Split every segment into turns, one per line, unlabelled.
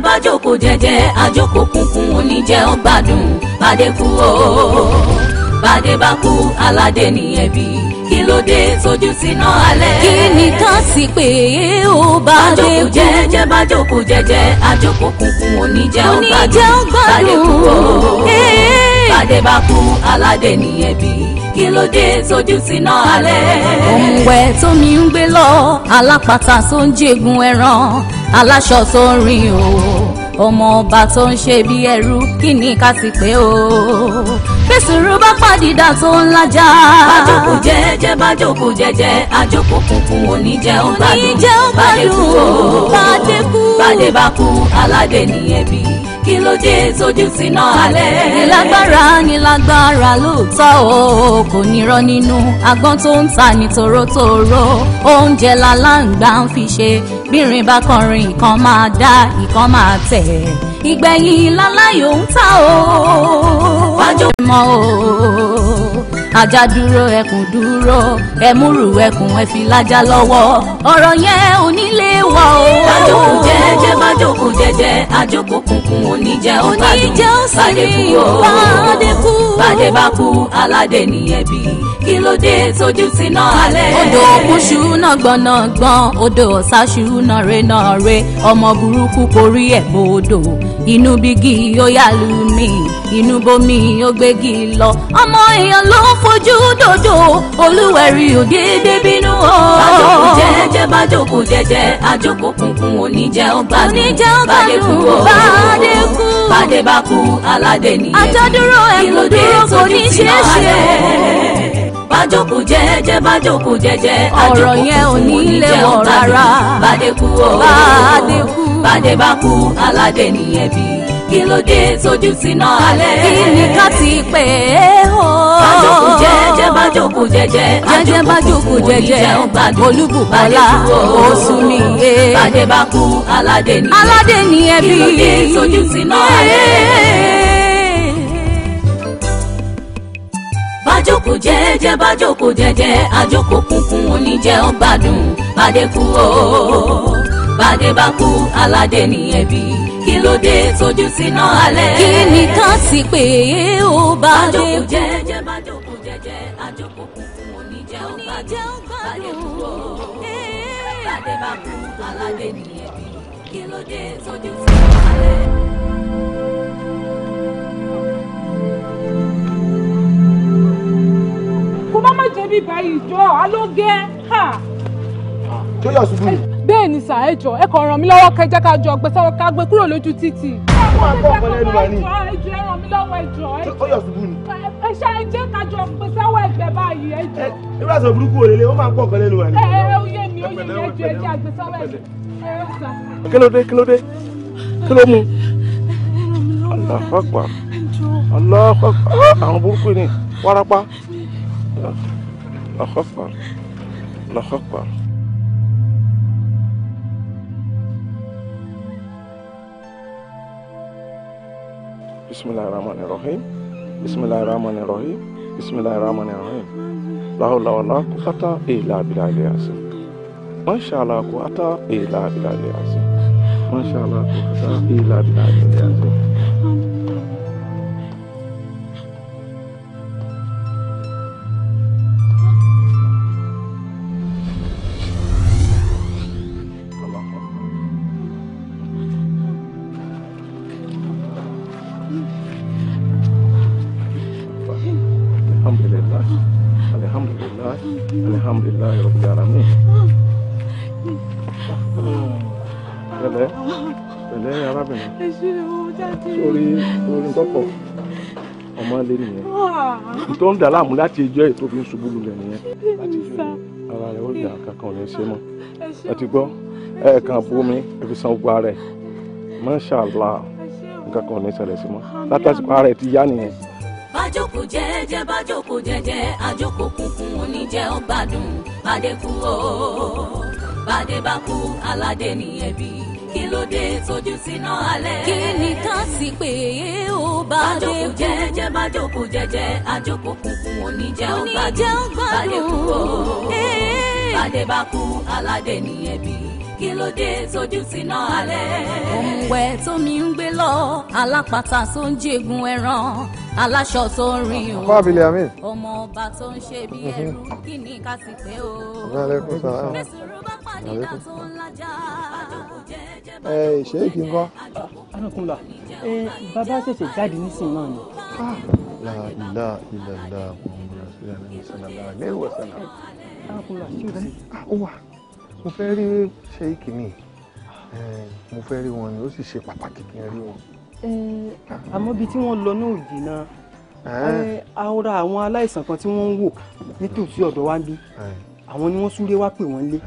bẹ́ẹ̀ bá jókòó jẹ́jẹ́ àjókòó kúnkún oníjẹ́ ọgbádùn bàdé kú o bàdé bá kú aládé nìyẹn bí kí ló dé tójú síná alẹ́. kí ni ká sì pé ó bá dé kú. bá jókòó jẹ́jẹ́ bá jókòó jẹ́jẹ́ àjókòó kúnkún oníjẹ́ ọgbádùn bàdé kú o eh. bàdé bá kú aládé nìyẹn bí kí ló dé tójú síná alẹ́. òǹwẹ̀ tómi ń gbé lọ alápatà tó ń jẹgun ẹran aláṣọ tó ń rìn o ọmọ ọba tó ń ṣe bí ẹrú kí ni ká ti pé o. bẹ́sùrù bá pàdídà tó ń lajà. bájòkó jẹ́jẹ́ bájòkó jẹ́jẹ́ àjòkó kùnkùn òní jẹ́ ó gbádùn bàdé kú bàdé bá kú aládé nìyẹn bí kí ló dé tójú ti náà alẹ́. nílágbára nílágbára lóòótọ́ o kò nírọ́ nínú agbọ́n tó ń ta ní torótoró oúnjẹ làlàǹgbà ń fi ṣe bírin bá kọrin ìkan máa dá ìkan máa tẹ̀ ìgbẹ̀yìn láláyò ń ta o. wájú mọ́ o ajá dúró ẹkùn dúró ẹmúrù ẹkùn ẹfìlájà lọ́wọ́ ọ̀rọ̀ yẹn ò ní lè wà o. àjòkò jẹ́jẹ́ má jòkò jẹ́jẹ́ àjòkò kùnkùn oníjẹ ó gbádùn bàdé kú o bàdé bá kú aládé nìyẹn bí kí ló dé tójú ti náà alẹ́. odò òkúṣu náà gbọ̀nàgbọ̀n odò ọ̀sáṣu náà re náà re ọmọ burúkú korí ẹ̀ bòdò inú bígì ó yà lù mí inú bomi ó gbégi lọ ọmọ èèyàn ló ń fojú dòdò olúwẹ̀rí òdédé bínú o. bájòkó jẹ́jẹ́ bájòkó jẹ́jẹ́ àjòkó kùnkùn oníjẹ́ ọgbàdùn oníjẹ́ ọgbàdùn bàdé kú bàdé bá kú aládé nìyẹn àjọdúró ẹ̀kú dúró kò ní ṣeé ṣe bájòkó jẹ́jẹ́ bájòkó jẹ́jẹ́ ọ̀rọ̀ yẹn ò ní lè wọ̀ rárá bàdé kú o bàdé kú bàdé bá kú aládé nìyẹn bí kí ló dé tójú síná alẹ́ kí ni ká ti pè é o. bájòkó jẹ́jẹ́ bájòkó jẹ́jẹ́ jẹ́jẹ́ bájòkó jẹ́jẹ́ olúbùkọ́lá oṣù ni e. bàdé bá kú aládé nìyẹn bí kí ló dé
tójú síná alẹ́.
àjòkò jẹ́jẹ́ bá jòkò jẹ́jẹ́ àjòkò kúnkún oníjẹ́ ọgbàdùn bàdé kú o bàdé bá kú aládé nìyẹn bí kí ló dé tójú síná alẹ́. kí ni ká sì pè é ó bá dé. àjòkò jẹ́jẹ́ bá jòkò jẹ́jẹ́ àjòkò kúnkún oníjẹ́ ọgbàdùn bàdé kú o bàdé bá kú
aládé nìyẹn. ẹ̀dùn
má má jẹ̀bi báyìí jọ alógẹ́ tó yà ṣubú yìí. bẹ́ẹ̀ ni sà ẹ jọ ẹ kàn ràn mí lọ́wọ́ kẹjá ká jọ gbé sáwọn ká gbé kúrò lójú títì. ó máa gbọ́ ọ̀pọ̀ lẹ́nu wa ni. ẹ jọ ẹ ràn mí lọ́wọ́ ẹ jọ. tó yà ṣubú ni. ẹ ṣe ẹ jẹ́ ká jọ gbé sáwọn ẹgbẹ́ báyìí
ẹ jọ.
ẹ bá sọ burúkú òrèlè ó máa gbọ́ ọ̀pọ̀ lẹ́nu wa ni. ẹ ẹ
oyè mi oyè mi ẹ jọ ẹ jẹ́ àgbẹ̀ sáwọn ẹgbẹ́.
kí ló dé kí ló dé kí ló mú. Allahu Akbar Allahu Akbar ah, àwọn burúkú ni wárápá
الله أكبر الله أكبر
بسم الله الرحمن الرحيم بسم الله الرحمن الرحيم بسم الله الرحمن الرحيم لا حول ولا قوة إلا بالله العظيم ما شاء الله قوة إلا بالله العظيم ما شاء الله قوة إلا بالله العظيم alhamdulilayi rabbil alamin. Hmm. pẹ̀lẹ́ pẹ̀lẹ́ arábìnrin
sórí orí kọ́kọ́
ọmọ lé nìyẹn tó ń dà láàmú láti ẹjọ́ ètò fi ń ṣubú lulẹ̀ nìyẹn ara rẹ̀ ó dà kankan ò ní ṣe mọ́ ẹ ti gbọ́ ẹ̀ẹ̀kan bomi ẹ fi san gbogbo ara ẹ̀ masha allah nǹkan kan ò ní ṣẹlẹ̀ sí mọ́ látàsí ara ẹ̀ ti yá nìyẹn
bájókòó jẹ́jẹ́ bájókòó jẹ́jẹ́ àjókòó kúnkún oníjẹ́ ọgbàdùn bàdé kú o bàdé bá kú aládé nìyẹn bí kí ló dé tójú síná alẹ́. kí ni ká sì pé ó bàdé kú. bájókòó jẹ́jẹ́ bájókòó jẹ́jẹ́ àjókòó kúnkún oníjẹ́ ọgbàdùn bàdé kú o bàdé bá kú aládé nìyẹn bí kí ló dé tójú ti ná alẹ́. òǹwẹ̀ tómi ń gbé lọ alápatà tó ń jẹgun ẹran aláṣọ tó ń rìn o ọmọ ọba tó ń ṣe bí mhm. ẹrú kí ni ká sì pé o. fẹsùrù bá pàdínà tó ń lajà
àjòkò jẹjẹ bá yóò ṣe é kí n kọ. arákùnlá bàbá ṣẹ̀ṣẹ̀ jáde nísìnyí náà ni. Ah, la ilaha illallah muhammadu rasulullah sallallahu alaihi wa sallam. arákùnlá ṣé o ti. Ah, ó wà mo fẹ́ rí ṣéyíkì ni mo fẹ́ rí wọn ni ó sì ṣe pàtàkì kí n rí wọn. àmọ́ ibi tí wọ́n lọ náà jìnnà ara àwọn aláìsàn kan tí wọ́n ń wò nítòsí ọ̀dọ̀ wa ń bí àwọn ni wọ́n súré wá pè wọ́n lé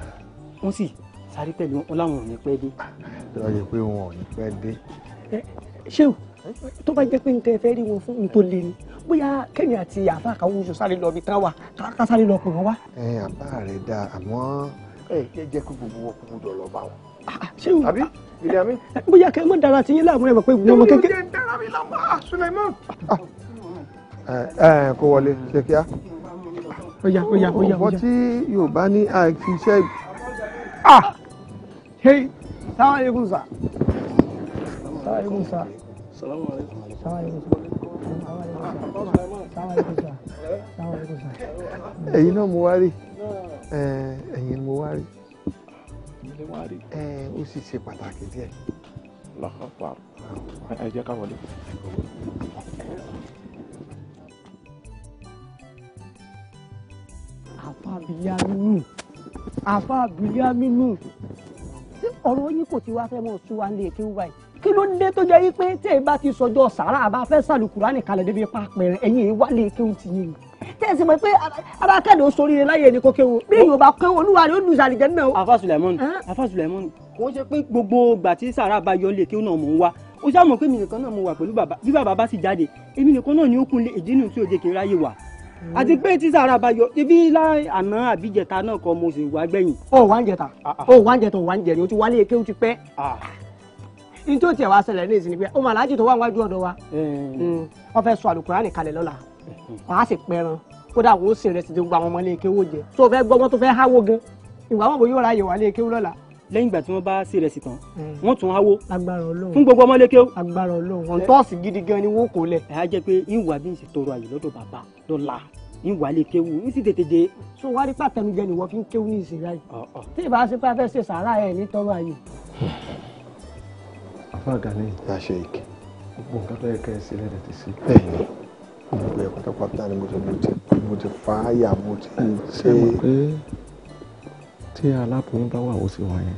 wọ́n sì sáré tẹ̀lé wọn láwọn ò ní pẹ́ dé. lọ yẹ pé wọn ò ní pẹ́ dé. ṣé o
tó bá jẹ́ pé n tẹ́ fẹ́ rí wọn fún n tó le ni bóyá kẹ́mi àti àbá àkàwọ́ oṣù sáré lọ ibi tán ká
sáré lọ pè wọ́n wá. ẹ àbá rẹ dáa àmọ́ ẹ jẹ́ kí gbogbo wọn kúkú jọ lọ bá wọn. Ah, ah, ṣé o àbí ilé ah, àmì. bóyá kẹ́ ẹ mọ̀ dára tiyín láàmú ẹ̀ mọ̀ pé ìwọ́n ọmọ kékeré. ìwọ́n dára mi láàmú Suleiman. ẹ ẹ kó wọlé ṣe kíá. ó yá ó yá ó yá. ọ̀pọ̀ tí Yorùbá ní àìfi iṣẹ́. hey sáwọn eégún sá. sáwọn eégún sá. sáwọn eégún sá èyí náà mo wá rí ẹ̀yin ni mo wá rí ó sì ṣe pàtàkì díẹ̀. lọ́kọ̀ọ́pọ̀ ẹ jẹ́ ká wọlé. àfa àbíyá mímú àfa àbíyá mímú
ọ̀rọ̀ yín kò ti wá fẹ́ mọ̀ tún
wá lè kí wá yìí
kí ló dé tó jẹ́ yí pé tẹ́ ẹ bá ti sọjọ́ sàrà àbá fẹ́ sàlùkùránì kalẹ̀ débi pa pẹ̀rẹ̀ ẹ̀yin ìwálé kí n ti yín o tẹ̀sí mọ̀ pé ara kẹ́lẹ́ oṣù oríire láyé ni kò kéwu bí yóò bá kẹ́ olúwa rẹ̀ ó lùzà lìjẹ́ náà. afa sulaimon afa sulaimon kò ṣe pé gbogbo ìgbà tí sàrà bá yọ lè kí ó náà mò ń wá o ṣáà mọ̀ pé mi nìkan náà mo wà pẹ̀lú bàbá bí bàbá
bá sì jáde èmi nìkan náà ni ó kun lé ìdínú tí òde kì í ráyè wà hmm. àti pé tí sàrà bá yọ ibi láì àná àbíjẹta náà kọ mo sì wá gbẹ̀yìn. ó wá ah, ah. ń jẹta o wá ń jẹta ó wá ń jẹrin o ti
wálé eke o ti pẹ́ ah. ní tó tiẹ̀ wá ṣẹlẹ̀ ní ìsinmi pé ó mà láàjì tó wà wájú ọ̀dọ̀ wa eh. hmm. wọ́n fẹ́ sọ àlùkùránì kalẹ̀ lọ́la a sì pẹran kódà wọn sì rẹ sì ti gba àwọn ọmọ ilé kéwò jẹ tó fẹ́ gbọ́ wọn tó fẹ́ háwó gan ìgbà wọn bò yóò ra ayọ̀ wà lé lọ́la. lẹ́yìn ìgbà tí wọ́n
bá sí ìrẹsì tán
hmm. wọ́n tún háwó fún gbogbo
ọmọ lékéwò. agbára Ọlọ́run wọn gidi gan ni wọ́n kò lẹ̀. ẹ á jẹ pé ìwà bí ìṣètò ọrọ̀ àyè lọ́dọ̀ bàbá lọ́la ìwà lè kéwù ní sì tètè
dé. so wá rí pàtẹnujẹ ni wọ́n fi ń kéwù ní
ìsìn gbogbo ẹ̀ pátápátá ni mo ti mo ti mo ti fa àyà mo ti ṣe. tí aláboyún bá wà ó sì wà yẹn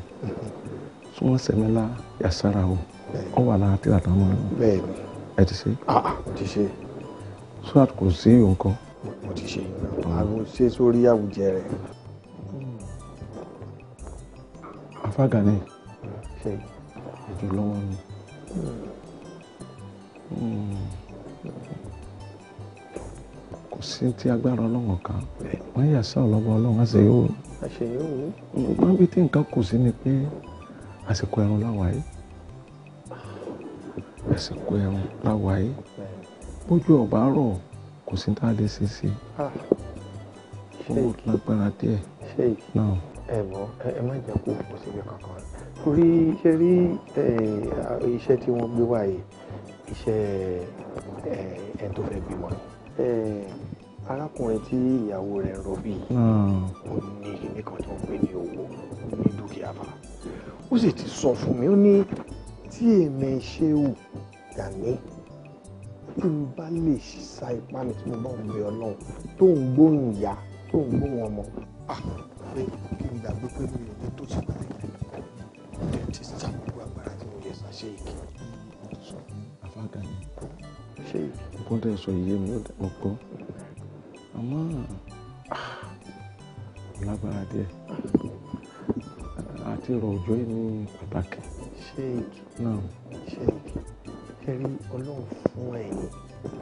súnmọ́ sẹ́mẹ́lá yàsára o ó wà lára tí àtàwọn ọmọ rẹ. bẹ́ẹ̀ni ẹ ti ṣe. Ah, ah mo ti ṣe. so that kò sí nǹkan. mo ti ṣe àwọn ṣe sórí àwùjẹ rẹ. afága ni ni. Mm kò sí tí agbára ọlọ́run kan wọ́n yà sá ọlọ́wọ́ ọlọ́run àṣẹ yóò àṣẹ yóò wọ́n bí tí nǹkan kù sí ni pé àsìkò ẹ̀rùn láwa yìí àsìkò ẹ̀rùn láwa yìí bójú ọ̀bá rọ̀ kò sí tá a lè ṣe sí i ah. owó lágbára díẹ̀ náà. ẹ bọ ẹ má jẹ́ kó o síbi kankan torí iṣẹ́ rí iṣẹ́ tí wọ́n gbé wá yìí iṣẹ́ ẹ tó fẹ́ bímọ arákùnrin tí ìyàwó rẹ̀ ń rọbí hmm. ó ní kíní kan tó ń pè ní owó ó ní dúkìá fa ó sì ti sọ fún mi ó ní tí èmi ṣe wù gàní tí n bá lè sa ipá mi tí mo bá ń bẹ ọlọ́run tó ń gbóhùn ìyá tó ń gbóhùn ọmọ ah, pé kí n gbàgbé pé mi ò ní tó ti parí ẹ̀ ti sá gbogbo agbára tí mo lè sá ìkí. ṣé ìkí. nǹkan tẹ̀ sọ yìí mi ò Ama, lágbára díẹ̀ Ati ìrọ̀ òjò yìí ní pàtàkì. sheik náà sheik ẹ rí ọlọ́run fún ẹ̀yin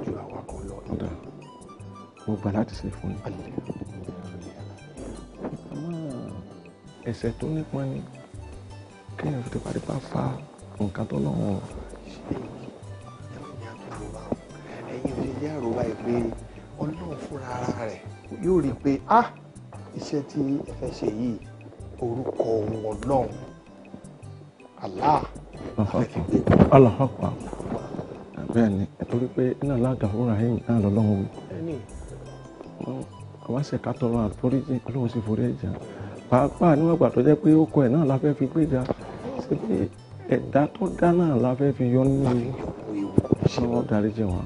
ju àwa kan lọ. ọ̀dà mo gbà láti ṣe fún yín. àmọ́ ẹ̀ṣẹ̀ tó nípa ni kéèyàn fi tipátipá fa nǹkan tó lọ́wọ́. sheik ẹ̀yin ò ṣe jẹ́ àròbá ẹ̀ pé ọlọ́run fúnra ara rẹ̀ yóò rí i pé ah iṣẹ́ tí ẹ fẹ́ ṣe yìí orúkọ ohun ọlọ́run Allah àfẹ́fẹ́ gbé. aláhàpá bẹ́ẹ̀ ni torí pé iná lága fúnra yìí náà lọ́lọ́run wí. àwa ṣe ká tọrọ àforíjì ọlọ́run sì forí ẹ̀jẹ̀ pàápàá níwọ̀n ìgbà tó jẹ́ pé ó kọ ẹ̀ náà la fẹ́ fi gbéga ṣe bí tó dá náà la fẹ́ fi yọ nínú ewu ṣé wọ́n jẹ wọn.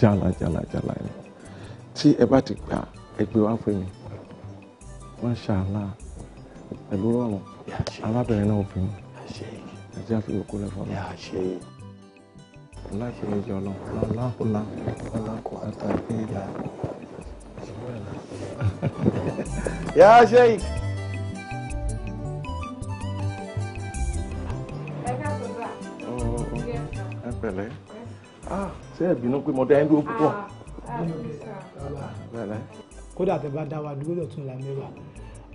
jàlá jàlá jàlá yẹn tí ẹ bá ti gbà ẹ gbé wá fún mi mashallah pẹ̀lú ọ̀run arábìnrin náà fún mi ẹ jẹ́ àfi òkú rẹ̀ fọlọ́ láti ẹjọ́ lọ lọ́láhùlá ọlọ́kọ̀ àtàkùn ìlà. yá pẹ̀lẹ́ ah, ṣé ẹ bínú pé mo dá ẹ dúró púpọ̀ pẹ̀lẹ́. Ah, ah, kódà tẹ bá dá wa dúró lọ́tún la mẹ́wàá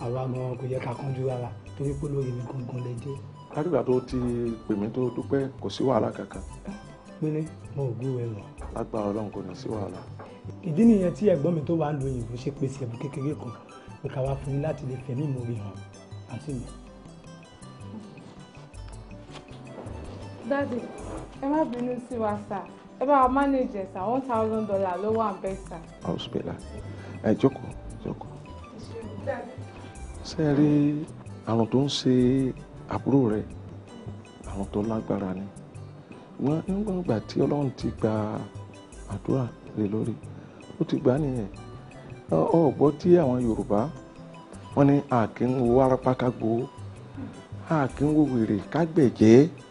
àwa mọ kò yẹ ká kánjú rárá torí pé lórí mi gangan lè dé. látìgbà tó ti pè mí tó dúpẹ́ kò sí wàhálà kankan. pínlẹ̀ mo ò gbúròó ẹ̀ lọ. lágbára ọlọ́run kò ní sí wàhálà. ìdí nìyẹn tí ẹ̀gbọ́n mi tó wà ń lo òyìnbó ṣe pèsè ẹ̀bùn kékeré kan ìkàwá fún mi láti lè fẹ̀mí ìmòrè hàn àti mi.
dádì
ẹ má bínú sí wa our manager. Sir, wa manage ẹ sá one thousand dollar ló wà Joko, sá.
Sir, ẹ jókòó jókòó. ṣé ẹ rí àrùn tó ń ṣe àbúrò rẹ àrùn tó lágbára ni wọn nígbà gbà tí ọlọ́run ti gba àdúrà lé lórí ó one gbà nìyẹn ọ̀gbọ́ tí àwọn yorùbá wọn ní àkínwó wárápá ká gbowó àkínwó wèrè ká gbẹ̀jẹ́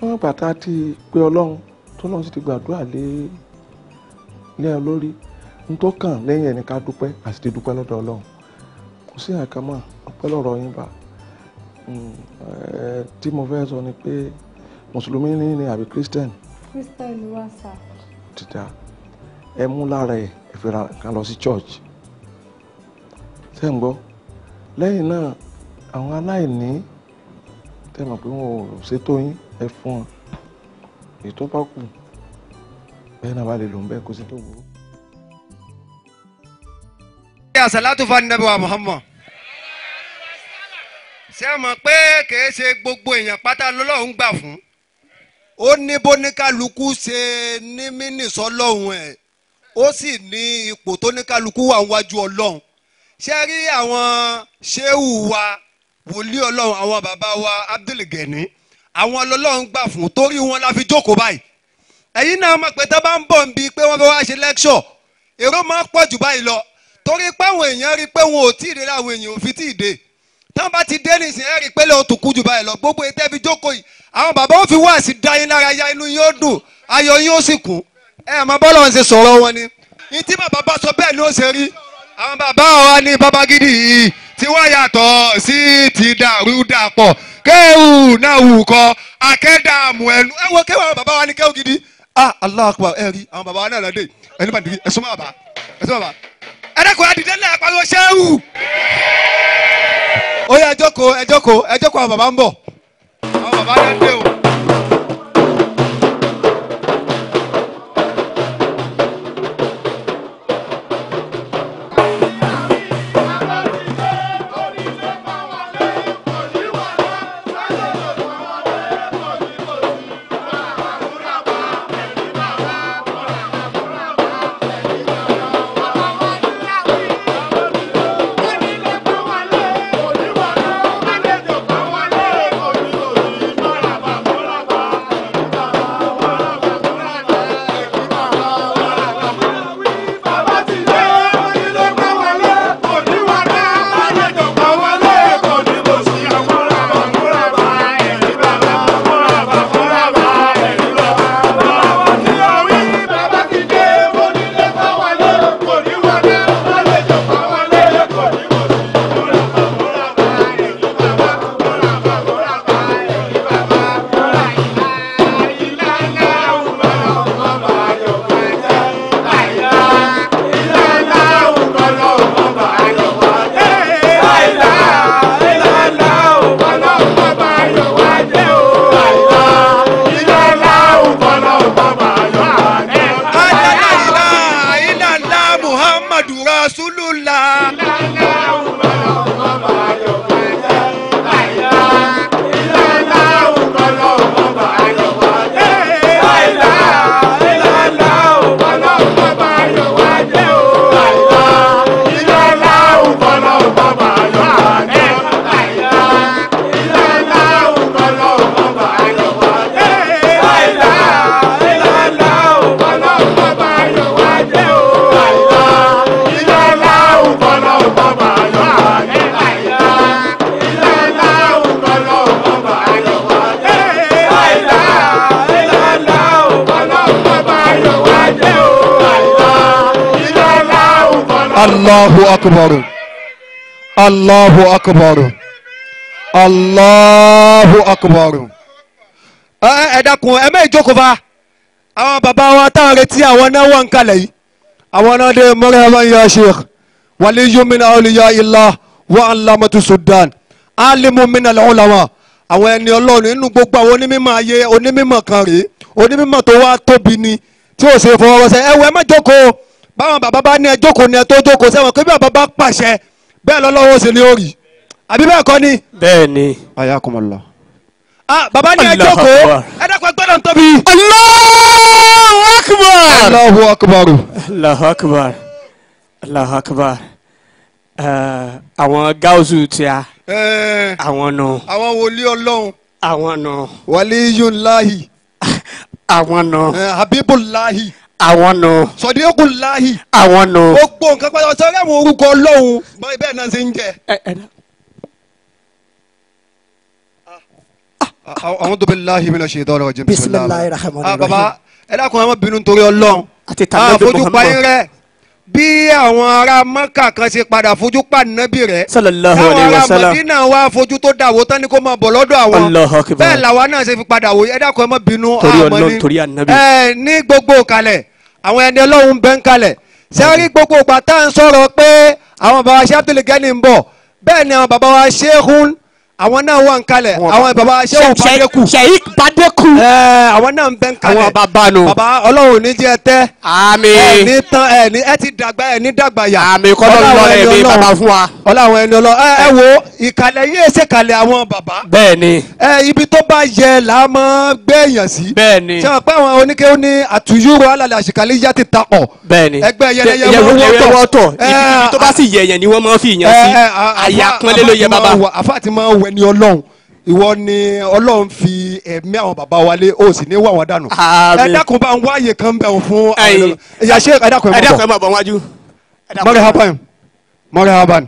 wọn bàtà ti pé ọlọ́run tó náà sì ti gbàdúrà lé lé ẹ lórí nítorí kàn lẹ́yìn ẹni ká dúpẹ́ àti ti dúpẹ́ lọ́dọ̀ ọlọ́run kò sí àkà mọ́ ọpẹ́ lọ́rọ̀ yín bá hmm, eh, tí mo fẹ́ sọ ni pé mùsùlùmí ni àbí christian.
christian ló wá sá.
títà ẹ mú lára ẹ ìfira kan lọ sí church tẹ́ ń gbọ́ lẹ́yìn náà àwọn aláìní tẹ́ mọ̀ pé wọn ò ṣètò yín ẹ fún ọ èyí tó bá kù bẹ́ẹ̀ náà bá lè lò ń bẹ́ẹ̀ kó sí tó burú. ṣé àṣàlátù fanabi wa Muhammad ṣé mọ̀ pé kìí ṣe gbogbo èèyàn pátá lọ́lọ́run gbà fún ó ní bóníkálukú ṣe ní mínísọ lọ́hùn ẹ̀ ó sì ní ipò tóníkálukú wà wájú ọlọ́run ṣé rí àwọn ṣéwù wa wòlíì ọlọ́run àwọn bàbá wa Abdul Gani àwọn lọ́lọ́run gbà fún torí wọn la fi jókòó báyìí ẹ̀yin náà mọ̀ pé tá a bá ń bọ̀ ń bi pé wọ́n fẹ́ wá ṣe lẹ́kṣọ̀ èrò máa ń pọ̀ jù báyìí lọ torí pé àwọn èèyàn rí i pé wọn ò tí ì dé láwọn èèyàn ò fi tí ì dé táwọn bá ti dé nìsín ẹ̀ rí i pé lóò tó kú jù báyìí lọ gbogbo ètò ẹbí jókòó yìí àwọn bàbá wọn fi wá sí dáyín lára ya inú yóò dùn ayọ̀ yín ó sì kún ẹ mọ bọ́lọ̀ ń ṣe sọ̀rọ̀ wọn ni ní tí bàbá bá sọ bẹ́ẹ̀ ni ó ṣe rí àwọn bàbá wa ní babagidi yìí tí wọ́n yàtọ̀ sí ti dàrú dàpọ̀ kéwù náà wù kọ akẹ́dààmú ẹnu ẹ wo kéwù àwọn bàbá wa ní kéwù gidi ah allah akbar ẹ rí àwọn bàbá wa náà lọ́dẹ ẹni bá dìbí ẹ̀sùn bàbá ẹ̀sùn bàbá ẹ̀dẹ́kọ̀ adìdẹ́ náà pariwo ṣẹ́wù. ó yẹ ẹjọ́ ko ẹjọ́ ko ẹjọ́ ko àwọn bàbá ń bọ̀ àwọn bàbá náà dé o.
Allahu akbar
Allahu akbar ẹ dákun ẹ mẹ́ ìjókòó fa àwọn bàbá wa táwọn retí àwọn náà wọ̀ ń kalẹ̀ yìí àwọn náà dé mọ́rẹ́rán ya sheikh waliyu min awliya illah wa alamatu sudan alimu min al-ulama àwọn ẹni ọlọ́run nínú gbogbo àwọn onímọ̀ ayé onímọ̀ kan rèé onímọ̀ tó wá tóbi ni tí ò ṣe fọwọ́ sẹ́ ẹ wọ ẹ má jókòó báwọn bàbá bá ní ẹ jókòó ni ẹ tó jókòó sẹ́wọ̀n kí bí bàbá pàṣẹ bẹ́ẹ̀ lọ́lọ́wọ́ sì ni ó rí àbí bẹ́ẹ̀
kọ́ ni. bẹ́ẹ̀ ni. àyà kò mọ̀ lọ.
ah baba ni ẹ jókòó ẹ dákun ẹgbẹ́ náà tóbi. Allahu akbar. Allahu
akbar. Allahu akbar. Allahu akbar. Eh, àwọn gáúsù tí a. Eh, àwọn nù.
àwọn wòlíì ọlọ́run.
àwọn nù. wàlíyùn láhì.
àwọn nù. Eh, habibulahi àwọn nù. sọdíẹ́kù láàyè. àwọn nù. gbogbo nǹkan pátá ọ̀sẹ̀ rẹ̀ wọ́n orúkọ ọlọ́run bẹ́ẹ̀ náà ṣe ń jẹ. àwọn tóbi láàyè mi lọ ṣe ìdánwò ọjọ́ bisimilayi rahman baba ẹ dákun ẹ má bínú torí ọlọ́run. àti tàbí ọdún ah, muhammadu. àfojú yín rẹ bí àwọn ará mọ́kà kan ṣe padà fojú pa nábì rẹ̀. sallallahu alayhi wa sallam táwọn ará mọ̀dínà wa fojú tó dàwó tán ni kò máa bọ̀ lọ́dọ̀ àwọn. Allahu akbar bẹ́ẹ̀ làwa náà ṣe fi padà wò ẹ dákun ẹ má bínú. torí ọlọ́run torí ànábì. ẹ ní gbogbo kalẹ̀ àwọn ẹni ọlọ́run bẹ́ẹ̀ àwọn náà wà ń kalẹ̀ àwọn baba sẹ́wọ̀n badeku sẹ́yìn badeku ẹ̀ẹ́ àwọn náà ń bẹ́ ń kalẹ̀ àwọn baba nù baba ọlọ́run ní jẹ́ tẹ́ àmín ẹ̀ ní tán ẹ̀ ní ẹ̀ ti dàgbà ẹ̀ ní dàgbà yà àmín kọ́lọ́ ń lọ rẹ̀ mi baba fún wa. ọlọ́run ẹni ọlọ ẹ ẹ wo ìkàlẹ̀ yìí èsè kalẹ̀ àwọn baba. bẹ́ẹ̀ni. ẹ ibi tó bá yẹ là máa gbẹ̀yàn sí. bẹ́ẹ̀ni. sọ pé àwọn oníkẹ́ ní àtúnyúrò alàlẹ́ àṣìkàlẹ́ yá ti
ni wọ́n máa fi yàn sí àyà pọ́nlélóye baba.
àfa ìwọ ni Ọlọ́run ìwọ ni Ọlọ́run fi ẹ̀mí àwọn bàbá wa lé o sì ní wà wọ́n dànù ẹ dákun bá ń wáyè kan bẹ̀ wọ́n fún ìyá ṣe ẹ dákun ẹ má bọ̀ wájú. marhaban marhaban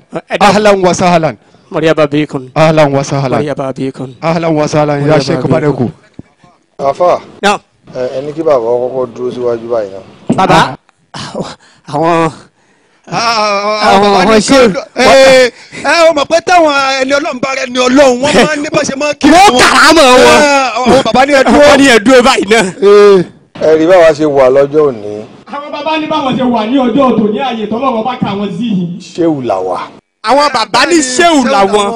ahlan wa sahlan. marhaba bikun. ahlan wa sahlan. marhaba bikun. ahlan wa sahlan ìyá ṣe kù. àfà ẹni kí bàbá kọ́kọ́ dúró síwájú báyìí náà. bàbá ah. àwọn àwọn ọmọ ṣe ẹ ẹ ọmọ pé táwọn ẹni ọlọ́run bá rẹ ni ọlọ́run wọn máa ń ní bá ṣe máa kí wọn. wọ́n kàrà mọ̀ wọn. àwọn bàbá ní ẹdúró wọ́n ní ẹdúró báyìí náà. ẹ rí báwa ṣe wà lọ́jọ́ òní. àwọn bàbá ní báwọn ṣe wà ní ọjọ́ òtò ní àyè tọ́lọ́wọ́ bá ka wọn sí i. ṣéwù làwà. àwọn bàbá ní ṣéwù làwọn.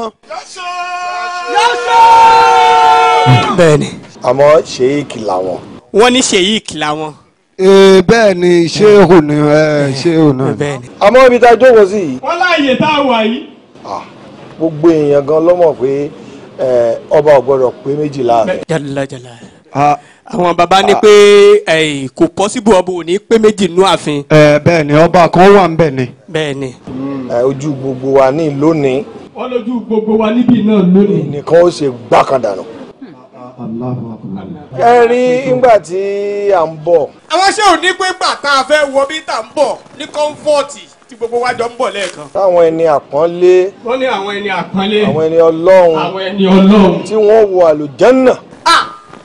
bẹ́ẹ̀ni. àmọ́ ṣèyíkì làwọn. wọ́n ní ṣèyíkì làwọn ee eh, bẹ́ẹ̀ ni ṣéhù hmm. ni ṣéhù náà ni. àmọ́ ibi tá a jókòó sí yìí. wọ́n láàyè tá a wà yìí. gbogbo èèyàn gan ló mọ̀ pé ọba ò gbọ́dọ̀ pé méjìlá. jalajala àwọn baba ní pé kò pọ́síbù ọba ò pé méjì nú ààfin. bẹ́ẹ̀ ni ọba kan wà ń bẹ̀ ni. bẹ́ẹ̀ ni. Hmm. ojú gbogbo wa ní lónìí. wọ́n lójú gbogbo wa níbí náà lónìí. nìkan ó ṣe gbákan dànù kẹrin ńgbà tí à ń bọ̀. àwọn ṣé ò ní pé bàtà fẹ́ wọ bí tà ń bọ̀ ní kọ́ńfọ́ọ̀tì tí gbogbo wa jọ ń bọ̀ lẹ́ẹ̀kan. táwọn ẹni àpọ́nlé. wọ́n ní àwọn ẹni àpọ́nlé. àwọn ẹni ọlọ́run. àwọn ẹni ọlọ́run. tí wọ́n wọ àlùjànnà.
ah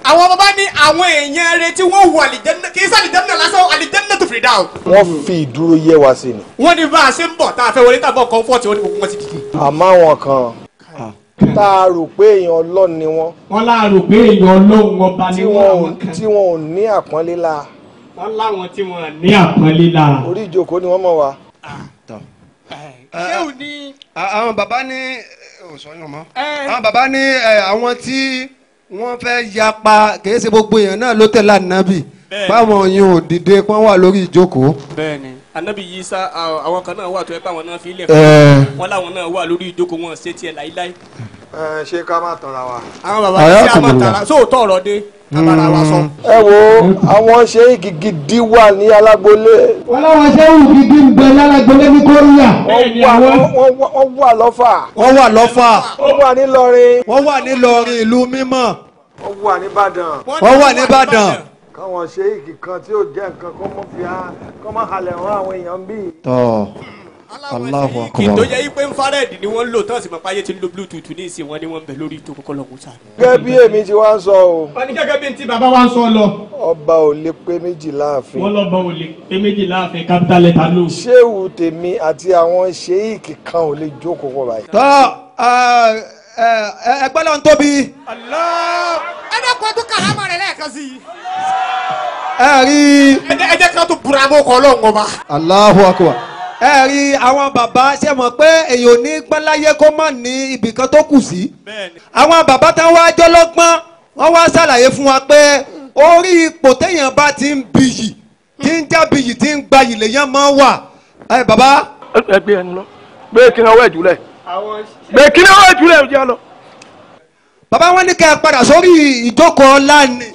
àwọn bàbá ní àwọn èèyàn rẹ tí wọ́n wọ àlìjẹ́nà kì í sàlìjẹ́nà lásán àlìjẹ́nà tó fìdá
o. wọ́n fi ìdúró yé wa sí ni. wọ́n ní bá a ṣe ń bọ̀ tá a fẹ́ wọlé tàbọ̀ kọ́ńfọ̀tì wọn ni gbogbo wọn ti dìde. àmọ́ àwọn kan tá a rò pé èèyàn ọlọ́run ni wọ́n. wọ́n lá rò pé èèyàn ọlọ́run ọba ni wọ́n àwọn kan. tí wọn ò ní àpọ́nlé la.
wọ́n láwọn tí wọn ní àpọ́nlé la. orí
ìjókòó ni wọ́n mọ̀ wá. Ah, eh, eh, ṣéun ni. àwọn bàbá ní òṣòyàn mọ́. Eh. àwọn bàbá ní àwọn tí wọ́n fẹ́ yapa kìí ṣe gbogbo èèyàn náà ló tẹ̀lé ànábì báwọn yìí ò dìde pọ́n wà lórí ìjókòó. bẹ́ẹ̀ni anabi yìí sá àwọn kan náà wà tó ẹ báwọn náà fi lẹ fún wọn láwọn náà wà lórí ìjókòó wọn ṣe tiẹ̀ láíláí
ẹ eh, ṣé ká má tanra wa. àwọn bàbá yìí ṣe àmọ̀tara sóòótọ́ ọ̀rọ̀ dé
abara wa sọ. Mm. ẹ wo àwọn ṣe gidi wà ní alágbolé. wọ́n láwọn ṣe ń gidi ń bẹ lálágbolé ní kóríyà. wọ́n wà lọ́fà. wọ́n wà lọ́fà. wọ́n wà nílọrin. wọ́n wà nílọrin ìlú mímọ́. wọ́n wà nìbàdàn. wọ́n wà nìbàdàn. káwọn ṣe igi kan tí ó jẹ́ nǹkan kó mọ̀ fi hàn kó mọ̀ halẹ̀ wọn àwọn èèyàn bíi. Allahu akbar. kì í tó yẹ ipe nfarẹ́ẹ̀dì ni wọ́n lò tán sì mọ̀ páyé ti ń lo bluetooth ní ìsìn wọn ni wọ́n ń bẹ lórí ìtò kọ́kọ́ lọ́hùn sáà. gẹ́gẹ́ bí èmi ti wá ń sọ o. wọ́n ní gẹ́gẹ́ bí ti bàbá wa ń sọ lọ. ọba ò lè pé méjì láàfin. wọ́n lọ́ba ò lè pé méjì láàfin capital letter ló. ṣéwù tèmi àti àwọn ṣéyíkì kan ò lè jókòó kọ báyìí. tọ́ ẹgbẹ́ lọ́n tóbi. ẹ ẹ jẹ́ ká tún bùrọ̀ àmọ́ ọlọ́run ọba. Allahu akbar ẹ rí àwọn bàbá ṣe mọ̀ pé èèyàn ní pẹ́láyé kó mọ̀ ní ibìkan tó kù sí. àwọn bàbá tán wá jọlọ́gbọ́n wọ́n wá ṣàlàyé fún wa pé orí ipò téèyàn bá ti ń bìyì tí ń já bìyì tí ń gbayì lèèyàn máa ń wà. ẹ bàbá. ẹ gbé ẹni lọ gbé kíni ọwọ́ ẹ̀jú lẹ̀ gbé kíni ọwọ́ ẹ̀jú lẹ̀ ọjà lọ. bàbá wọn ní kẹ́ ẹ padà sórí ìjókòó láàánú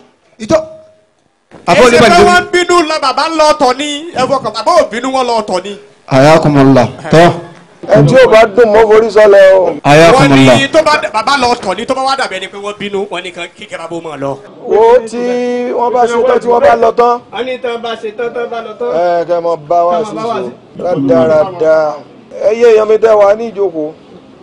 ìjókòó àbọ̀ olè bàjẹ́. èsì bínú lọ bàbá ńlọ ọ̀tọ̀ ni ẹ̀fọ́ kan bàbá ò wọn lọ ọ̀tọ̀ ni
ayakumọ̀lá tọ́.
ẹ tí o bá dùn mọ́ forí sọlẹ̀ o. ayakumọ̀lá. wọ́n ní tó bá bàbá lọ kàn ní tó bá wà dàbẹ̀ ni pé wọ́n bínú wọn nìkan kíkẹ́ bá bó mọ̀ lọ. wo tí wọ́n bá ṣe tán tí wọ́n bá lọ tán. wọ́n
ní tán bá ṣe tán tán bá lọ tán.
ẹ kẹ́ mọ bá wa sí rádaràda ẹ yé èèyàn mi tẹ́ ní ìjókòó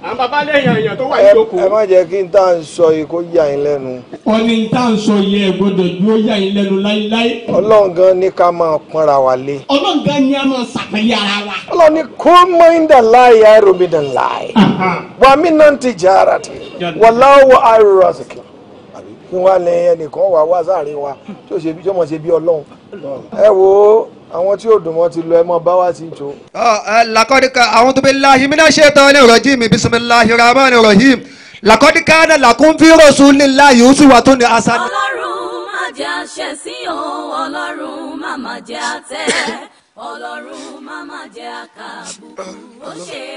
àwọn bàbá lẹ́yìn èèyàn tó wà níjókòó.
ẹ má jẹ́ kí n tá à ń sọ yìí kó yà yín lẹ́nu. wọ́n ní n tá à ń sọ yìí ẹ gbọ́dọ̀ dúró yà yín lẹ́nu láíláí. ọlọ́run gan ní ká máa pọ́nra wa lé. ọlọ́run gan ní a máa ṣàpẹ́lẹ́ ara wa. ọlọ́run ní kó mọ́ìndà láàyè àìròmídà láàyè. wà mí náà ti jà ara tì wà láwọ̀ àìrò kí wọ́n á ẹnìkan wà wá sáàrin wa tó ṣe bí ẹ wo àwọn tí yóò dùn mọ́ ti lọ ẹ mọ́ bá wá sí ìjọ. lakọ́díkà àwọn tó bí láhi mí náà ṣe tán ní ìrọ̀jì mi bisimilahi rahman rahim lakọ́díkà náà làkún fi rọ̀ṣù nílá yìí ó sì wà tó ní asa. ọlọ́run
má jẹ́
àṣẹ sí o ọlọ́run má má jẹ́ àtẹ ọlọ́run má má jẹ́ àkàbù ó ṣe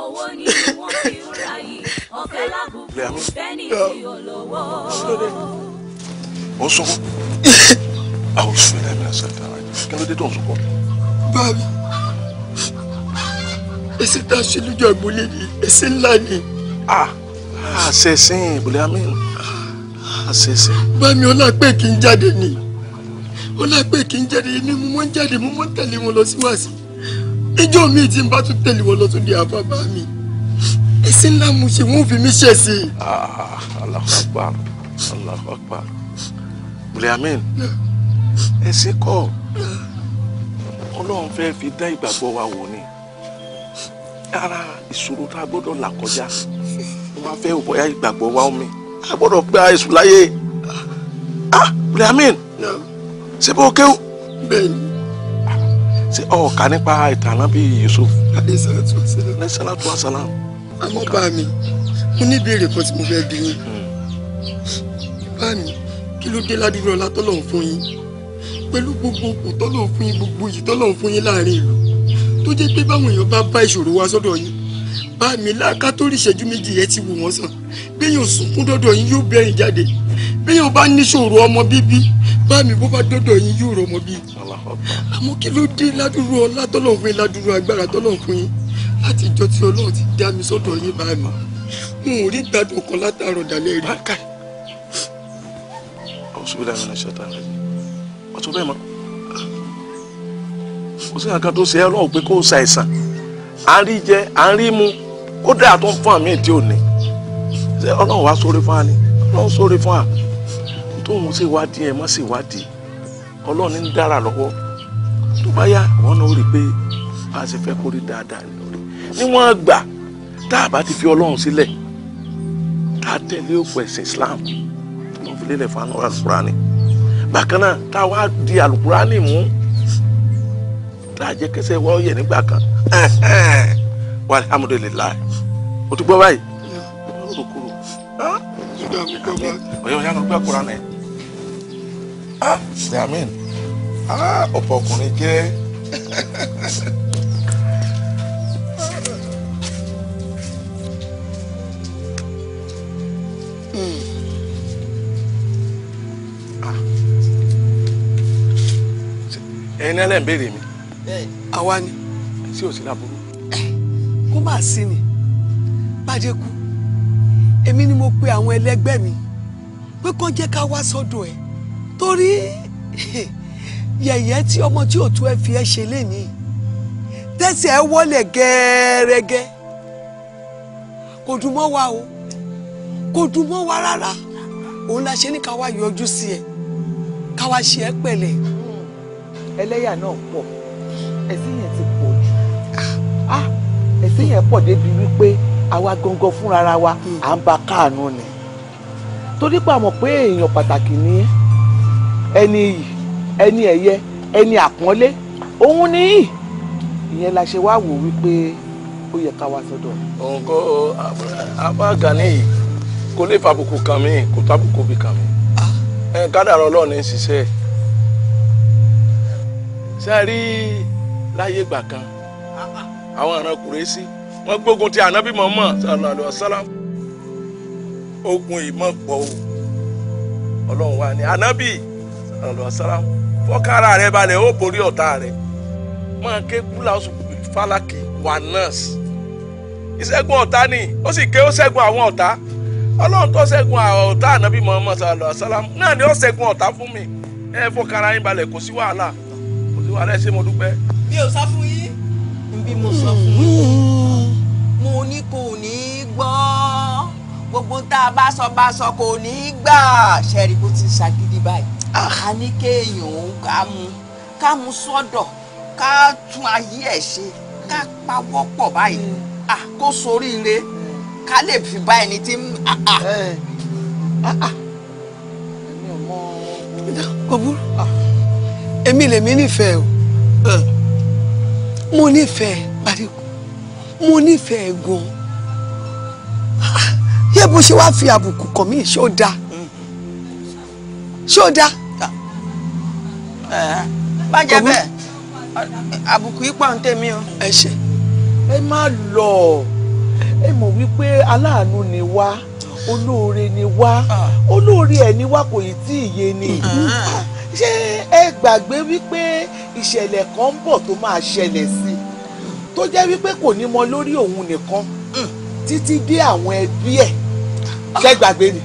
owó ni wọ́n fi
ń ra yìí ọ̀fẹ́
lábùkù fẹ́ ní ìyọ̀lọ́wọ́
ó sunkún àwọn oṣù ilẹ̀ mi àṣà ìtara kí ló dé tó ń sunkún. báàmì ẹsẹ̀ tá a ṣe lójú àgbọ̀lé ni ẹsẹ̀ ńlá ni. Ah, àṣẹ̀sìn ìbùlẹ̀ amín àṣẹ̀sìn. báàmì ọlápẹ́ kì í jáde ni ọlápẹ́ kì í jáde ni mo mọ́ ń jáde mo mọ́ ń tẹ̀lé wọn lọ síwájú ìjọ mi tí n bá tún tẹ̀lé wọn lọ tún di àbábá mi ẹsẹ̀ ńlá mo ṣe wọ́n fi mí ṣẹ̀ sí i. Ah, Allahu Akbar Allahu Akbar. Muliamin ẹ̀sìn kọ́ ọlọ́run fẹ́ẹ́ fi dá ìgbàgbọ́ wa wò ni ara ìṣòro tá a gbọ́dọ̀ là kọjá wọ́n máa fẹ́ bóyá ìgbàgbọ́ wa omi a gbọ́dọ̀ gba èṣù láyé ah Muliamin ṣe bó kéwù. bẹ́ẹ̀ni ṣe ọ̀ka nípa ìtànà bíi Yusuf. alẹ́sàlátù wasalam. alẹ́sàlátù wasalam. àmọ́ bá mi mo ní ìbéèrè kan tí mo fẹ́ bí yín hmm. bá mi kí ló dé ládùúgbò ọlá tọ́lọ́run fún yín pẹ̀lú gbogbo òkú tọ́lọ́run fún yín gbogbo yìí tọ́lọ́run fún yín láàrin ìlú tó jẹ́ pé báwọn èèyàn bá bá ìṣòro wa sọ́dọ̀ yín bá mi láàká tó rí ìṣẹ́jú méjì yẹn ti wò wọ́n sàn béèyàn sunkún dọ́dọ̀ yín yóò bẹ́rìn jáde béèyàn bá níṣòro ọmọ bíbí bá mi bó bá dọ́dọ̀ yín yóò rọ ọmọ bíi àmọ́ kí ló dé ládùúrú ọlá tọ́lọ́run fún yín ládùúrú agbára tọ́lọ́run fún yín láti ìjọ tí ọlọ́run ti dá mi sọ́dọ̀ yín bá mi n ò rí gbádùn kan látàárọ̀ dalẹ́ rí ṣubú dàgbà náà ṣe tán rẹ ọtún bẹ́ẹ̀ mọ́ kò sí nǹkan tó ṣe ẹ lọ́wọ́ pé kó o ṣàìsàn à ń rí jẹ à ń rí mu ó dáa tó ń fún àmì tí ò ní ṣe ọlọ́run wá sórí fún wa ni ọlọ́run sórí fún wa tóun ṣe wádìí ẹ má se wádìí ọlọ́run ní dára lọ́wọ́ tó bá yá àwọn náà ó rí i pé bá a ṣe fẹ́ kó rí dáadáa lórí níwọ̀n gbà tá a bá ti fi ọlọ́run sílẹ̀ tá a tẹ̀lé òfin ẹ̀sìn Islam fi lélẹ̀ fún anura surani bákan náà tá a wá di alukurani mú tá a jẹ́ kẹsẹ̀ wá ọ̀yẹ̀ nígbà kan walhamdulillah o ti gbọ́ báyìí olùkúrò ọ̀yọ́ ìyá ló gbẹ́ kura náà ṣe ọ̀pọ̀ ọkùnrin jẹ́. ẹ̀yin náà lẹ́ ń béèrè mi àwa ni sí òsì láburú. kó má sí ni bàjẹ́ kú èmi ni mo pe àwọn ẹlẹgbẹ́ mi pé kó jẹ́ ká wá sọ́dọ̀ ẹ̀ torí yẹ̀yẹ́ tí ọmọ tí òtún ẹ fi ẹ ṣe lénìí tẹ́sí ẹ wọlé gẹ́ẹ́rẹ́gẹ́ kò dùn mọ́ wa o kò dùn mọ́ wa rárá òun la ṣe ní ká wá yọjú sí ẹ ká wá ṣe ẹ pẹ̀lẹ́ ẹlẹ́yà náà pọ̀ ẹ̀sìn yẹn ti pọ̀ jù ah, ẹ̀sìn yẹn pọ̀ débi wípé àwa gangan fúnra wa à ń ba káànú ni torí pé a mọ̀ pé èèyàn pàtàkì ni ẹni iyì ẹni ẹ̀yẹ ẹni àpọ́nlé òun ni ìyẹn la ṣe wá wò wípé ó yẹ ká wá sọ́dọ̀. nǹkan abága nìyí kò lè fàbùkù kàn mí kò tábùkù bí kàn mí ah. kádàrá Ọlọ́run ń ṣiṣẹ́ ẹ̀ ṣe rí láyé ìgbà kan àwọn ọ̀ràn kùrẹ́sì wọ́n gbógun ti ànábì mọ̀ọ́mọ̀ sallallahu alaihi wasallam ogun ìmọ̀ pọ̀ o ọlọ́run wa ni ànábì sallallahu alaihi wasallam fọ́kàrà rẹ balẹ̀ ó borí ọ̀tá rẹ máa ké kúlà ó sì fálákì wà nọ́ọ̀sì ìṣẹ́gun ọ̀tá ni ó sì ké ó ṣẹ́gun àwọn ọ̀tá ọlọ́run tó ṣẹ́gun ọ̀tá ànábì mọ̀ọ́mọ̀ sallallahu alaihi wasallam náà ni ó ṣẹ́gun ọ̀tá fún mi ẹ fọ́kàrà yín balẹ̀ kò sí wàhálà olúwa rẹ ṣé mo dúpẹ́. mi ò sá fún yín bí mo sọ fún yín mo ní kò ní í
gbọ́ gbogbo tá a bá sọ bá sọ kò ní í gbà ṣẹ́ẹ̀rì bó ti ṣàgídí báyìí ah. a ní kéèyàn òun ká mu ká mu sọ́dọ̀ ká
tún ayé ẹ̀ ṣe ká pawọ́ pọ̀ báyìí mm. ah, kó soríire ká lè fi bá ẹni tí ń. kò ah, burú èmi lèmi nífẹ̀ẹ́ o mo nífẹ̀ẹ́ paríko mo nífẹ̀ẹ́ gan yẹ bó ṣe wáá fi àbùkù kàn mí ṣó dáa ṣó dáa. bájẹ́ bẹ́ẹ̀ àbùkù yìí pọ̀ ń tẹ̀mí o. ẹ ṣe. ẹ má lọ ẹ mọ̀ wípé aláàánú ni wá olóore ni wá ah. olóore ẹ̀ ni wá kò yìí tí ì yé ni. Mm -hmm ṣé ẹ gbàgbé wípé ìṣẹ̀lẹ̀ kan ń bọ̀ tó máa ṣẹlẹ̀ sí i tó jẹ́ wípé kò ní mọ lórí òun nìkan hmm, títí dé àwọn ẹbí ẹ̀ ṣé gbàgbé ni.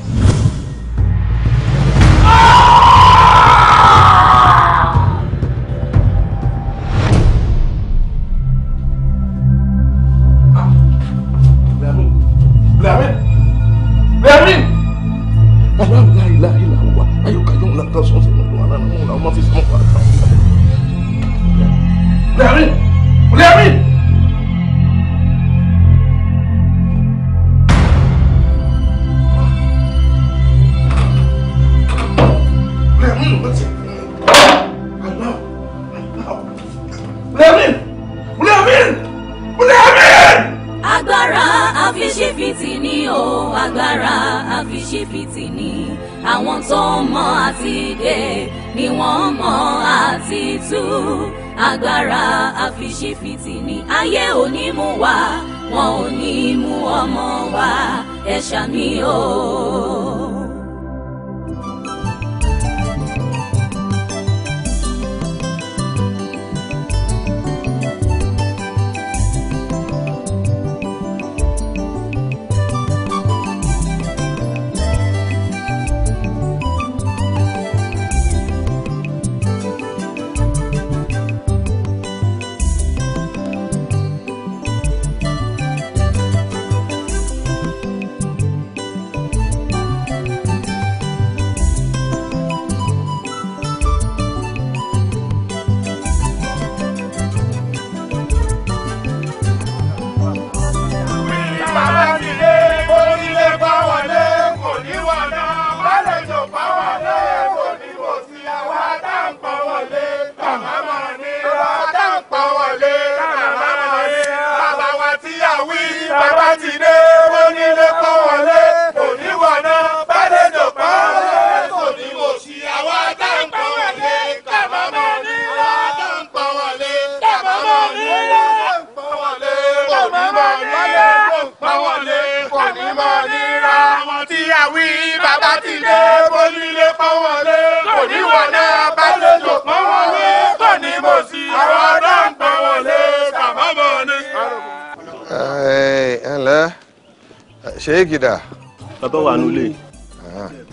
àti dè ni wọ́n mọ̀ àti tú agbára àfiṣífìtì ní ayé òní mú wa wọn ò ní mú ọmọ wa ẹ ṣàmì o.
ṣé kìdà. bàbá wa nulẹ̀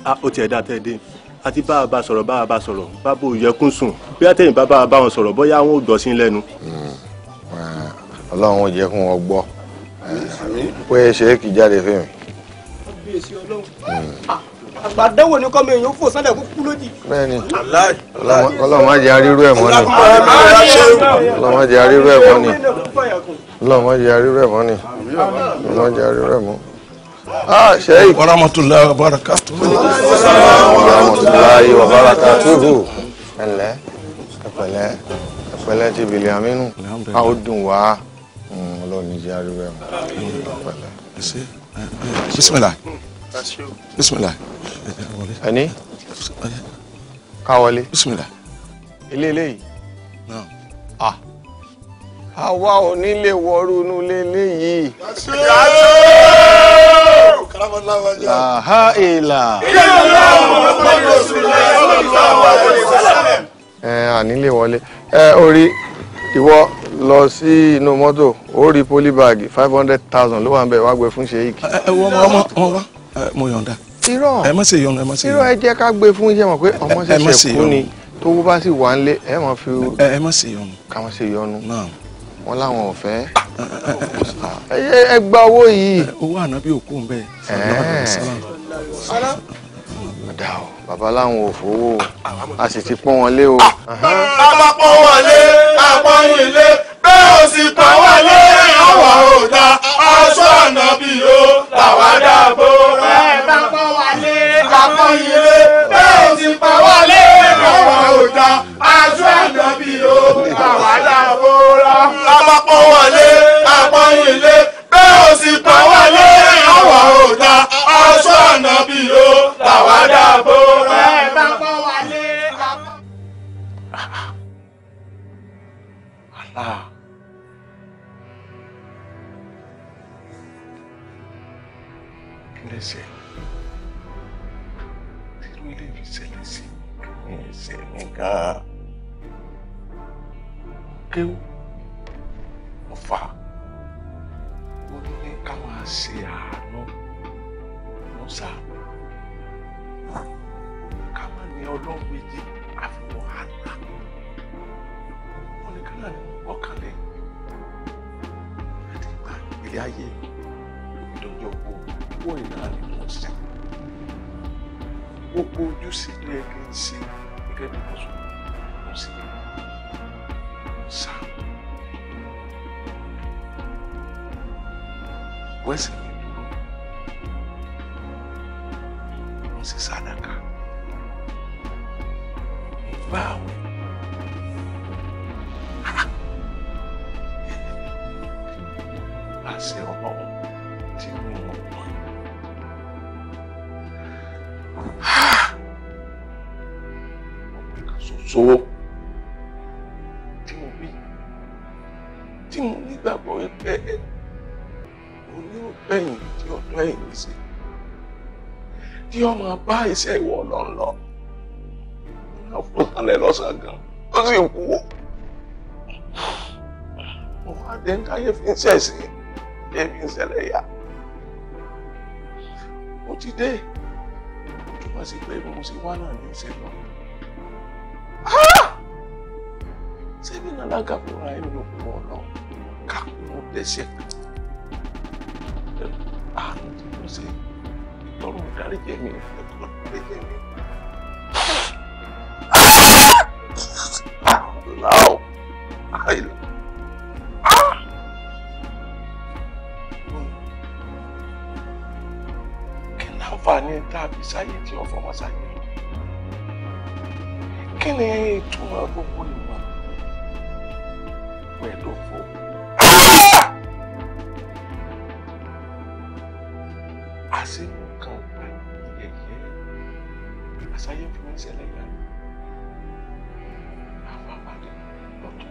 ah. ó tiẹ̀ dá tẹ́ dé àti bá
a bá sọ̀rọ̀ bá a bá sọ̀rọ̀ bábò yẹkùn sùn bí àtẹ̀yìn bá a bá wọn sọ̀rọ̀ bóyá wọn ò gbọ́sìn lẹ́nu. Hmm.
Ah, ọlọ́run ò jẹ́ kún wọn gbọ́ pé ṣé kì jáde fún mi. kábíyèsí ọlọ́run hmm. ah, àgbà dánwò èèyàn fò sálẹ̀ kó kú lójì. ọlọ́run má jẹ́ arírú ẹ̀ mọ́ ni ọlọ́run má jẹ́ arírú ẹ̀ mọ́ ni ọlọ́run má jẹ́ arírú ẹ̀ mọ́ ni ọlọ́run má jẹ́ arírú ẹ̀ mọ́ ni. Ah, sheikh wa rahmatulahi wa barakatuhu. wa rahmatulahi wa barakatuhu. ẹlẹ ẹpẹ̀lẹ́ ẹpẹ̀lẹ́ ti bìlì aminu a ó dùn wá hmm, Ọlọ́run ní jẹ ariwo ẹmu ẹpẹ̀lẹ́. bisimilayi bisimilayi. ẹni káwọlé. bisimilayi. ilé eléyìí. ah àwa ò ní lè wọrú inú ilé léyìí.
làhá
ìlà. ẹ àní lè wọlé ẹ orí ìwọ lọ sí inú mọ́tò ó rí polybag five hundred thousand ló wà ń bẹ̀ wá gbé fún sheik. ẹ wọ ọmọ ọmọ ọmọ mo yọ̀ǹda irọ́ ẹ má ṣe yọnu ẹ má ṣe yọnu irọ́ ẹ jẹ́ ká gbé fún iṣẹ́ mọ̀ pé ọmọ ṣẹ̀ṣẹ̀ kú ni tó bá sì wà ń lé ẹ má fi ẹ má ṣe yọnu ká má ṣe yọnu wọ́n láwọn ò fẹ́. ẹ gba owó yìí. owó ànábì òkú ń bẹ. ọ̀dà o bàbá láwọn ò fowó o a sì ti pọ́n wọn lé o. a
bá pọ́n wọn lé a pọ́n yín lé bẹ́ẹ̀ ò sì pọ́n wọn lé àwa ò dá aṣọ ànábì o làwa dá bó. ẹ bá pọ́n wa lé a pọ́n yín lé bẹ́ẹ̀ ò sì pọ́n wa lé àwa ò dá aṣọ ànábì o làwa dá bó bá pọ́n wọlé àpọ́n ilé bẹ́ẹ̀ ò sì pọ́n wọlé àwa ò aṣọ ànábì ó làwádà bó.
gbogbo ojúṣe tó yẹ kí n ṣe gẹ́gẹ́ bí mo sọ mo sì sá.
wẹ́sẹ̀ mi dúró mo sì sàdákà ìgbà àṣẹ ọlọ́run.
sówó tí mo bí tí mo nígbàgbọ́ pé mo ní ó bẹ̀yìn tí ọ̀dọ́ ẹ̀yìn sí tí ọmọ bá iṣẹ́ ìwọ lọ lọ mo fún kalẹ̀ lọ́sàn gan ó sì kú mo wá dé ń káyé fi ń ṣẹ̀sí lé mi ń ṣẹlẹ̀ yá mo ti dé mo túmọ̀ sí pé mo sì wá náà ní ìṣẹ̀lẹ̀ sẹ́mi náà lágàbọ̀ra ẹ̀ ló pọ̀ lọ kápẹ́ ó dẹ́sẹ̀ àrùn tí mo ṣe ìtọ́rọ̀ dáríjẹ́ mi ẹ̀kọ́ dáríjẹ́ mi. Now, I kí láǹfààní tá a fi sáyé tí ọ̀fọ̀ wọn sáyé kí ni ìtumọ̀ gbogbo ìwà pẹ̀lú fún. Ah! àṣírí kan àyẹ̀yẹ́ àṣàyẹ̀ fún ìṣẹ̀lẹ̀ yà ni àfa àbàdé lọ́tọ̀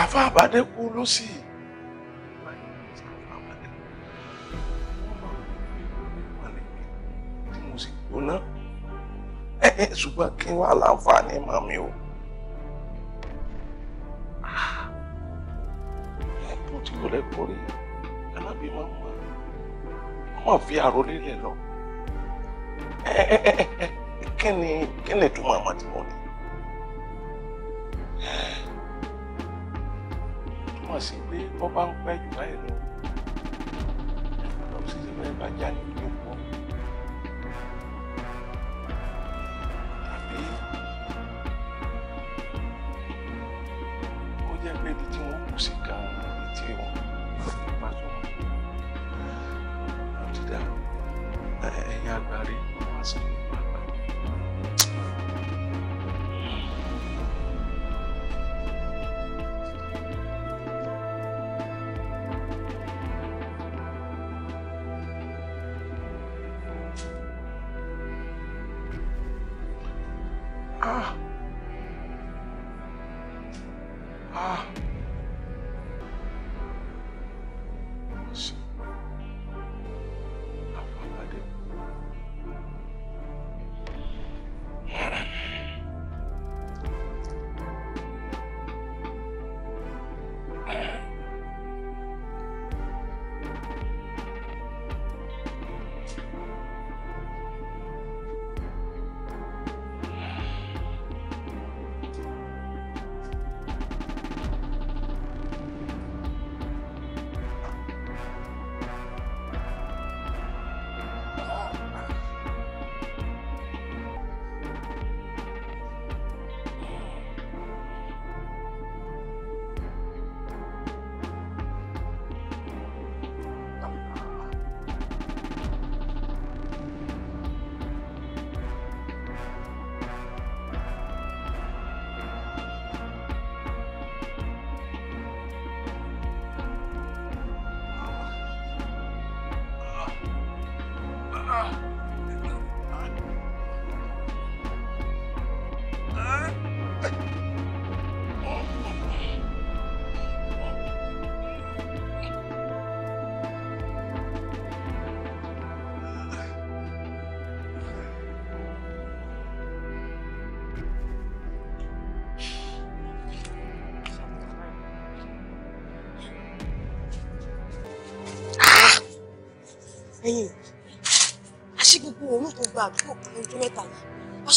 àfa àbàdé kú lọ́sì yìí. ṣùgbọ́n kí wá láǹfààní mọ́ mi o. mo ti lọ lẹ́kọ̀ọ́ rí alábìímọ mọ́ mọ́ fi àròlé lẹ̀ lọ. kí ni kí ni ìtumọ̀ àmọ́ tí mo ní? túmọ̀ sí pé bọ́ ń pẹ́ jù báyìí lọ lọ sí ilé ẹgbàá jáde lóko.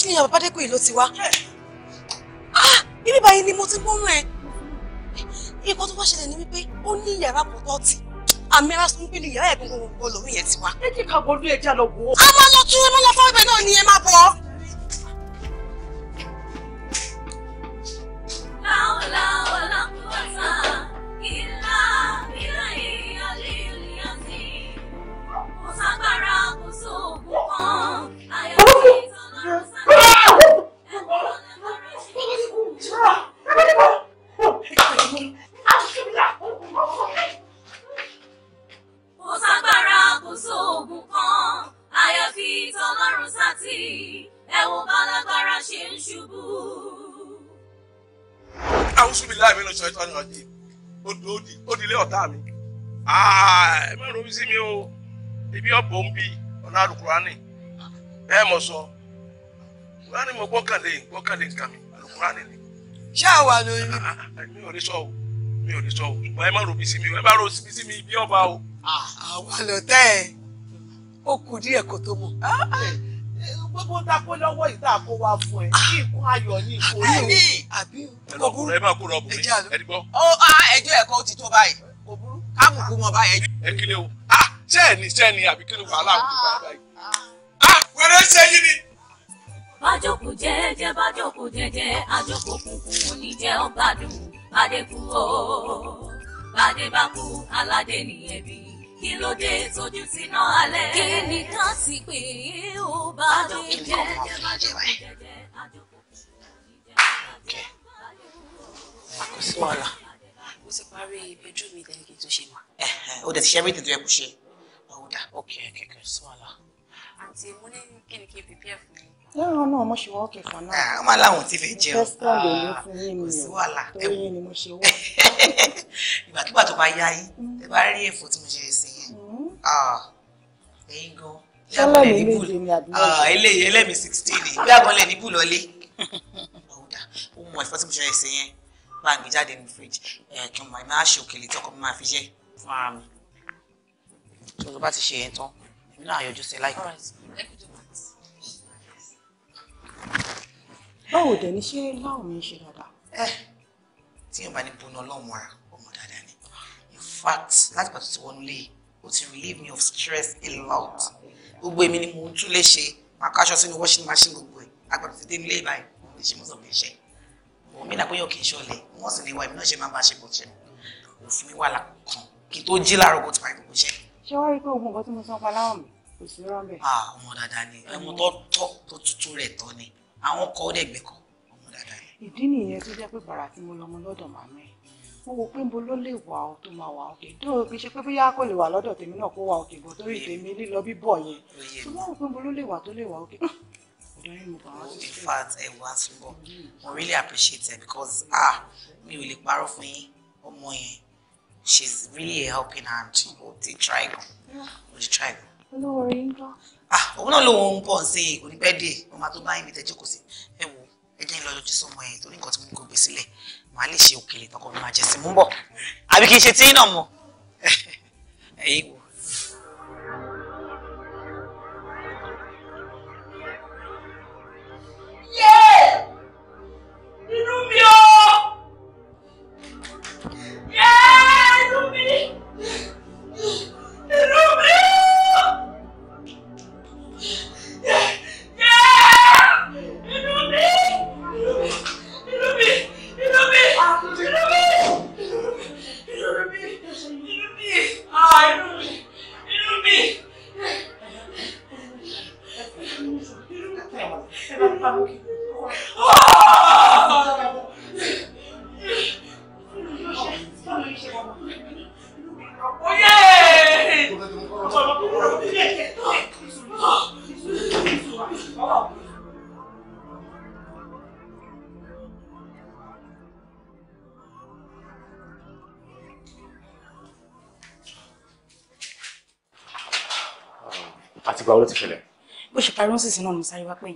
ṣí yan Bàbádékù yìí ló ti wá ah, ibi báyìí ni mo ti gbóhùn ẹ ikọ́ tó wá ṣẹlẹ̀ ní wípé ó ní yàrá kan tó ti àmì ara sọ pé ní yàrá ẹ̀gbọ́n gbogbo lòun yẹn ti wá. ẹ jẹ́ ká wọlé ẹja lọ wò ó. a máa lọ tún ẹ máa lọ fọwọ́ ibẹ̀ náà ni ẹ máa bọ̀.
ibi ọ̀bọ̀ ń bi ọ̀nà alukurani bẹ́ẹ̀ mọ̀ sọ kurani mo gbọ́kànlé gbọ́kànlé nǹkan mi alukurani ni. ṣé àwa ló ń. Ah, ah, ah, mi ò rí sọ o mi ò rí sọ o ṣùgbọ́n ẹ má robi sí mi o ẹ má robi sí mi ibi ọba o. àwa lọ tẹ ẹ ó kù díẹ̀ kó tó mọ eh, eh, gbogbo dákó lọ́wọ́ ìta kó wa fún ẹ kí nǹkan ayọ̀ ní ìkó yìí. ẹni àbí kò burú ẹ máa kó lọ ọkùnrin ẹni gbọ́. Oh, ẹjọ́ ẹ̀kọ́ ti tó báyìí kò burú káàmù kú mọ báyìí. ẹ kílẹ̀ o sẹ́ẹ̀ni sẹ́ẹ̀ni àbí kí ni wàhálà ń kó báyìí báyìí. a ah, ṣe yín ni.
bájòkù jẹ́jẹ́ bájòkù jẹ́jẹ́ àjòkù kúkú ní jẹ́ ọ̀gbádùn bàdé kú o bàdé bá kú aládé nìyẹn bí kí ló dé tójú síná alẹ́. kí ni ká sì pé ó bá dé jẹ́jẹ́ bájòkù jẹ́jẹ́ àjòkù kúkú ní jẹ́ ọ̀gbádùn.
kò sí wàhálà. mo ti parí ìbẹ́jú mi lẹ́yìn tó ṣe mọ́. ó dẹ̀ ti ṣe everything tó yẹ kó ṣe padà. okay okay okay sí wàhálà. àǹtí mo ní kí ni kí n prepare fún mi. láwọn náà mo ṣe wá òkè ah, ah, fún náà. àwọn aláwọn ti fẹ́ jẹun kò sí wàhálà ẹwù ìgbàkigbà tó bá yá yín mm. ẹ bá rí mm. ah, ẹ̀fọ́ tí mo ṣe sí yẹn ẹ̀yin gan ṣálẹ̀ ní méje ni àbí méje. eléyìí ẹlẹ́mìí sixteen ni bí àgbọ̀nlẹ̀ ní bùlọ́lé. ọ̀dà ó mọ ẹ̀fọ́ tí mo ṣe ẹsẹ̀ yẹn bá ń gbé jáde ní fridge kí n máa ṣe òkèlè tọkọ mi máa fi jẹ fún mi tó tó bá ti ṣe yẹn tán èmi náà yọjú sí láìpẹ́. báwo dẹ̀ ni ṣé láwọn mi ń ṣe dáadáa. ẹ eh, tí yóò bá ní bọ́nà ọlọ́run ara ọmọ dáadáa ni in fact láti pàtó tí wọ́n lè o ti relieve me of stress a lot gbogbo èmi ni mo ń tún lè ṣe máa káṣọ sínú washing machine gbogbo ẹ̀ agbàdo ti dé nílé ìbáyìí lè ṣe mọ́tò mi ṣe òun mi làgbóyọ̀ kì í ṣọlẹ̀ wọ́n sì lè wá èmi náà ṣe máa bá ṣe bọ̀ ṣe òfin wà lákàn kí n tó jí láàárọ̀ kó ti parí gbogbo ṣe ṣé wàá rí pé ogun nǹkan tí mo san paláwọ mi kò sí rọbẹ. Ah, ọmọ dáadáa ni ọmọ tó tọ́ tó tútù rẹ̀ tọ́ ni àwọn kọ́ dẹ̀gbẹ́ kan ọmọ dáadáa ni. ìdí nìyẹn tó jẹ́ pé bàrà tí mo lọ mọ lọ́dọ̀ màmá ẹ̀ mo wò pé mo ló lè wà ó tó máa wà òkè tó fi ṣe pé bóyá kò lè wà lọ́dọ̀ tèmi náà kó wà òkè bọ̀ torí tèmi lílọ bíbọ̀ yẹn tó wọ́n rò pé mo ló lè wà tó lè wà òkè. Ah! in fact ẹ wá túbọ̀ I really appreciate it because ah mi ò lè parọ́ fún yín ọmọ yẹn she's really a helping hand ó ti try gan ó ti try gan. olówó rí ah we're not lòun ń bọ̀ ṣe kò ní pẹ́ dé wọn máa tó bá yín bí tẹ́jú kò sí ẹ wo ẹ jẹ́ lọ yọjú sọmọ ẹ̀ torí nǹkan tí mo kò gbé sílẹ̀ màá lè ṣe òkèlè tọkọ mi máa jẹ sí mú bọ̀
àbí kì í ṣe tí náà mọ̀ ẹ̀yin
lọ́sìn sí náà mo sáré wá pé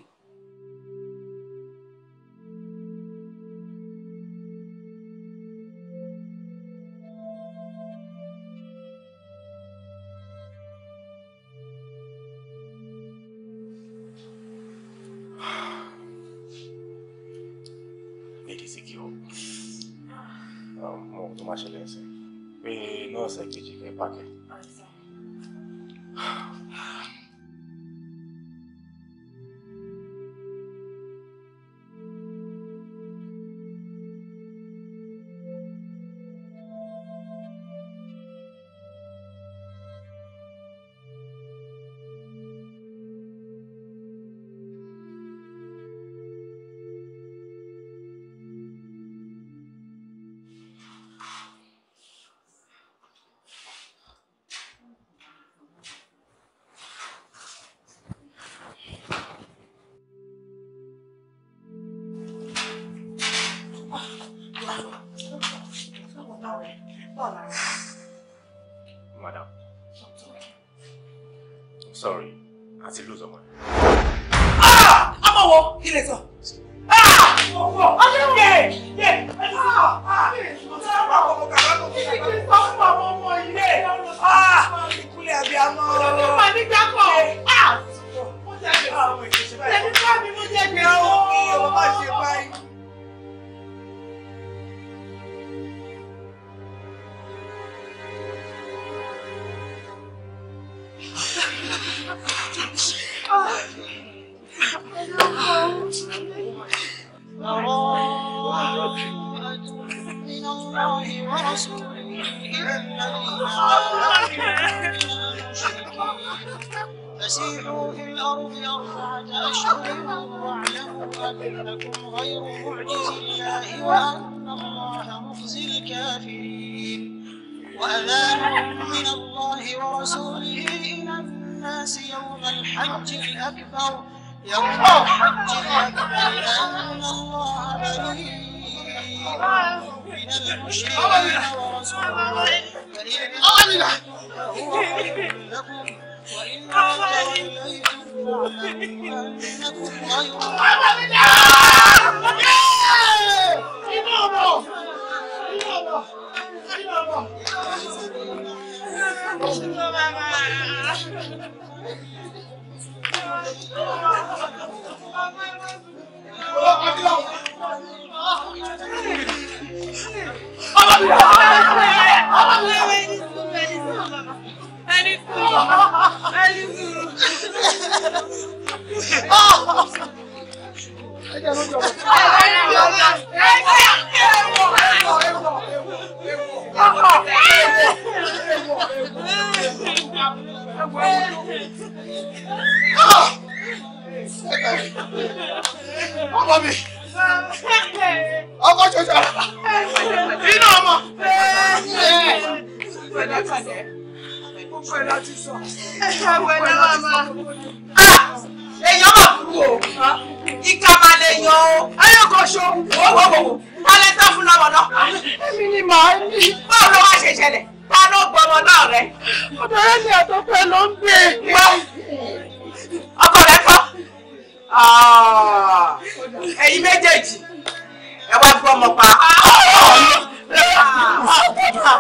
kan pa.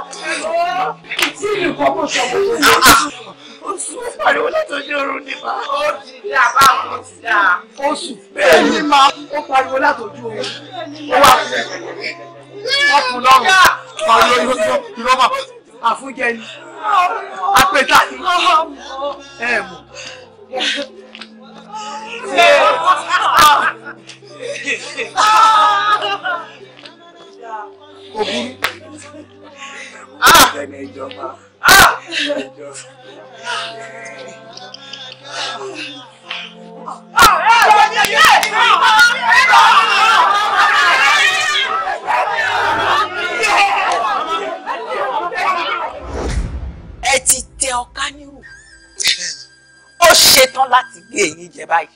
tí ìlú kan kò sọ fún mi. oṣù pariwo látọjú oorun ni ma. ó ti dá báwọn ó ti dá. oṣù bẹ́ẹ̀ ni ma ó pariwo látọjú oorun. ó wà wọ́n kù lọ́rùn
pariwo ìrọ́mà àfúnjẹ ni apẹta ni ẹ mọ̀.
Yeah kò
burú. Ah! ẹni ìjọba ìjọba. Ah!
ẹ ti tẹ ọká nírú ó ṣetán láti
gé ẹ̀yin jẹ báyìí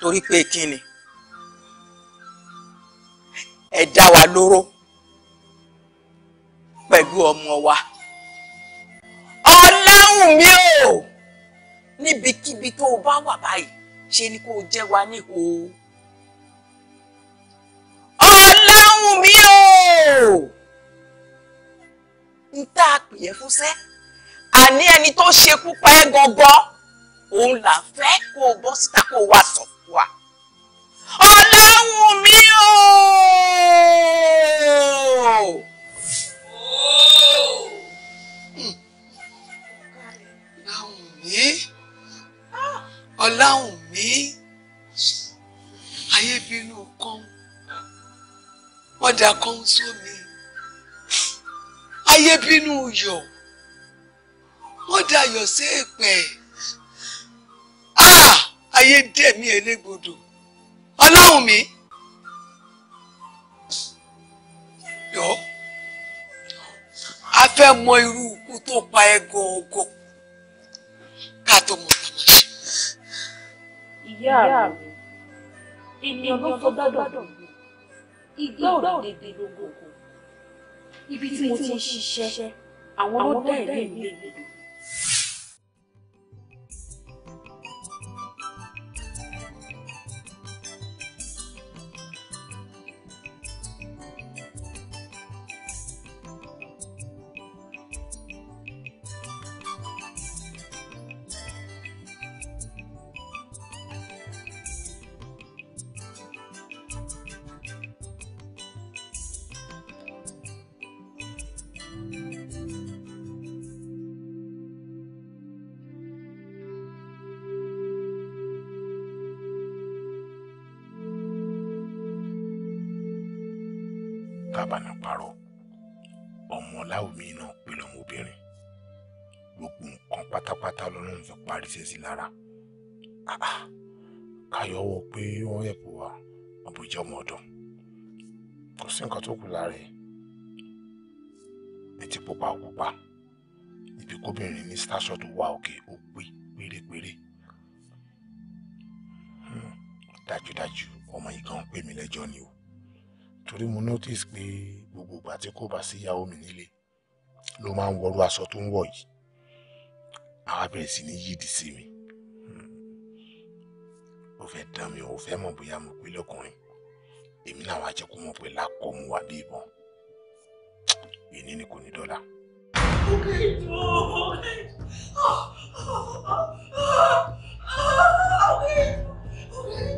torí pé kí ni ẹ dá wa lóró pẹ̀lú ọmọ wa
ọlọ́run mi ò níbikíbi tó o bá wà báyìí ṣe ni kó o jẹ́ wa níhò ọlọ́run mi ò ń tá a pè é fúnṣẹ́ àní ẹni tó ṣekú pa ẹ́ gangan òun là fẹ́ kó o bọ́ síta kó o wá sọ fún wa ọlọ́run mi ò. Ọláwùmí Ọláwùmí
ayé bínú kan wọ́n da kan sómi ayé bínú yọ̀ wọ́n da yọ̀ sí èpẹ̀ ah! ayé dẹ̀mí elégbodò Ọláwùmí yọ̀ a fẹ́ mọ irú ikú tó pa ẹ gọ̀ọ̀gọ̀ ká tó mọ
tá máa ṣe.
ìyá mi
ènìyàn ló fọ́ gbádùn igbá òdèdè lógo
ibi tí mo ti ń ṣiṣẹ́
àwọn ọlọ́dẹ̀ mi lè lò. sí ìyàwó mi nílé ló máa ń wọrú aṣọ tó ń wọ̀ yìí àwa bẹ̀rẹ̀ sí ní yídi sí mi ó fẹ́ dán mi ó fẹ́ mọ̀ bóyá mo pé lọ́kùnrin èmi náà wá jẹ́ kó mọ̀ pé lákọ̀ mu wá bí ìbọn èyí ni kò ní dọ́là.
Okay, oh, okay. Oh, okay. Okay,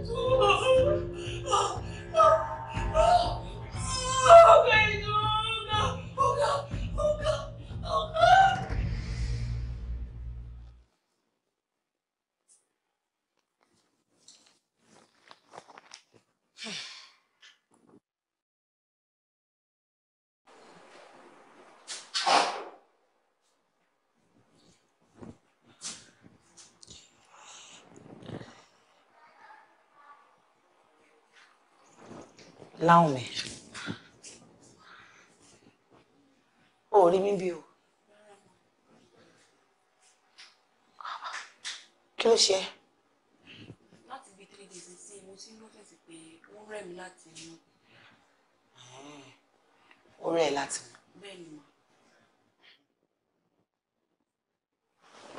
láwọn mi. o ò rí mi bí o. kí ló ṣe é.
láti bíi three days sí mo ti ń lọ́fẹ̀sì pé ó rẹ̀ mí láti inú.
ó rẹ̀ láti inú. bẹ́ẹ̀ ni mà.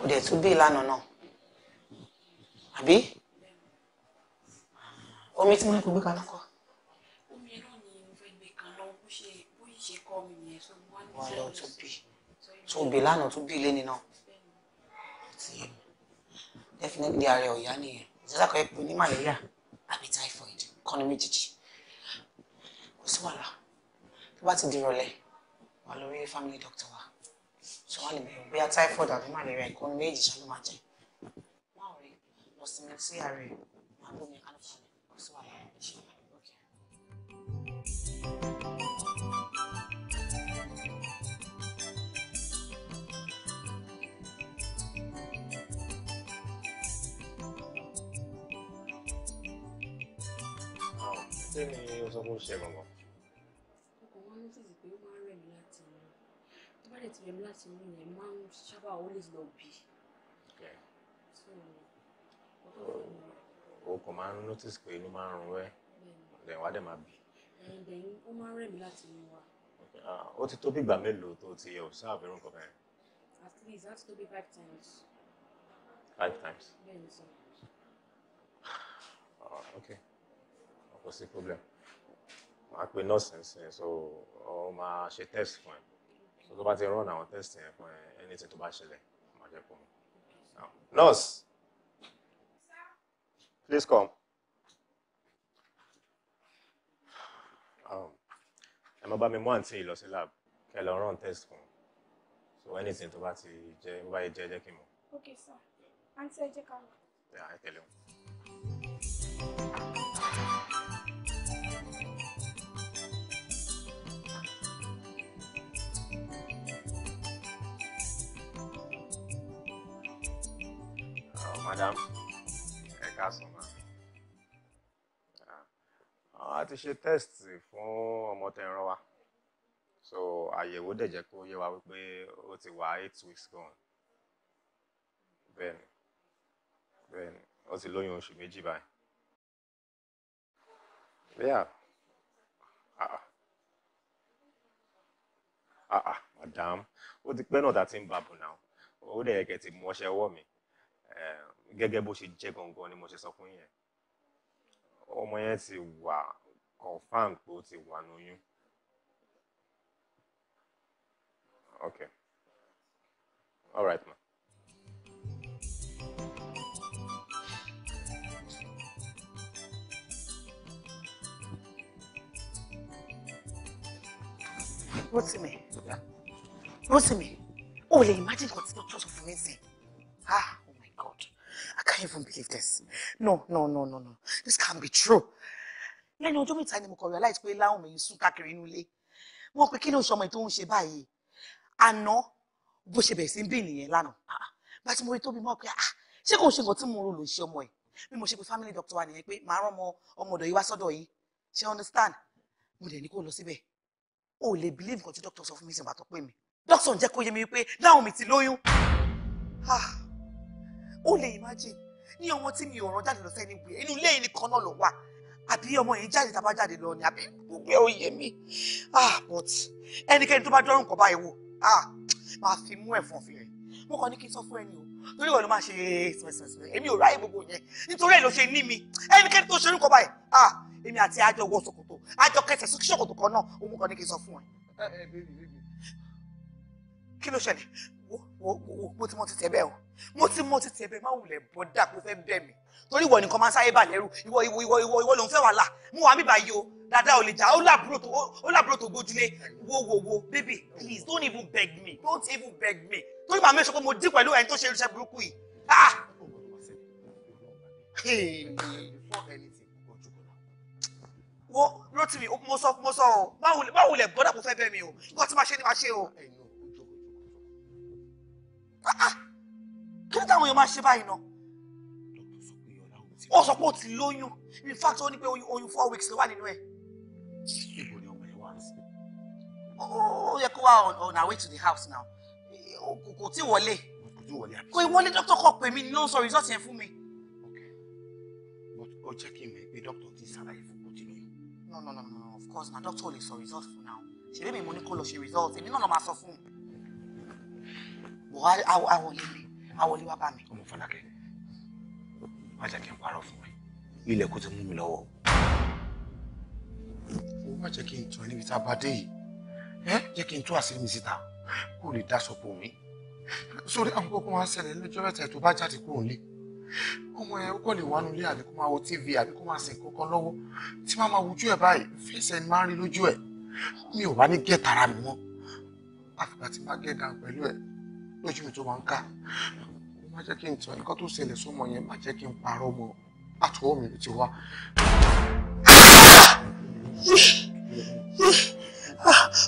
dẹ̀ tún bí ìlànà náà àbí omi tí mo ní kó gbé kaná So lọ tún bí tó bí lánàá tó bí ilé ni náà ti definitely ààrẹ ọ̀yá nìyẹn ìjọba kan pè ní malaria àbí typhoid kọ́ni méjèèjì kò sí wàhálà tó bá ti di ìrọ̀lẹ́ wà lórí family doctor wa so wọ́n lè bẹ̀rẹ̀ bóyá typhoid àbí malaria ìkọ́ni méjì ṣá ló máa jẹ́ wọ́n rí lọ sinmi sí ààrẹ màá bómi kánú kánú kò sí wàhálà.
Kí ni o sọ pé ṣe gangan?
Ọkọ̀ wọn ní sísì pé ó máa ń rẹ̀ mí láti inú.
Tó bá dẹ̀ ti rẹ̀ mí láti inú yẹn, máa ń sábà always lọ bì.
O máa ń notice pé inú máa ń run ẹ́, lẹ́yìn wá dẹ̀ máa bì.
Ẹ̀ẹ́dẹ̀ ó máa ń rẹ̀ mí láti inú wa.
Ah, ó ti tó bí ìgbà mélòó tó ti observe irun kan bẹ́ẹ̀.
At least that's to be five times.
Five times? Bẹ́ẹ̀ni sọ. Ah, okay kò sí problem màá pe nurse nsìn so ọ máa ṣe test fún ẹ so tó bá ti run àwọn test yẹn fún ẹ anything tó bá ṣẹlẹ̀ màá jẹ́ kó mọ̀ nurse please come. Um, ẹ máa bá mi mú àǹtí lọ sí lab kẹ lọ run test fún un so anything tó bá ti jẹ bó bá yẹ jẹ jẹ kí n mọ̀.
okay sir àǹtí ẹ jẹ́ ká lọ.
ẹ tẹ̀lé wọn. madam ẹ káàsán ma ah, a ti ṣe test fún ọmọ tẹ́ ń rán wa so àyẹ̀wò dẹ̀ jẹ́ kó yé wa wípé ó ti wà eight weeks gone bẹ́ẹ̀ni bẹ́ẹ̀ni ó ti lóyún oṣù méjì báyìí bẹ́ẹ̀ Ah. àà ah. ah, madam ó ti pẹ́ náà dá ti ń babù náà ó dẹ̀ yẹ kẹ́ ti mú ọṣẹ ọwọ́ mi. Eh, gẹ́gẹ́ bó ṣe jẹ́ gangan ni mo ṣe sọ fún yẹn ọmọ yẹn ti wà confam pé ó ti wà lóyún ok all right ma.
Rotimi, Rotimi, o lè imagine what's tí doctor sọ fún mi can't even believe this. No, no, no, no, no. This can't be true. Lẹ́nu ọjọ́ mẹ́ta ni mo kọ̀ realize pé láwọn mi sùn káàkiri inú ilé. Wọ́n pe kí ló ń ṣọmọ tó ń ṣe báyìí. Àná bó ṣe bẹ̀rẹ̀ sí ń bí nìyẹn lánàá. Ah, Bá ti mo rí tóbi mọ́ pé ah, ṣé kò ṣe nǹkan tí mo rò lò ṣe ọmọ ẹ̀. Bí mo ṣe pe family doctor wa nìyẹn pé màá rán ọmọ ọmọ ọ̀dọ̀ yìí wá sọ́dọ̀ yìí. Ṣé understand? Mo dẹ̀ ní kó lọ síbẹ̀. O lè believe nǹkan tí doctor sọ fún mi sì wà tó pè mí. Doctor ń jẹ́ kó yé mi wípé láwọn mi ti lóyún. Ah! o lè imagine ní ọmọ tí mi ò rán jáde lọ sẹ́ni wé inú ilé yìí nìkan náà ló wà àbí ọmọ yẹn jáde tá a bá jáde lọ ni àbí gbogbo ẹ ó yẹ mí ah but ẹnikẹ́ni tó bá dọ́rùn nǹkan báyìí wò ah máa fi mú ẹ̀fọn fi rẹ̀ mo kàn ní kí n sọ fún ẹni o torí ìwọ ló máa ṣe sẹ̀sẹ̀sẹ̀ èmi ò ráyè gbogbo yẹn nítorí ẹ̀ ló ṣe ní mi ẹnikẹ́ni tó ṣe orúkọ báyìí ah èmi àti àjọ wọ ṣòkòtò àjọ kẹsẹ̀ ṣòkòtò kan náà òun kàn ní kí n sọ fún ẹ. Eh, eh, kí ló ṣẹlẹ̀ mo ti mọ ti tẹ̀bẹ̀ o mo ti mọ ti tẹ̀bẹ̀ má wulẹ̀ bọ́dà kó fẹ́ bẹ̀ mí torí ìwọ nìkan máa ń sáyé bà lẹ́rù ìwọ ìwọ ìwọ ìwọ ìwọ lòún fẹ́ wà là mú wa bíbá yìí o dáadáa ò lè jà ó làbúrò tó ó làbúrò gbójúlé wo wo wo baby please don't even beg me don't even beg me torí màá mẹ́sàn pé mo dí pẹ̀lú ẹni tó ṣe irúṣẹ́ burúkú yìí ah.
wo Rotimi mo sọ mo sọ o má wulẹ̀ bọ́dà kó fẹ́ bẹ̀ mí o nǹkan tí máa ṣe ni máa ṣe o kí ló táwọn èèyàn máa ṣe báyìí náà ó sọ pé ó ti lóyún in fact ó ní pé oyún
four weeks ló wà nínú ẹ̀. ibo ni ọmọ ẹ wá sí. ó yẹ kó wá on our way to the house now kò tí wọlé kò ìwọlé dókítà kọ pè mí ni ló ń sọ result yẹn fún mi. ó jẹ́ kí n mọ̀ pé dókítà ti ṣàlàyé fún kò tí lóyún.
no no no no
of course na doctor ò lè sọ result fún now ṣèlérí mi mo ní kó lọ ṣe result èmi náà
lọ máa sọ fún un
wà àwọ̀ lè mi
àwọ̀ lè wá bá mi. ọmọ Fọlákẹ́ má jẹ́ kí n parọ́ fún ẹ ilẹ̀ kó ti mú mi lọ́wọ́. o má jẹ́ kí n tún ẹ níbi tá a bá dé yìí ẹ jẹ́ kí n tún àṣírí mi síta kó lè dá sọ́pọ̀ mi sórí àwọn kókó máa ń ṣẹlẹ̀ lọ́jọ́ mẹ́ta tó bá jáde kúrò nílé ọmọ ẹ ó kọ́ lè wánú ilé àbí kó máa wo tv àbí kó máa sìn kankan lọ́wọ́ tí máa máa wojú ẹ̀ báyìí fẹsẹ̀ ni máa ń rí lójú ẹ̀ mi ò bá ní gẹ̀ẹ́tara mi mọ́ àfìgbà tí máa gẹ̀ẹ́ dàn pẹ̀lú ẹ̀ lójú mi tó máa ń kà má jẹ́ kí n tàn nǹkan tó ṣẹlẹ̀ sọ́mọ yẹn má jẹ́ kí n parọ́ mọ́ àtọwọ́ mi ló ti wá.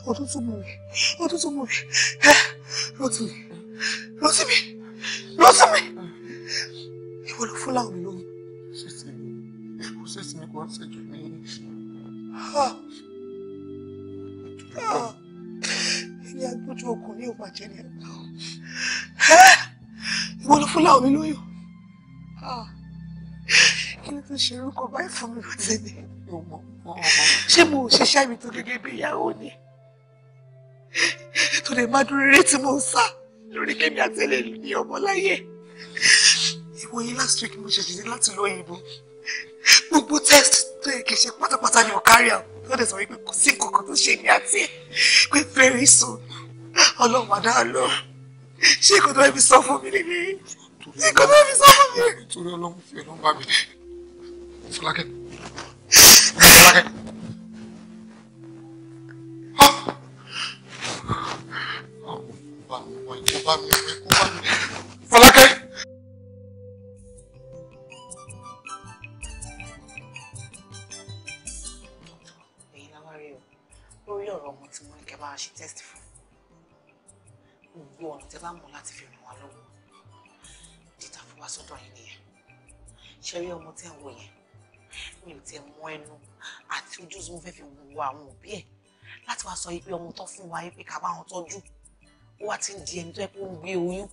ọdún tó mú mi ọdún tó mú mi ẹ rántí mi rántí mi rántí mi
ìwọ ló fún láwọn mi lóhùn. ṣèṣe mi kò ṣèṣe mi kò ń ṣẹ́jú mi. ẹni agbójú ọkùnrin ò bàjẹ́ ni ẹ̀ náà ìwọ ló fún láwọn mi lóyún ah. kí ló tún ṣe orúkọ báyìí fún mi lóde ni ṣé mo ò ṣiṣẹ́ mi tó gẹ́gẹ́ bí ìyàwó ni tó lè má dúró rere tí mo ń sá lórí kémi àti ẹlẹ́ ní ọmọ láyé ìwọ yìí last week mo ṣèṣì láti lọ òyìnbó gbogbo test tó yẹ kí n
ṣe pátápátá ni ò kárí àwọn tó lè sọ wípé kò sí nǹkan kan tó ṣe mí àti pé very soon
ọlọ́run àdá lọ ṣé kò tó fi sọ fún mi nílé ṣé kò tó fi sọ fún mi. torí ọlọ́run fi ọlọ́run bá mi fúlákẹ́ fúlákẹ́.
àwọn ah! ọba ah, mi wọ ìjọba mi wọ
sọ́dọ̀ yín nìyẹn ṣe rí ọmọ tí ẹ wò yẹn mi ò tiẹ̀ mọ ẹnu àti ojú tí mo fẹ́ fi wo àwọn òbí ẹ̀ láti wá sọ pé ọmọ tó fún wa pé ká bá wọn tọ́jú ó wá ti ń di ẹni tó yẹ kó ń gbé oyún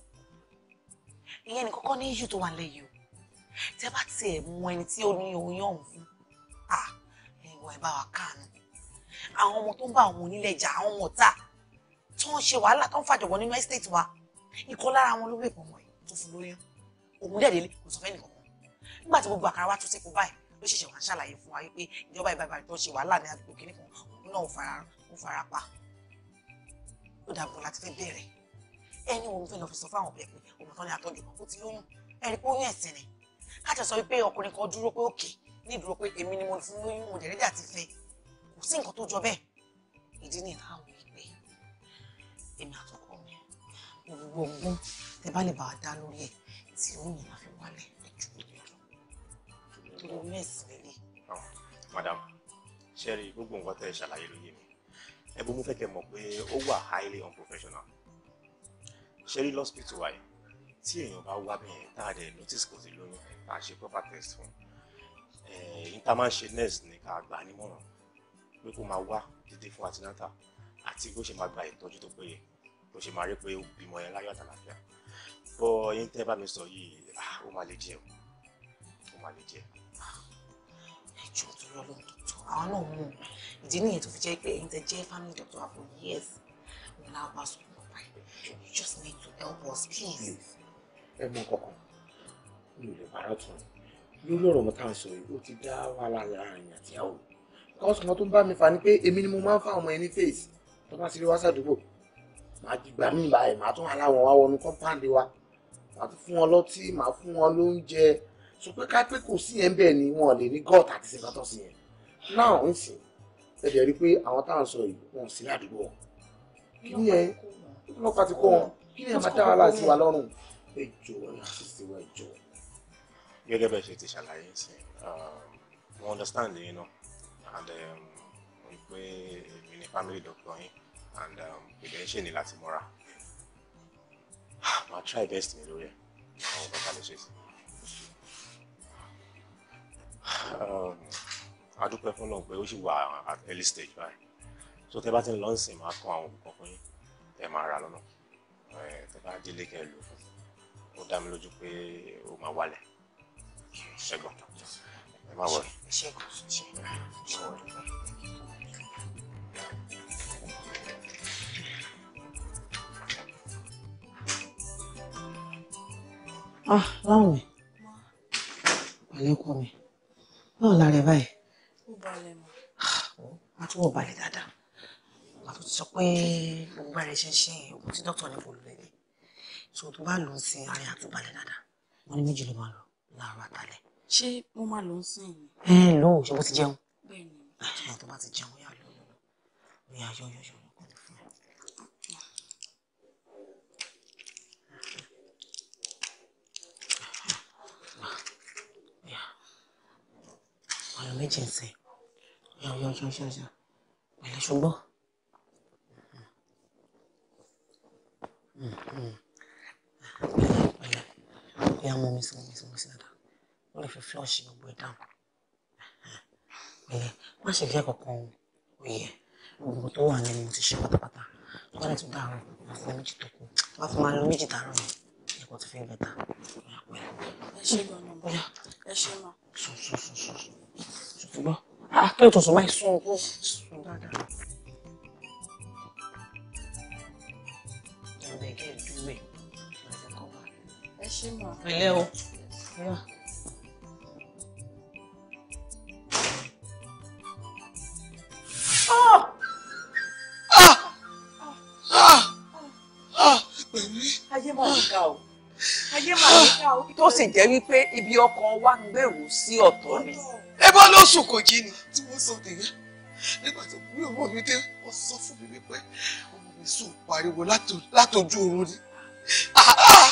ìyẹn ní kọ́kọ́ ní issue tó wà lẹ́yìn o tẹ́ bá tiẹ̀ mọ ẹni tí ó ní oyún ọ̀hún fún à ẹ̀yìn wọ̀ bá wa káàánú àwọn ọmọ tó ń bá àwọn onílẹ̀jà àwọn ọmọ ọ̀tá tó ń ṣe wàhálà tó ń fàjọ̀bọ̀ nínú ẹ́sítéètì òun dẹ̀ délé kò sọ fẹ́ nìkan nígbà tí gbogbo àkàrà wa tún sẹ́kù báyìí ló ṣẹ̀ṣẹ̀ wá ṣàlàyé fún wa pé ìjọba ìbàbà tó ṣe wàhálà ní àdúgbò kìnnì kan òun náà ò fara pa ó dàgbò láti fẹ́ bẹ̀rẹ̀ ẹni òun fẹ́ lọ fi sọ fáwọn ọ̀bẹ pé òun tán ni àtọ́jú ó ti lóyún ẹni pé ó yún ẹ̀sìn ni káàtì sọ pé ọkùnrin kan dúró pé òkè ní ìdúró pé èmi ni mo fún lóyún mo dẹ̀rẹ́dẹ̀ àti fẹ́ kò sí nǹkan tó jọ bẹ́ẹ̀ ìdí ni láwọn ìgbé èmi àtọkọ mi gbogbo ogun tẹ bá lè bàa dá lórí ẹ̀ tí ó yìn máa fi wálẹ̀ ẹ̀jú nílé lọ lórí nẹ́ẹ̀sì
lélẹ̀. madam sherry gbogbo nǹkan tẹ́ ẹ ṣàlàyé ló yé mi ẹbí mo fẹ́ kẹ́ mọ̀ pé ó wà highly unprofessional sherry lọ́spítù wáyé tí èèyàn bá wá bẹ́ẹ̀ tá a dẹ̀ notice kò sí lóyún tá a ṣe proper test fún ẹ̀yìn tá a máa ń ṣe nurse ní ká gbà nímọ̀ràn pé kó máa wá dídé fún antenatal àti bó ṣe máa gba ìtọ́jú tó péye bó ṣe máa rí pé ó bímọ yẹn láyọ̀ àtàlàfíà bọ́ yín tẹ́ bá mi sọ yìí ah, ó máa lè díẹ̀ ó máa lè díẹ̀. ẹjọ́ tó lọ lọ dọ̀tọ̀
àwọn náà mú un ìdí nìyẹn tó fi jẹ́ pé ẹ̀yin tẹ́ jẹ́ family doctor for years wọn náà bá sọ wọn pa you just need to help us please.
ẹ mọ kọkàn mi ò lè bára tún lórí ọ̀rọ̀ mọ́ta sọ yìí ó ti dá wàhálà láàrin àtìyàwó because ọmọ tó ń bá mi fa ni pé èmi ni mo máa ń fa ọmọ ẹni face tó bá ti rí wá sàdúgbò màá ti gbà mí ìbá ẹ̀ màá tún aláwọ̀ wá wọnú kọ́ńpáǹdì wa àti fún wọn lọ́tí màá fún wọn lóúnjẹ sọ pé ká pé kò sí yẹn bẹ́ẹ̀ ni wọn lè ní gọ́ọ̀tà àti sèkátọ́ sí yẹn náà ń sìn ẹ dẹ̀ rí i pé àwọn tá à ń sọ yìí wọn sí ládùúgbò wọn kí ni ẹ ọlọ́pàá ti kọ́ wọn kí ni ẹ máa dá wàhálà sí wa lọ́rùn
ẹ jọ ẹ àṣìṣe wa ẹ jọ. gẹ́gẹ́ bẹ́ẹ̀ ṣe ti ṣàlàyé sí um, mo understand yín náà and mo um, èmi ni family doctor yín and um, kò dẹ̀ láti mọ́ra máa try best mi lórí ẹ̀ àwọn bàbá lè ṣe sí. long, but we should ó at early stage right? so tẹ bá ti ń I sìn máa kọ àwọn òkùnkùn fún yín tẹ máa ra lọ́nà tẹ bá délé kẹ lò fún ó dá mi lójú pé ó máa wálẹ̀ ṣẹ́gun ẹ má wọlé. ṣẹ́gun
ṣẹ́gun.
ah láwọn pẹ̀lẹ́kùn mi náà lára ẹ̀ báyìí. ó balẹ̀ mọ́. Ah, a tún wọ̀ balẹ̀ dáadáa a tún ti sọ pé gbogbo ara ẹ̀ ṣe ń ṣe oògùn tí dókítà ní kò lò lẹ́yìn so tó bá lò ó sí ara ẹ̀ àti balẹ̀ dáadáa wọ́n ní méjì ló máa lò láàárọ̀ àtàlẹ́. ṣé mo máa lò ó sí
ìyẹn. ẹ lò ó ṣe bó ti jẹun.
bẹ́ẹ̀ ni. àti ah, ìyá tó bá ti jẹun yà lò ó yà yọ ọ̀yọ́ méjì ń sìn ọ̀yọ́ ọ̀yọ́ ọ̀yọ́ ọ̀yọ́ pẹ̀lẹ́ ṣùgbọ́n. pẹ̀lẹ́ pẹ̀lẹ́ bí a mú mi sí mi sí mi sí dáadáa wọ́n lè fi flush gbogbo ẹ̀ dáhùn pẹ̀lẹ́ má ṣe fi ẹ̀kọ́ kan òye gbogbo tó wà nínú ti ṣe pátápátá tó lè tún dàrú àfọ méjì tó kù tó fún ma lọ méjì dàrú ni ẹ̀kọ́ tó fi ń bẹ̀ta ẹ ṣe
gbọ́n náà bóyá ẹ ṣe máa. sùn sùn
sùn ṣùgbọ́n akẹ́kọ̀ọ́ ah, tó sọ máa sùn sùn dáadáa. Pẹ̀lẹ́ o. Ah! Ah! Ayé máa ń ga o tó sì jẹ́ wípé ibi ọkàn wa gbèrú sí ọ̀tọ̀ ni. ẹ bá lọ sùn kò jí ni tí wọ́n
sọ tèmi nígbà tó bí ọmọ mi dé wọ́n sọ fún mi wípé ọmọ mi sùn pariwo látọjú oorun ni ètò ah, ah, ah.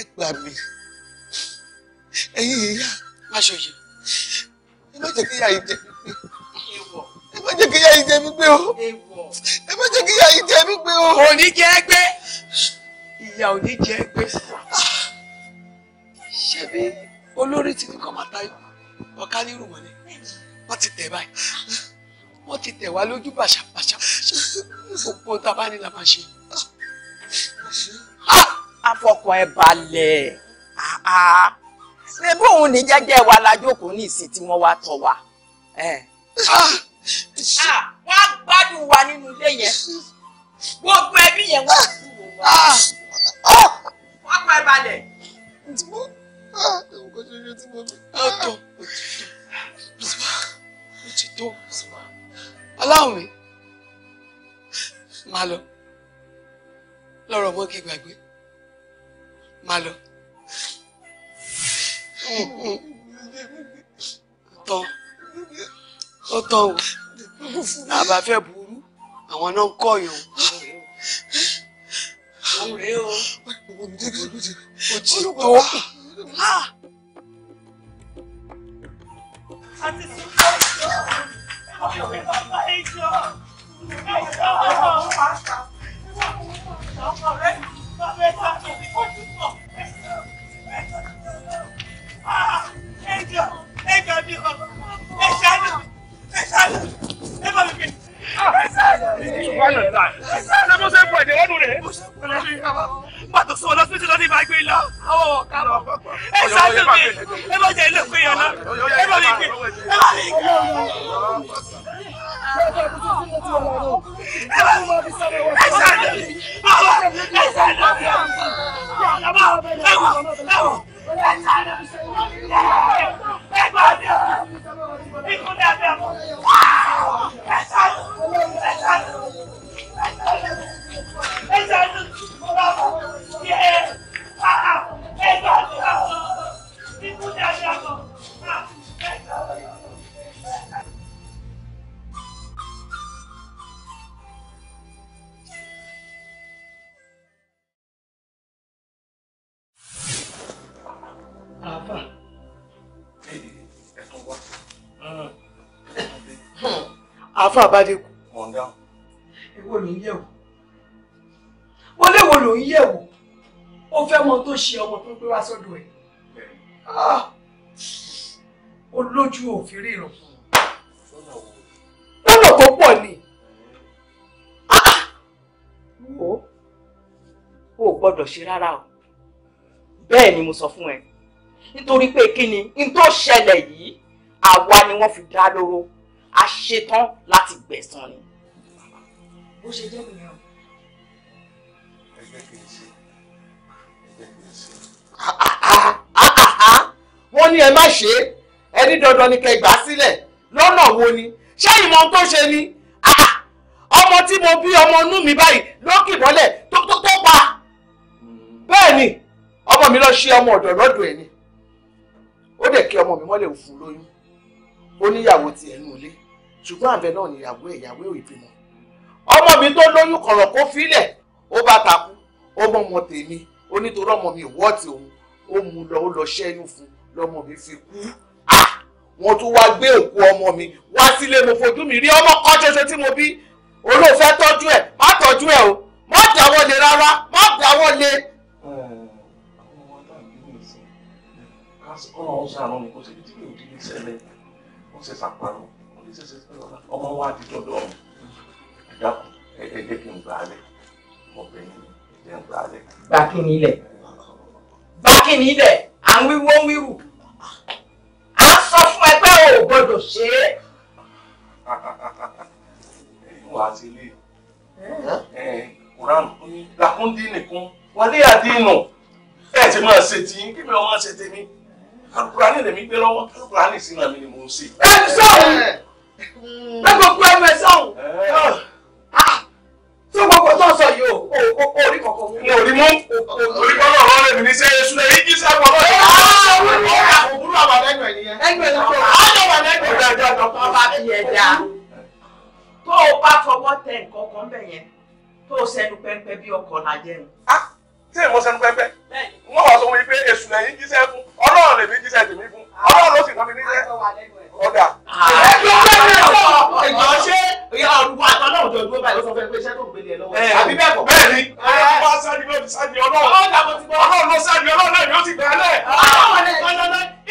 ẹ gbà mí ẹ̀yin ìyá má ṣòye ẹ má jẹ́ kí ìyá yìí jẹ mí gbé ẹ má jẹ́ kí ìyá yìí jẹ mí gbé o ẹ má jẹ́ kí ìyá yìí jẹ mí gbé o. kò ní jẹ́ gbé ìyá ò ní jẹ gbèsè ṣebí olórí ti ní kọ́ máa tayọ ọ̀ká nírù wọlé wọ́n ti tẹ̀ báyìí wọ́n ti tẹ̀ wá lójú bàṣàbàṣà gbogbo tá a la máa ṣe. afọkọ ẹ balẹ̀ ṣebí òun ní jẹ́jẹ́ wa la jókòó ní ìsìn tí wọ́n wá tọ̀ wá. wọ́n á gbádùn wa nínú ilé yẹn gbogbo ẹbí yẹn wọ́n á kúrò wá ọkọ ẹ balẹ̀. ǹtìmọ́ nǹkan ṣoṣo tí mo fi látọ̀ òtítọ́ òtítọ́ òtítọ́ aláwọ̀ mi máa lọ lọ́rọ̀ mọ́ kí gbàgbé máa lọ. tán ó tán o àbáfẹ́ burú àwọn náà ń kọ̀yàn o òun rèé o. òtítọ́. a ti sùn
fún ẹjọ́ ọmọ mi bàbá ẹjọ́ ẹjọ́ ọmọ mi bàbá ọmọ rẹ bàbá ẹjọ́ ọmọ mi kò tún bọ̀ ẹjọ́ ẹjọ́ ẹjọ́ mi bàbá. sábà ṣe pọ̀ ẹ̀dẹ̀ ọdún rẹ̀. pàtó sọ lọ sí ti lọ ní ìbá gbé lọ àwọn ọ̀ká bọ̀. ẹ ṣáájú mi ẹ bá jẹ ilé pé yàn náà ẹ bá mi gbé ẹ bá mi gbé. ẹ bá mi ẹ ṣáájú mi bàbá ẹ ṣáájú mi bàbá ẹ wọ ẹ wọ ẹ ṣáájú mi ẹ gbọ́dọ̀.
àfa ah. àbádékù ń dáhùn. èwo ló ń yẹ̀wò wọ́n léwo ló ń yẹ̀wò ó fẹ́ mọ tó ṣe ọmọ tó gbé wá sọ́dọ̀ ẹ̀ ah! ó lójú òfin ríran lọ́nà tó pọ̀ ni ah! wo o gbọ́dọ̀ ṣe rárá o
bẹ́ẹ̀ ni mo sọ fún ẹ nítorí pé kí ni n tó ṣẹlẹ̀ yìí àwa ni wọ́n fi dá lóró a ṣetán láti gbẹ̀san ni
bó ṣe jẹ́ nìyẹn o. ẹ jẹ́ kí n ṣe ẹ jẹ́ kí n ṣe. wọ́n ní ẹ má ṣe é ẹni dandan ni kẹ́ gbà sílẹ̀ lọ́nà wo ni ṣé ìmọ̀ tó ṣe ni ọmọ tí mo bí ọmọ inú mi báyìí lókè mọ́lẹ̀ tó tó tó pa bẹ́ẹ̀ ni ọmọ mi lọ ṣe ọmọ ọ̀dọ̀ lọ́dọ̀ ẹ̀ ni ó dẹ̀ kí ọmọ mi mọ́lẹ̀ òfin lóyún ó níyàwó tiẹ̀ nù ilé ṣùgbọ́n àbẹ náà níyàwó ẹ̀ ìyàwó ìbímọ ọmọ mi tó lóyún kọ̀rọ̀ kó filẹ̀ ó bá takú ó ọmọ tèmi ó ọmọ mi wọ́ọ̀tì òun ó mú lọ ó lọ ṣẹ́yún fún lọ́mọ mi fi kú wọ́n tún wá gbé òkú ọmọ mi wá sílé mo fojú mi rí ọmọ kan ṣẹṣẹ tí mo bí olóòfẹ́ tọ́jú ẹ̀ má tọ́jú ẹ̀ o má dáwọ́ lé rárá má dáwọ́ lé. kọ́nà ọ̀sán àná ni kò sí ibi ọmọ wa di dọ́dọ̀ ọ̀hún dákun ẹ jẹ́ kí n gbà á lẹ̀ mo bẹ̀ yín ẹ jẹ́ n gbà á lẹ̀. gbà kí ni ilẹ̀ gbà kí ni ilẹ̀ à ń wíwó ń wíwù á sọ fún ẹ pé o ò gbọdọ̀ ṣe é. ẹ̀yin wà á ti lé kuran lakundi nìkún wọlé àdínù ẹ ti máa ṣe tí kí mi ọmọ ṣe tèmi alukurani lèmi gbé lọ́wọ́ alukurani sínú àmì ni mò ń ṣe. ẹ sọ̀rọ̀
ẹ gbogbo ẹ mẹ sọ̀rọ̀ tí gbogbo tó sọ yìí
o orí kankan mú. orí mú
orí kọ́nà ọ̀rọ̀ rẹ̀ mi
ní ṣe èṣù èyí kì í ṣe àpọ̀ náà. òwúrọ̀ àwọn ẹgbẹ̀rún
yẹn. ẹgbẹ̀rún yẹn. ayọ̀ wà lẹ́gbẹ̀rún. ọ̀dọ̀ ọ̀dọ̀ kan bá fi ẹja. tó o bá fọwọ́ tẹ nǹkan kan bẹ̀ yẹn tó tí èèmọ̀ sẹ́nu pẹ́ńpẹ́ wọ́n wà sọ wọn pé èṣù lẹ́yìn jíṣẹ́ fún ọlọ́run lèmi jíṣẹ́ tèmi fún ọlọ́run ló sì kàn mí níṣẹ́ ọ̀dà. ẹ̀jọ̀ ṣé ọ̀rùn wa tán náà jọ dúró báyìí ó sọ fẹ́ pé iṣẹ́ tó ń gbélé ẹ lọ́wọ́. àbí bẹ́ẹ̀ kọ́. bẹ́ẹ̀ ni ọlọ́run bá sáni
bẹ́ẹ̀ ni sáni ọlọ́run. ọlọ́run ló sáni ọlọ́run náà yóò ti gbà á lẹ̀.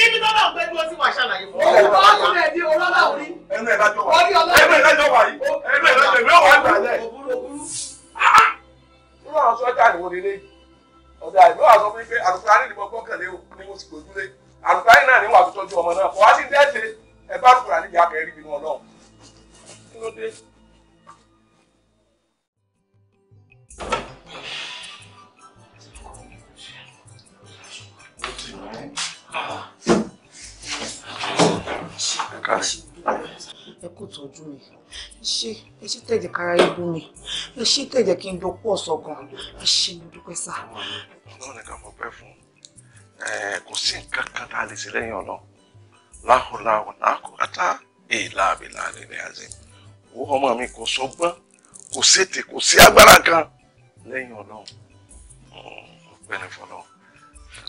ibi tó náà ń gbé dúró sí wàá ṣàlàyé fún mi. ọlọ́run ẹ̀dí ọlọ́run orí.
ẹnu ẹ̀ lájọ wà yìí ẹnu ẹ̀ lájọ wà yìí ẹnu ẹ̀ lájọ ìwé wà gbà lẹ̀. irú àwọn sọ́jà ni wọ́n lè lé ọ̀dà ìlú àwọn sọ fún mi pé àrùkárì ni mo gbọ́kànlé o ni mo sì gbójúlé àrùkárì náà ni wọ́n àtúntọ́jú ọmọ náà kò wá sí dẹ́ẹ̀tẹ̀ ẹ bá kúrò níbi akẹ́rì bínú ọlọ́run kí ló dé.
ẹ kò tọ́jú mi ṣé ẹ ṣe tẹ̀jẹ̀ kára ibú mi ẹ ṣe tẹ̀jẹ̀ kí n dọ́pọ̀ sọ̀gàn ẹ ṣe mi dúpẹ́ sá.
ọlọ́run nìkan mo pẹ́ fún kò sí nǹkan kan tá a lè ṣe lẹ́yìn ọlọ́run la hawla wala quwwata illa billahi al-azim wo ọmọ mi kò sọgbọ́n kò sétè kò sí agbára kan lẹ́yìn ọlọ́run ọpẹ́ ní fọlọ́run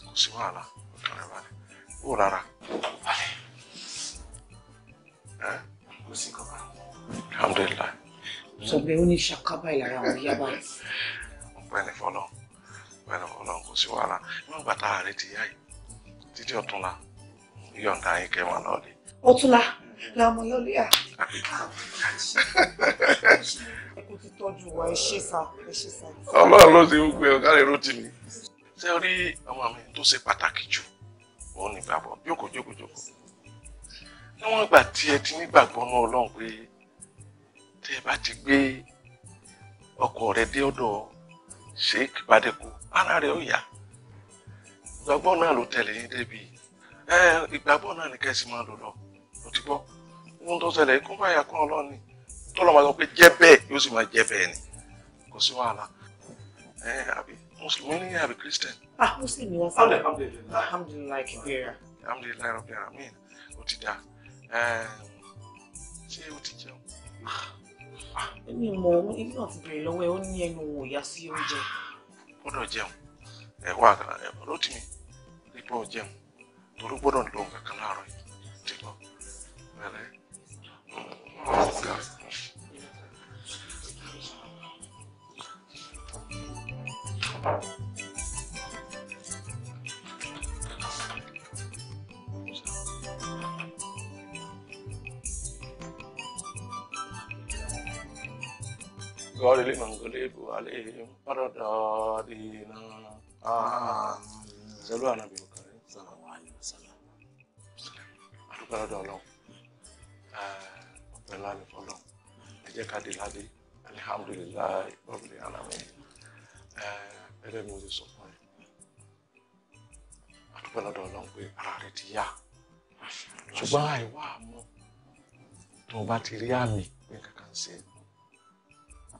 kò sí wàhálà ọkàn rẹ̀ balẹ̀ wò rárá. kò sí kọ́kọ́. alhamdulilayi.
sọgbẹ́ ó ní ṣàkábà ìlara àwọn yaba.
ọpẹ́ ní fọlọ́run ọpẹ́ ní fọlọ́run kò sí wàhálà nígbà tá a rẹ ti yá yìí títí ọ̀túnla yọ̀ǹda yín kẹ́ wọn lọ́ọ̀lẹ̀.
ó tún la làmọ yọlé à.
ọlọ́run ló ti gbé ọ̀gá rẹ̀ ló ti mi. ṣé o rí ọmọ mi tó ṣe pàtàkì jù òun nígbàgbọ́ jókòó jókòó jókòó. níwọ̀n ìgbà tí ẹ ti nígbàgbọ́ náà ọlọ́run pé tí ẹ bá ti gbé ọkọ rẹ dé ọ̀dọ̀ Sheikh Badeku ara rẹ ó yá ìgbàgbọ́ náà ló tẹ̀lé yín débi ìgbàgbọ́ náà ní kẹ́sì máa lò lọ ò ti gbọ́ ohun tó ṣẹlẹ̀ kó bá yàkún ọlọ́ni tó lọ́ máa sọ pé jẹ́ bẹ́ẹ̀ yóò sì máa jẹ́ bẹ́ẹ̀ ni kò sí wàhálà àbí mùsùlùmí ni àbí kírísítẹ̀n. ah mùsùlùmí ni wọ́n fọ́ alhamdulilayi alhamdulilayi kibera. alhamdulilayi rabi alamin o ti da ṣé o ti jẹun.
Ah, èmi mọ ilé náà ti bèrè lọ́wọ́ ẹ ó ní ẹnu wò yá sí oúnjẹ.
gbọ́dọ̀ jẹun ẹ wá lótìmí ipò jẹun torí gbọ́dọ̀ lọ nǹkan kan láàárọ̀ yìí ti gbọ́ bẹ̀rẹ̀ ọ̀gá. قال للمغرب عليهم فرد دينا آمين صلوا على النبي dúpẹ́ lọ́dọ̀ ọlọ́run ọ̀pẹ́ ah. ńlá ní fọlọ́ ẹ jẹ́ ká dé ládé alihamudulilayi ọ̀bìnrin aláwọ̀ ah, ẹ̀rẹ́ mi ò ti sọ fún ẹ a dúpẹ́ lọ́dọ̀ ọlọ́run pé ara rẹ ti yá ṣùgbọ́n àìwá àmọ́ tó bá ti rí àmì ní kankan sí ẹ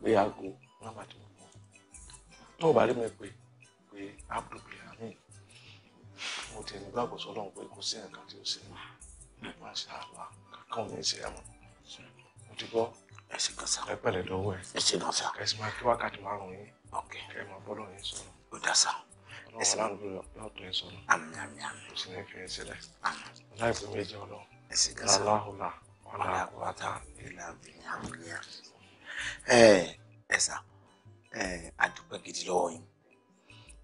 pé aago nọ́mbà tí mo mọ tó bá rí mi pé pé abdul bihari mo ti ní gbàgbọ́ sọ́lọ́run pé kò sí nǹkan tí ó ṣe mọ́ má ṣe àwa kankan ò ní ṣe ẹ̀wọ̀n mo ti gbọ́ ẹ ṣe kan sá ẹ pẹ̀lẹ́ lọ́wọ́ ẹ ẹ ṣe kan sá ẹ sì máa kí wákàtí márùn yín ok kẹ ẹ máa bọ́dọ̀ yín sọ̀rọ̀ ó dá sá ẹ sì máa lọ́wọ́ yóò tó yín sọ̀rọ̀ àmì àmì àmì kò sí ní fi yín sílẹ̀ láìpẹ́ méjì ọlọ́ ẹ ṣe kan sá lọ́hùnà ọ̀là àkùrátà ìlànà ìyá ẹ ẹ sá ẹ àdúpẹ́ gidi lọ́wọ́ yín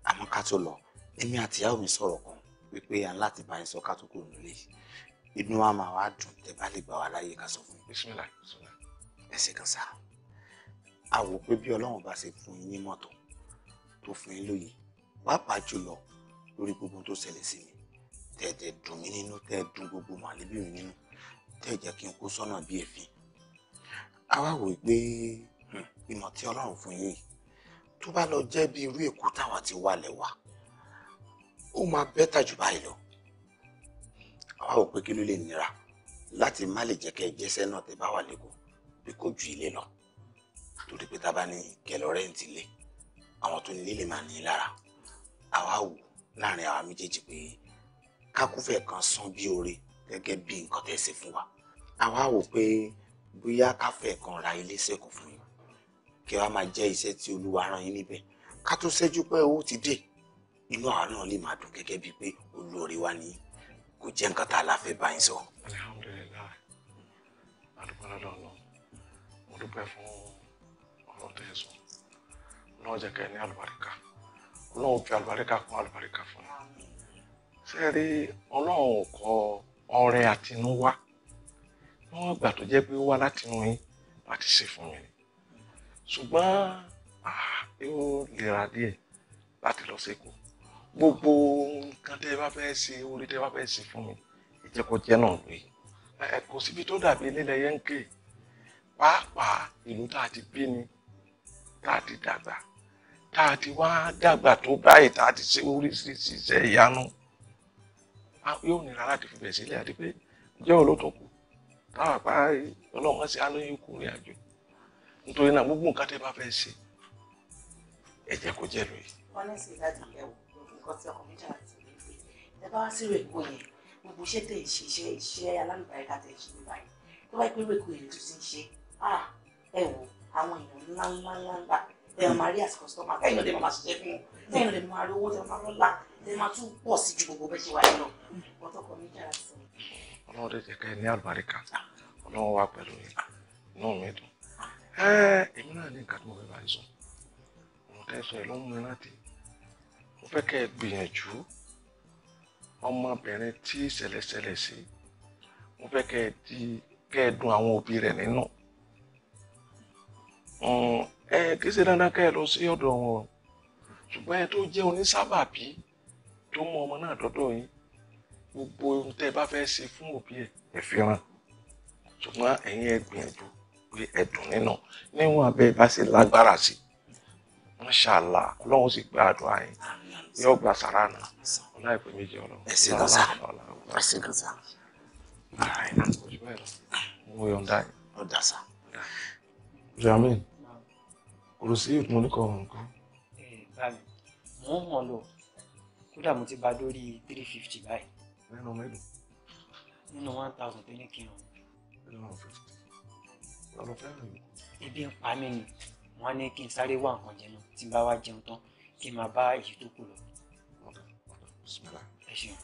àmọ́ ká tó lọ èmi àtìyàwó mi sọ̀rọ̀ kan wípé aláàtìbáyé sọ ká tó kúrò nílé yìí inú wa máa wá dùn tẹ bá lè gbà wá láyé ká sọ fún yín. bisimilá bisimilá. ẹ ṣe kan sáà a wò pé bí ọlọ́run bá ṣe fún yín ní mọ́tò tó fún yín lóye pàápàá jùlọ lórí gbogbo tó ṣẹlẹ̀ sí mi tẹ̀tẹ̀ dùn mí nínú tẹ̀ dùn gbogbo màlẹ́bí mi nínú tẹ̀ jẹ́ kí n kó sọ́nà bí èéfín. a wá wò pé hmm, ìmọ̀ tí ọlọ́run fún yín yìí tó bá lọ jẹ́ bí irú èkó táwa ti wà lẹ́wà ó máa bẹ́tà jù báyìí lọ àwa ò pé kí ló lè nira láti má lè jẹ́ kẹ́ ẹ jẹ́sẹ́ náà tẹ́ bá wà lẹ́kọ̀ọ́ bí kò ju ilé lọ torí pé tá a bá ní kẹlọ rẹ́ǹtì lé àwọn tó nílé lè máa ní lára àwa wù láàrin àwa méjèèjì pé kákúfẹ̀ kan san bí oore gẹ́gẹ́ bí nǹkan tẹ́ ṣe fún wa àwa wò pé bóyá káfẹ́ kan ra ilé sẹ́kùn fún yín kí wàá máa jẹ́ iṣẹ́ tí olúwa rán yín níbẹ̀ ká tó ṣẹ́jú pé owó ti dé inú àwa náà lè máa dùn gẹ́gẹ́ bíi pé olóore wa nìyí kò jẹ́ nǹkan tá a la fẹ́ bá yín sọ. alhamdulilayi adúpẹ́ lọ́dọ̀ ọ̀nà mo dúpẹ́ fún ọ̀rọ̀ tó yẹ sọ náà jẹ́ kẹ́ ní àlùbáríkà ọlọ́run fi àlùbáríkà kún àlùbáríkà fún mi ṣe rí ọlọ́run ò kọ ọrẹ àtinúwá níwọ̀n ìgbà tó jẹ́ pé ó wá látinú yín láti ṣe fún mi ṣùgbọ́n yóò lera díẹ̀ láti lọ sí Èkó. gbogbo nǹkan tẹ́ ẹ bá fẹ́ ṣe orí tẹ́ bá fẹ́ ṣe fún mi ìjẹkọjẹ náà lóye ẹ síbi tó dàbí nílẹ̀ yẹn ń ké pàápàá ìlú tá a ti bí ni tá a ti dàgbà tá a ti wá dàgbà tó báyìí tá a ti ṣe ìyanu yóò nira láti fi bẹ̀ sílẹ̀ àti pé jẹ́ olótó kù táwọn àpá ọlọ́run ṣe alóyún kù rìn àjò nítorí náà gbogbo nǹkan bá fẹ́ ṣe jẹ́ lóye.
wọ́n ní nǹkan tí ọkọ méjìlá ti lè gbé ẹ bá wá sí rèkó yẹn gbogbo iṣẹ́ tẹ̀ ń ṣe iṣẹ́ iṣẹ́ alámìbáríkà tẹ̀ ń ṣe ní báyìí tó bá pé rèkó yẹn tó ti ń ṣe ah, ẹ wò àwọn èèyàn ńlá ńlá ńlá ńlá ẹ máa rí àsìkò sọmọ kẹyìn ló dé máa ṣiṣẹ́ fún un kẹyìn ló dé máa rí owó tẹ máa lọ́la tẹ máa tún pọ̀ sí ju gbogbo bẹ́ẹ̀ ṣe wáyé lọ ọtọkọ méjìlá sí
wà pẹ̀lú yìí inú mi pé kẹ́ ẹ gbìyànjú ọmọbìnrin tí ìṣẹ̀lẹ̀ ṣẹlẹ̀ sí mo fẹ́ kẹ́ ẹ di kẹ́ ẹ dùn àwọn òbí rẹ̀ nínú hmm, ẹ kì í ṣe dandan kẹ́ ẹ lọ sí ọ̀dọ̀ wọn ṣùgbọ́n ẹ tó jẹ́ onísábàbí tó mú ọmọ náà dọ́dọ̀ yín gbogbo ohun tẹ́ ẹ bá fẹ́ ṣe fún òbí ẹ̀ ẹ fi hàn ṣùgbọ́n ẹ̀yin ẹ gbìyànjú pé ẹ dùn nínú níwọ̀n abẹ́ bá ṣe lágbára sí Masha Ọlọ́run sì gbé àdúrà yín yóò gba sàrà nà láìpẹ́ méjì ọlọ́run. ẹ ṣe kan sá ẹ ṣe kan sá. mo yọ̀ǹda yìí. ọ̀dà sá. jamin kòrò sí ìpín oníkọ̀ ọ̀hún kan. mo ń hàn lọ kódà
mo ti bá dórí three fifty báyìí. nínú mélòó. nínú one thousand tó ní kí n rán. nínú one fifty. ọ̀rọ̀ fẹ́ràn mi. ebi ń pa mí ni wọ́n á ní kí n sáré wá nǹkan jẹun tí n bá wá jẹun tán kí n máa bá èyí tó kù lọ. ẹ ṣeun.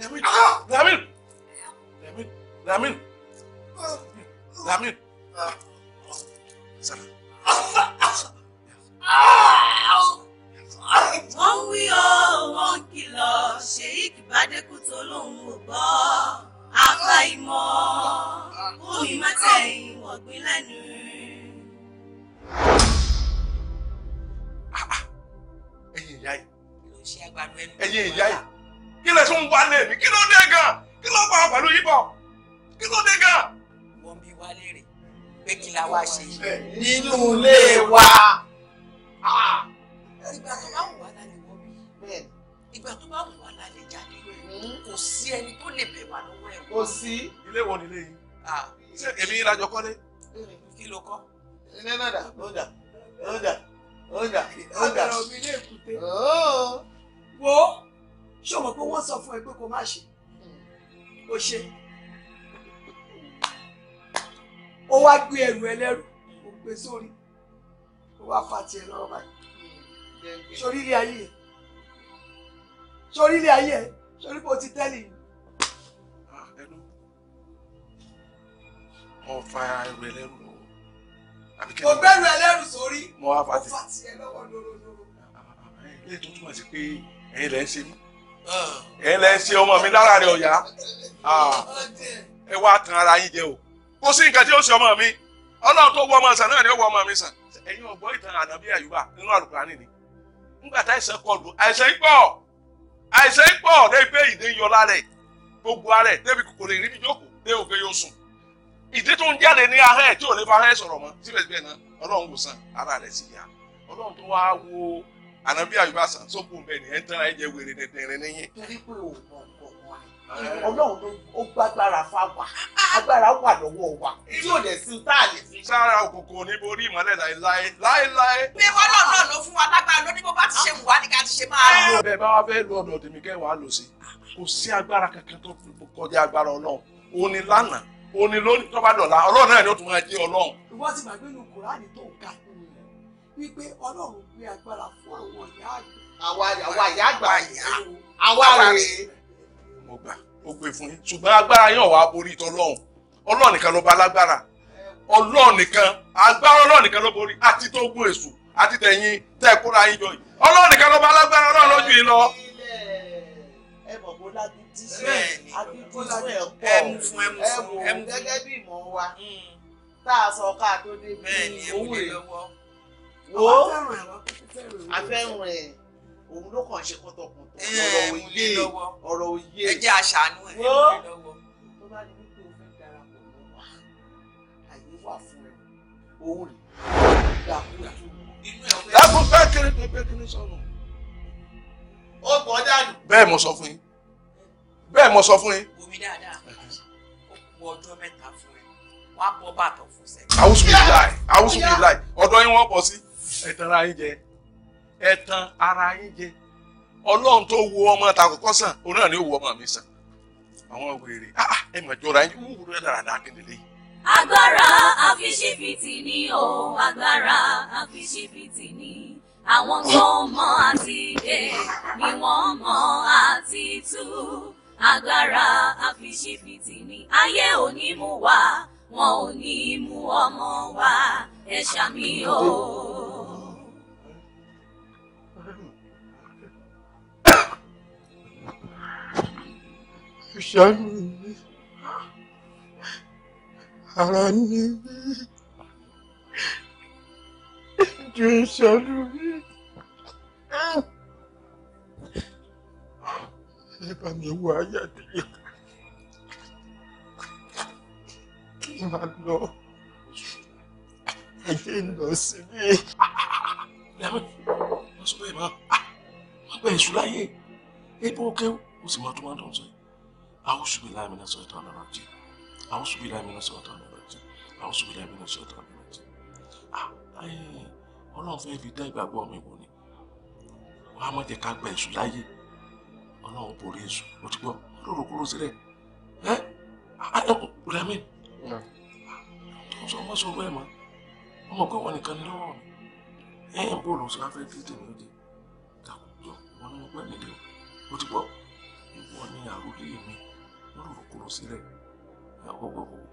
Lamin! Lamin! Lamin! Lamin! Lamin! Wọ́n wí
ọ́, wọ́n
kìlọ̀, ṣèyí àfàìmọ̀ omi mọ́tẹ̀yìn wọ̀gbìn lẹ́nu.
Ah, ah. ẹ̀yin ìyá yìí ẹ̀yin ìyá yìí kí lẹ tún wá lé mi kí ló dé gan kí ló pa pẹ̀lú yíbọn kí ló dé gan. wọ́n bí wá léèrè pé kí la wá ṣe yìí nínú ilé wa. Ah. ìgbà
tó bá wù wá lálẹ́ wọ́n bí ìgbà tó bá wù wá la lè jáde mm-hmm. kò sí ẹni tó lè bẹ̀ wá lọ́wọ́ ẹ̀. kò sí.
ilé wọn nílé yìí. ṣé èmi yìí lajọ kọ́lé. kí ló kọ́. ilé náà dà ó dà ó dà ó dà ó dà. Oh. wo ṣé o mọ̀ pé wọ́n sọ fún ẹ pé kó má ṣe kó mm-hmm. ṣe ó wá gbé ẹrù ẹlẹ́rù ó gbé sórí ó wá fa tiẹ̀ lọ́wọ́ báyìí mm-hmm. sórí ilé ayé yẹn sórí ilé ayé ẹ sórí bó ti tẹ́lì. Ah, ẹnu mo fa ẹrù ẹlẹ́rù lọ́wọ́. mo gbẹ́rù ẹlẹ́rù sórí mo fa tiẹ̀ lọ́wọ́ lórólóró. ilé ah, ah, eh, tó túmọ̀ sí pé ẹ̀yin lẹ́ ń ṣe mí ẹ̀yin lẹ́ ń ṣe ọmọ mi lára rẹ̀ ọ̀yá ẹ wá tan ara yín jẹ o kò sí nǹkan tí ó ṣe ọmọ mi ọlọ́run tó wọ ọmọ sàn náà ni ó wọ ọmọ mi sàn ẹ̀yin ọ̀gbọ́n ìtàn ànábíyà yorùbá nínú àlùkò àná ni nígbà tá àìsàn kọlù àìsàn yìí pọ̀ àìsàn ń pọ̀ ọ̀rẹ́ pé ìdè yọ lára ẹ̀ gbogbo ara ẹ̀ débi kòkòrò ìrìbí jókòó dé òfin yóò sùn ìdè tó ń jáde ní ahọ́n ẹ̀ tí ò lè fa ahọ́n ẹ̀ sọ̀rọ̀ mọ́ síbẹ̀síbẹ̀ náà ọlọ́run wò sàn ara rẹ̀ sì yá ọlọ́run tó wáá wo ànábíà yorùbá sàn sókùn bẹ́ẹ̀ ni ẹ̀ ń tẹ́ra ẹ̀ wèrè dẹ̀dẹ̀rẹ̀ níyìn. torí pé òun ọlọ́run ló ó gbágbára fáwa agbára wà lọ́wọ́ wa tí ò dẹ̀ sí tá a lè fi. sára òkùnkùn ní borí ìmọ́lẹ̀ láéláé láéláé. bí wọ́n
lọ náà ló fún wa lágbára lóní bó bá ti ṣe wà ní ká ti ṣe máa lò. bẹ́ẹ̀
bá wá fẹ́ lu ọ̀nà òdìmí kẹwàá lò sí kò sí agbára kankan tó kọjá agbára ọlọ́run òun lánàá òun lónìí tó bá dọ̀la ọlọ́run náà ni ó tún máa jẹ́ ọlọ́run.
ìwọ ti gbàgbé nu kùránì
mo gbà ó gbé fún yín ṣùgbọ́n agbára yín ọ̀wá borí tọlọ́run ọlọ́run nìkan ló bá lágbára ọlọ́run nìkan agbára ọlọ́run nìkan ló borí àti tó gún èṣù àti tẹ̀yìn tẹ́ kóra yín jọ yìí ọlọ́run nìkan ló bá lágbára ọlọ́run lójú yín lọ. ẹ bọ̀ bó lágídí agídí ẹ̀ pọ̀ ẹ̀mú fún ẹ̀mú fún ẹ̀mú gẹ́gẹ́ bí ìmọ̀ wa hmm. tá a sọ ká tó débi owó èlò wo òun ló kàn ṣe kọtọkùn tó ọ̀rọ̀ òye ọ̀rọ̀ òye ẹ jẹ́ àṣàánú ẹ tó bá ní wípé o fẹ́ darapọ̀ mọ́ wa àyè wà fún ẹ òun rè dàkúrà dákun pé kiri pé pé kiri sọnù. ó gbọ́ dànù. bẹ́ẹ̀ mo sọ fún yín bẹ́ẹ̀ mo sọ fún yín. omi dáadáa ó kú ọjọ́ mẹ́ta fún ẹ wàá bọ́
bàtọ̀ fún sẹ́yìn.
àwùsùn mi láì àwùsùn mi láì ọ̀dọ́ yín wọ́n pọ̀ sí ẹ̀tàn ara yín jẹ ẹ tan ara yín jẹ ọlọ́run tó wo ọmọ takọ̀kọ́ sàn òun náà ni ó wo ọmọ mi sàn àwọn wèrè ah, ah, ẹ mọ̀ jọra yín wúwo rẹ̀ dáradára kí lélẹ̀ yìí.
agbára àfiṣífìtì ni o agbára àfiṣífìtì ni àwọn tó mọ àti dé ni wọ́n mọ àti tú agbára àfiṣífìtì ni ayé ò mú wa wọn ò ní mú ọmọ wa ẹ
ṣàmì o. ṣàánú mi ara ní mi
ẹ bá mi wá ayé àtẹlẹ kí n máa lọ ẹ ń lọ sílé. ẹ má sọ bẹ́ẹ̀ má má bẹ́ẹ̀ sùn ẹ bó kéwù ó sì máa tó máa dán sọ أعوذ بالله من الشيطان الرجيم أعوذ بالله من الشيطان الرجيم أعوذ بالله من الشيطان الرجيم Ọlọ́run fẹ́ fi dá ìgbàgbọ́ mi wò ni wàá má jẹ́ ká gba èṣù láyé Ọlọ́run borí èṣù o ti gbọ́ lóru kúrò sílẹ̀ ẹ́ Rẹ́mi tó sọ wọ́n sọ wẹ́ẹ̀ mọ́ wọ́n mọ̀ pé wọ́n nìkan ní lọ́wọ́ mi ẹ̀ ń bò lọ́sọ̀ afẹ́ fi tèmi ó di tàkùjọ wọn ni mo pẹ́ mi dé o ti gbọ́ ìwọ ni àròlé mi kúrò sílẹ̀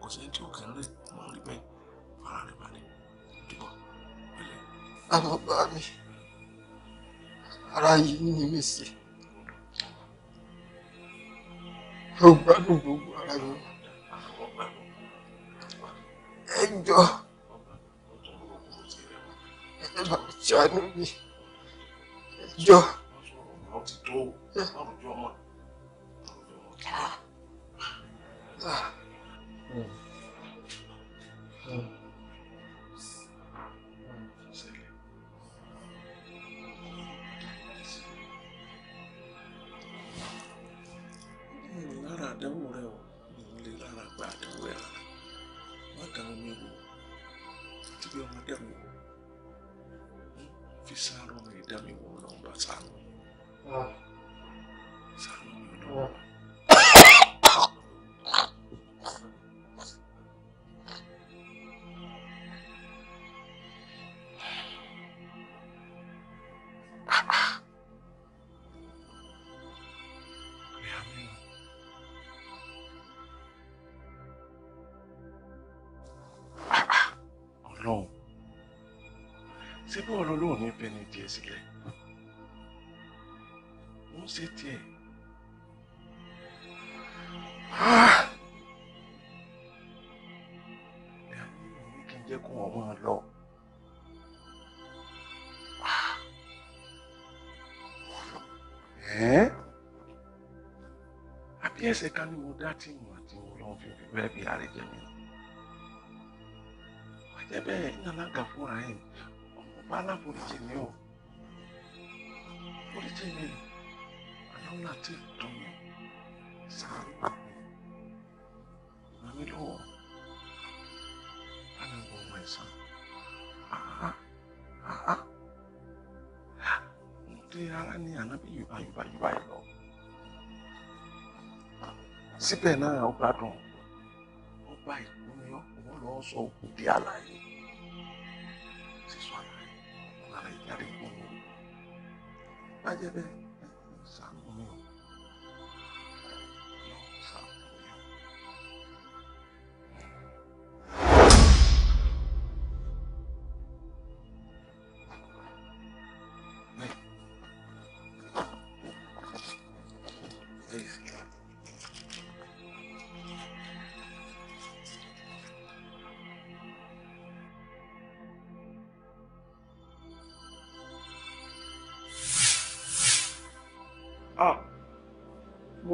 kò sí tí òkè ń rè máa rí bẹ́ẹ̀ fara rẹ̀ balẹ̀ dìbò pẹ̀lẹ́. alábà mi ara yìí ní mi sí yóò gbádùn gbogbo ara mi ẹ jọ̀ọ́ ẹ ṣàánú mi ẹ lára àdánwò rẹ o lè lára gba àdánwò ẹ rárá má dánwò mi wò títí bí ọmọdé mi ọlọ́run ṣé bí ọ̀rọ̀ lóun ní bẹ́ẹ̀ ni díẹ̀ sílẹ̀ wọ́n ṣe tiẹ̀ ẹ̀rù ah! mi kì í jẹ́ kó wọ́n máa lọ. Ah! àbí ẹsẹ̀ kan ní mo dá tí mo àti mo lọ́n fi fi bẹ́ẹ̀ bí àrẹ̀jẹ̀ mi jẹ́ bẹ́ẹ̀ ní alága fúnra ẹ̀ ọmọọba aláforíjì ni ó foríjì ni aláwọ̀lá ti dùn mí sàánú ràn mí lọ́wọ́ láti gbọ́ ọmọ ẹ̀sán àhá àhá mo dé ara ní ànábì yorùbá yorùbá yorùbá yìí lọ síbẹ̀ náà ó gbádùn ọba ìkúnyọ́ òun lọ́ọ́ sọ òkú di àlàyé. Yeah.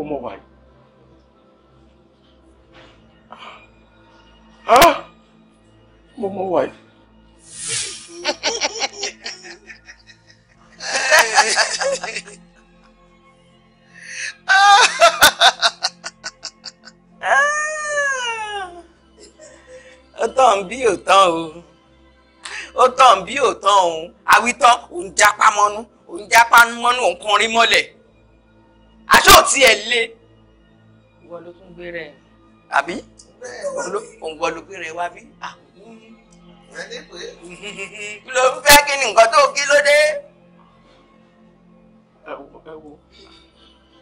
mo wà yìí. mo ah! ah! mọ wà yìí. ó tàn bí ò tán o
ó tàn bí ò tán o àwítán òun jápá mọ́nú òun jápá mọ́nú òun kọrin mọ́lẹ̀
tiẹ̀ le. ìwọ ló tún gbé rẹ̀. àbí òǹgbọ ló gbé rẹ̀ wá bí.
kí ló fẹ́ kí ni nǹkan tó kí ló dé.
ẹ wo ẹ wo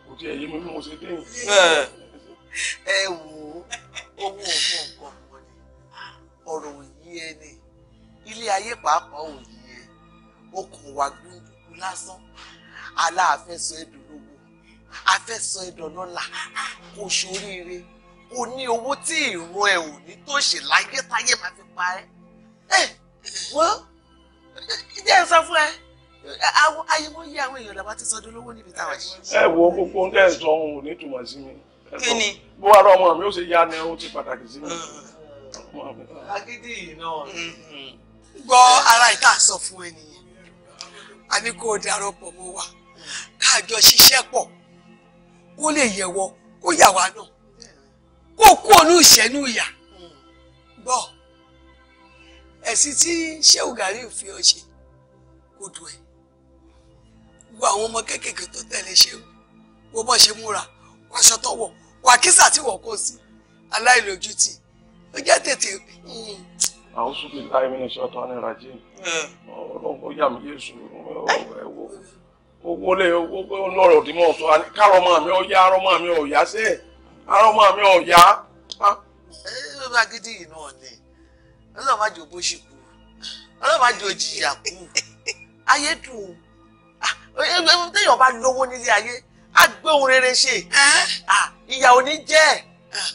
kò tí ẹ yé mi bí mo ṣe dé yìí. ẹ wo owó owó nǹkan kan ni ọ̀rọ̀ òyìn ẹ ni ilé ayé pàápàá òyìn ẹ o kò wá gbúngbùn lásán aláàfẹsọ ẹdùn ló a fẹ́ sọ ẹ̀dọ̀ lọ́la kò ṣoríire kò ní owó tí ìran ẹ̀ ò ní tó ṣe láyé táyé máa fi pa ẹ́ ẹ̀ wọ́n
ìdí ẹ̀ sọ fún ẹ ayé wọ́n yí àwọn èèyàn làwa ti sọdún lówó níbi
táwa ṣe. ẹ wo gbogbo ń tẹ̀ sọ ohun ò ní túmọ̀ sí mi. kí ni. bó wàá rọ ọmọ mi ó ṣe yá ni ó ti pàtàkì sí mi. Mm. agídí náà. Mm-hmm. gbọ́ ara ìta sọ fún ẹ a ní kó darapọ̀ mọ́ wa ká jọ ṣiṣẹ́ pọ̀ kó lè yẹwọ kó yà wá náà kó kú ònú ìṣẹ́nú ìyà gbọ́ ẹ̀sìn tí Shehu
Gari fi ọ ṣe kò dùn ẹ̀ gbogbo àwọn ọmọ kéékèèké tó
tẹ̀lé Shehu bó bọ́ ṣe múra wọ́n aṣọ tọ́wọ̀ wà kísà tí wọ́n kó sí aláìlójútì ó jẹ́ tètè. àwọn sùn mi láì mí ní ṣọ́tọ́ ní rajin ọlọ́run ó yà mí yéṣu ẹ̀wọ̀ owó lẹ owó lọ́rọ̀ tí mo sọ kárọ ọmọ mi ọyá arọ ọmọ mi ọyá sẹ arọ ọmọ mi ọyá. ẹ bá gidi yìí náà ni ọlọ́run má jẹ́ òbó ṣì kú ọlọ́run má jẹ́ òjìyà kú ayé dùn ah, téèyàn bá lówó nílé ayé á gbé ohun rere ṣe ah, ìyà ò ní jẹ́ ẹ̀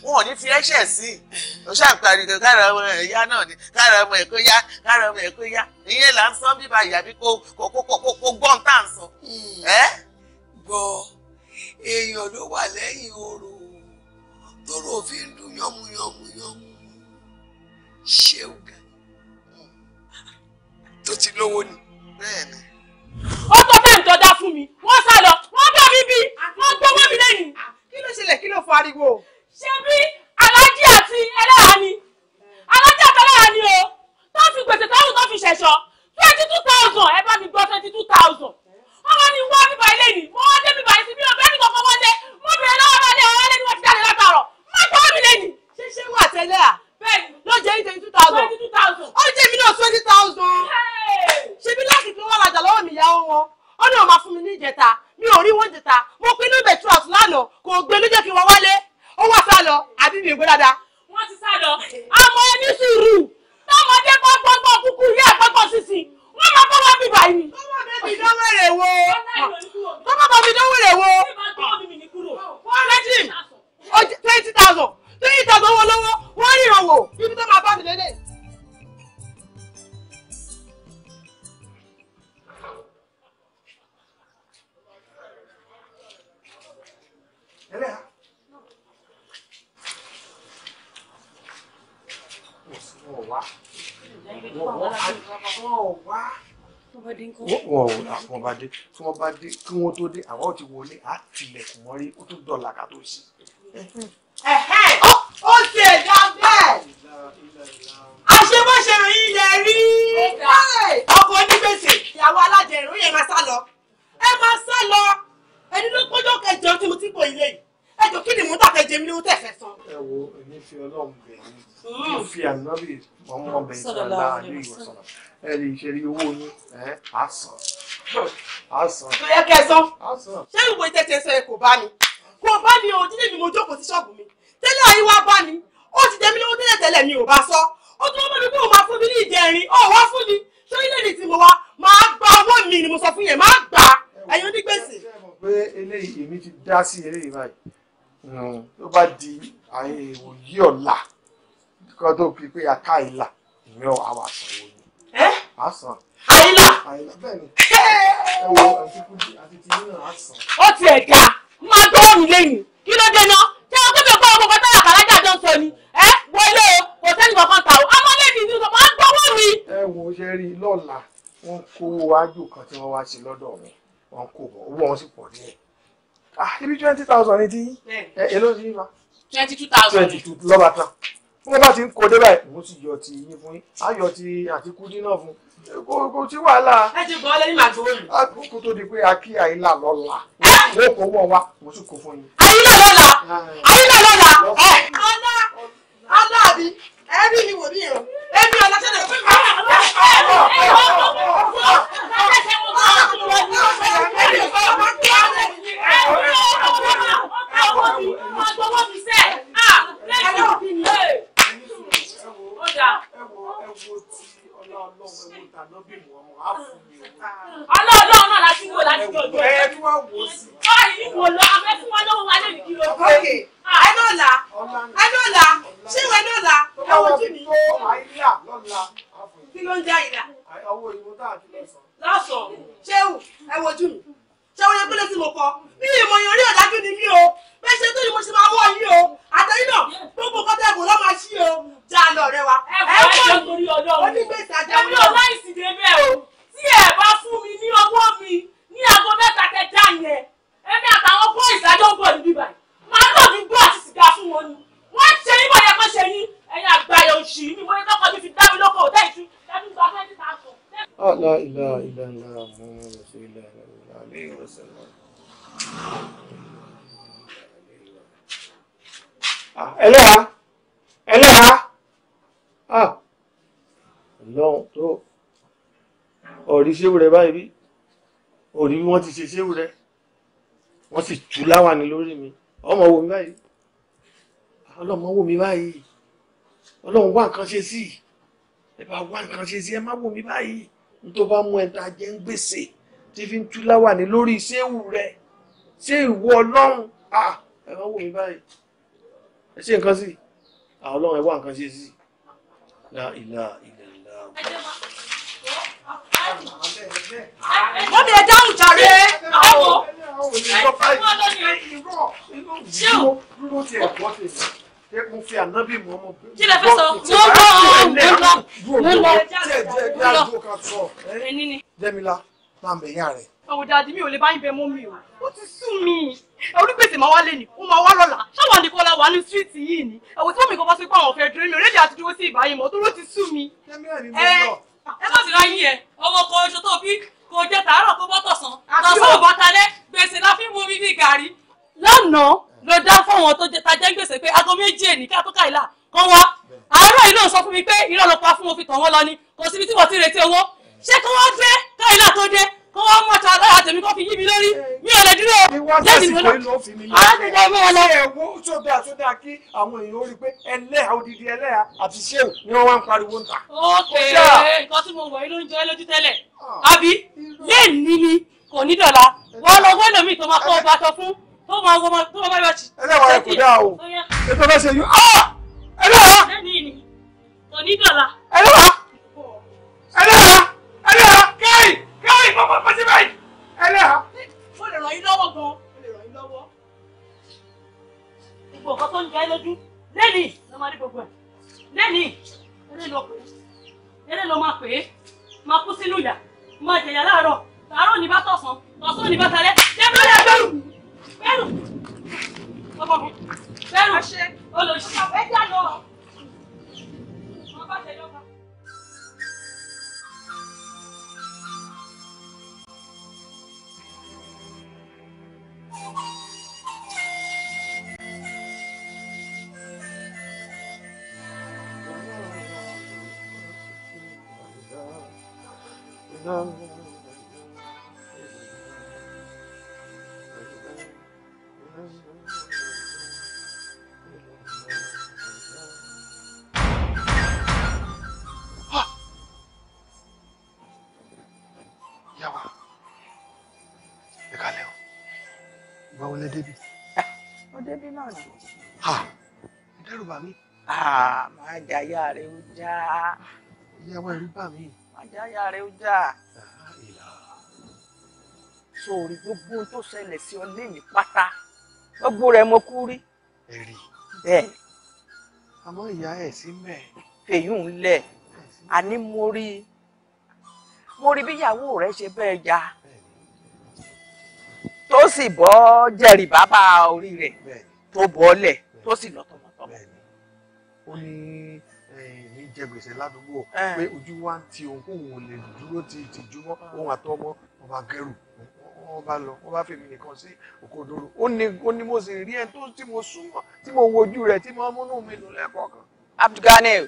wọn ò ní fi ẹ̀ṣẹ̀ sí i ó ṣáà pariwo kára ọmọ ẹ̀ yá náà ni kára ọmọ ẹ̀ kó yá kára ọmọ ẹ̀ kó yá ìyẹn là ń sọ bíbá ìyàbí kó kó kó kó gbọ́n tá à ń sọ. Hmm. gbọ́ èèyàn ló wà lẹ́yìn orò tóró fi ń dún yánmuyánmuyánmu ṣé o gà tó ti lówó ni. bẹ́ẹ̀ni ó tó fẹ́ ń dọ́dá fún mi wọ́n sá lọ
wọ́n bá mi bí wọ́n gbọ́wọ́ mi lẹ́yìn. kí ló ṣẹlẹ̀ kí ló fọ ariwo ṣe bí
alájí àti ẹlẹ́yà ni alájí àti ẹlẹ́yà ni o tó fi gbèsè táwọn tó fi
ṣẹ̀ṣọ́ twenty two thousand ẹ bá mi gbọ́ twenty two thousand ọmọ ni wọ́n bíbá ilé ni mo wọ́n
dé bíbá ìsinmi ọ̀bẹ ní kankan wọ́n dé mo bèrè lọ́wọ́ bá dé ọ̀rẹ́ ni wọ́n ti jáde látàrọ̀
má
tọ́ mi
lé ni. ṣé ṣé wà tẹ́lẹ̀ à bẹ́ẹ̀ ló jẹ́ ní twenty two thousand twenty two thousand ó jẹ́ mi náà twenty thousand ṣebí láti fi wọ́n rajà lọ́wọ́ mi yá wọn ó ní ó máa fún mi ní ìjẹta mi ò rí wọn ìjẹta mo pinnu ìbẹ̀tù àtúnlànà kò gbé ló jẹ́ kí wọ́n wálé ó wá sá lọ àbí mi ìgbé dáadáa. wọ́n ti sá lọ àmọ́ ẹni sùúrù tọ́mọdé pọ́npọ́npọ́ kúkú ilé àpọ́pọ́ sísì wọ́n máa bọ́ wá bíbá yìí. tọ́mọ bẹ mi dánwó rè wo
tọ́mọ bẹ mi dánwó rè wo
twenty twenty thousand twenty thousand owó lọ́wọ́ wọ́n ríran wò bíbí tó máa bá mi lélẹ̀.
Yeah. wá
wọ́n wá
wọ́n bá dé tí wọ́n bá dé kí wọ́n tó dé àwọn ti wọlé àtìlẹ̀kùn mọ́rí ó tún dọ̀là ká tó sí.
ó ti ẹ̀dá bẹ́ẹ̀ àṣebọ́ṣe ròyìn ilẹ̀ rí
ọkọ̀ onígbèsè ìyàwó alájẹrìn ó yẹ máa sá lọ ẹ máa sá lọ ẹni ló kọjọ́ kẹjọ tí mo ti pò ilé yìí ẹ jọ kí ni mo tàfẹ́ jẹ mí ní tẹ̀ fẹ́ san.
ẹ wo èmi fi ọlọ́run bẹ̀ yín mo hmm. fi ànábì ọmọ bẹ̀ yín sọ̀rọ̀ láàánú ìwòsàn ẹ lè ṣe rí owó yín ẹ á san á san. tó yẹ kẹ ẹ san
ṣé ìwé tètè sọ ẹ kò bá mi kò bá mi o dídé mi mo jókòó sí ṣọ́ọ̀bù mi tẹ́lẹ̀ ayé wa bá mi ó ti jẹ́ mi lówó tẹ́lẹ̀ tẹ́lẹ̀ mi ò bá sọ ó tún wọ́n bá mi pé òun máa fún mi ní ìjẹrin ó wá fún mi sórílẹ̀-èdè tí mo wá ẹ mọ̀
pé eléyìí èmi ti dá sí eléyìí báyìí tó bá di ìwòyí ọ̀la kan tó fi pé aká ìlà ìmí ọ̀ àwọn àsanwó ni. àsàn. àyílà. àyílà bẹ́ẹ̀ ni
ẹ wo àtikúndì àti tìyí náà àsàn.
ó ti ẹ̀ dá máa tó wọ́n lẹ́yìn kí ló dé náà ṣé o kébè kọ́ ọkọ̀ tó yà kàlájà jọ sọ ni ẹ wọ ilé kò sẹ́ni kankan tà ó amọ́lẹ́bí ni wọ́n á gbọ́wọ́
mi. ẹ wo ṣe rí i lọ́la wọ́n kó wájú kan tí wọ́n wá sí lọ́dọ̀ mi wọ́n kó bọ̀ owó wọn sì pọ̀ díẹ̀ ah ibi twenty thousand ni ti èló ti yín ma. twenty two thousand twenty two lọ́ba tán bí wọ́n bá ti ń kó dé báyìí mo sì yọ ti yín fún yín á yọ ti àtikú dínà fún kò kò tí wàhálà. ẹ ti bọ́ lẹ́yìn màtó rẹ̀. àkókò tó di pé a kí àyílà lọ́la mo kò wọ̀ wá mo sì kó fún yín. àyílà lọ́la àyílà lọ́la ẹ̀ ọ̀la ọ̀la àbí ẹbí ni wò mí o ẹbí ọ̀la tẹ́lẹ̀ fún mi.
ẹ̀ẹ́dẹ̀ẹ́dẹ̀ ọlọ́ọ̀lọ́ọ̀ náà láti wo láti jọjọ ẹ tí wọ́n wò ó sí.
báyìí wò lọ abẹ́ fún wọn lọ́wọ́ wa lè ní kí ló pé. ẹnọ́la ẹnọ́la ṣé ìwé ẹnọ́la ẹ wojú mi. kí ló ń jẹ́ àyílà.
ṣéwù ẹ wojú mi ṣé wọ́n yẹ pé lẹ́sìn mo kọ́ mi ò mọ̀ yàn rí ọ̀dájú ni mí o bẹ́ẹ̀ ṣe tó ni mo ṣe máa wọ̀ yí o àtẹ̀yìn náà gbogbo nǹkan tẹ́ ẹ̀bùn lọ́ máa
ṣí o já lọ rẹ wa. ẹ bá ṣe torí ọjọ́ o èmi ò láìsí débẹ̀ o tí ẹ bá fún mi ní owó mi ní aago mẹ́ta tẹ dá yẹn
èmi àtàwọn bó ìsájọ́ ń bọ̀ níbí báyìí màá lọ ní gbọ́ àti sìgá fún wọn
عليه وسلم ẹlẹ́ha ẹlẹ́ha lọ́hùn ah, ọ̀rí ṣéwù rẹ̀ báyìí bí ọ̀rí bí wọ́n ti ṣe ṣéwù rẹ̀ wọ́n sì tú láwà ní lórí mi ọmọ wo mi báyìí ọlọ́mọ wo mi báyìí ọlọ́run wá nǹkan ṣe sí ẹ bá wá nǹkan ṣe sí ẹ má wo mi báyìí n tó bá mú ẹ ta jẹ́ ń gbèsè tí fi ń tú láwàní lórí séwù rẹ ṣé ìwọ ọlọ́run à ẹ máa wò mí báyìí ẹ ṣe nǹkan sí àwọn ọlọ́run ẹ wá nǹkan ṣe sí la ìlà ìlà ìlà. wọ́n mi ẹ dáhùn jàre àwọn. ṣé o. Mo fi ànábì mọ́ mo. Kí lè fẹ́ sọ? Mo lọ, mo lọ, mo
lọ.
Jẹ́mi la máa ń bẹ̀ yá rẹ̀.
ọ̀wọ̀ dàdí mi ò lè bá yín bẹ mọ́ mi o ó ti sú
mi orí gbèsè máa wá lé ní ó máa wá lọ́la ṣáwọn nìkan la wà ní síríìtì yìí ni ẹ̀wọ̀n tí wọ́n mi kọ́ bá sọ pé àwọn fẹ́ẹ́ dúró mi ò lẹ́dí àti dúró sí ìbáyìí mọ́ dúró ti sú mi. ẹ má sì ráyìn
ẹ ọmọ kan oṣù tó bí kò jẹ tàárọ̀ kó bọ́ tọ̀sán tọ̀sán ò bọ́ talẹ́ gbèsè la fi ń mu omi bíi gàrí. lánàá ló dá fáwọn tó jẹ tajẹ́ gbèsè pé aago méjì èní ká tó káyìlá kan wá àárọ̀ yìí náà sọ fún mi pé irọ́ ló káyìn náà tó dé kó wọ́n mọ̀ ta tèmi kó fi yí mi lórí mi ò lè
dúró jẹ́sì mi lọ alájẹjẹ mi ò lọ. ṣé ẹ̀wọ́ sódà sódà kí àwọn èèyàn rí pé ẹlẹ́hà odidi ẹlẹ́hà àti ṣéwù ni wọ́n wá ń pariwo ń ta. ókè nǹkan
tí mo wọ̀ yìí ló ń jẹ́ lójú tẹ́lẹ̀
ah, àbí lẹ́ẹ̀ ah! ni kò ní dọ̀la wọ́n lọ wọ́n lómi tó máa kó
o bàtọ̀ fún tó máa wọ́n tó máa bá
yọ
báyìí mo mọ̀ pé sí báyìí.
ẹlẹ́hà. mo lè ràn yín lọ́wọ́ gan-an mo
lè ràn yín lọ́wọ́.
gbogbo nǹkan tó ń jẹ́ lójú lẹ́nìí ló
máa rí gbogbo ẹ̀ lẹ́nìí eré lọ pè é eré lọ máa pè é máa kú sínú ìyà máa jẹ̀yà láàárọ̀ àárọ̀ ní bá tọ̀sán tọ̀sán ní bá talẹ́ débìlẹ̀ bẹ́rù bẹ́rù ọmọ mi bẹ́rù olùsí ẹ̀jẹ̀ lọ.
love.
ọ̀nà. ha dẹ́rù bà mí. máa jayá rẹ ó já.
ìyá wa ẹ̀rù bà mí.
máa jayá rẹ ó já. sórí gbogbo tó ṣẹlẹ̀ sí ọ
léyìn pátá gbogbo rẹ̀ mo kú rí. ẹ̀rí. bẹ́ẹ̀. àmọ́ ìyá ẹ̀ sí mẹ́ẹ̀. fèyí ń lẹ̀ àní mo rí
mo rí bí ìyàwó rẹ̀ ṣe bẹ́ẹ̀ ja tó sì bọ́
jẹ̀rì bàbá orí rẹ̀ tó bọ́ọ̀lẹ̀ tó sì lọ tọmọtọmọ. ó ní ní jẹ gbèsè ládùúgbò pé ojú wa ń ti òǹkóhùn ò lè dúró ti ìtìjúmọ́ ohun àtọmọ ọba gẹrù wọn bá lọ wọn bá fèmí nìkan sí òkodoro ó ní ó ní mo sì rí ẹ tó tí mo súnmọ́ tí mo wojú rẹ tí mo múnú mi lò lẹ́kọ̀ọ̀kan. Abdulganil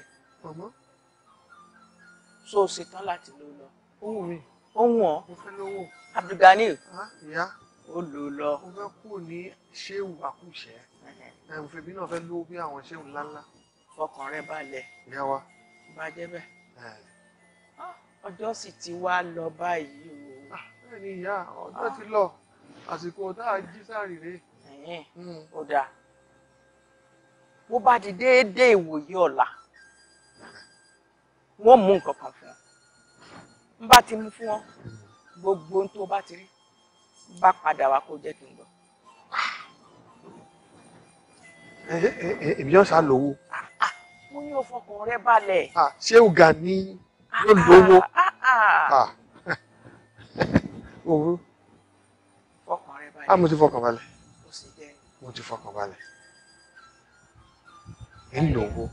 so ṣetán láti lò lọ. ohun mi ohun ọ mo fẹ́ lówó. Abdulganil ó lò lọ. mo fẹ́ kú ní ṣéwù àkúṣẹ́ ẹ̀fẹ̀bí náà fẹ́ lówó bí àwọn ṣéun ńláńlá. fọkàn rẹ balẹ̀. ìyá wa. bá jẹ́ bẹ́ẹ̀. ọjọ́ sì ti wá lọ báyìí o. bẹ́ẹ̀ ni ìyá ọjọ́ ti lọ àsìkò ọ̀dà jí sáàrì rè. Hmm. ó dáa bó bá di déédéé
ìwòye ọ̀la wọ́n mú nǹkan kan fún ọ n bá ti mú fún ọ gbogbo ohun tó bá ti rí bá padà wá kó jẹ́ kí n gbọ́.
Eh, eh, eh, èmi ọ̀sà lówó. Ah,
ah, mo ní o fọkàn rẹ balẹ̀. Ah,
ṣé ọ̀gá ni yóò lówó. owó fọkàn rẹ balẹ̀. mo ti fọkàn balẹ̀. mo ti fọkàn balẹ̀. ń lówó.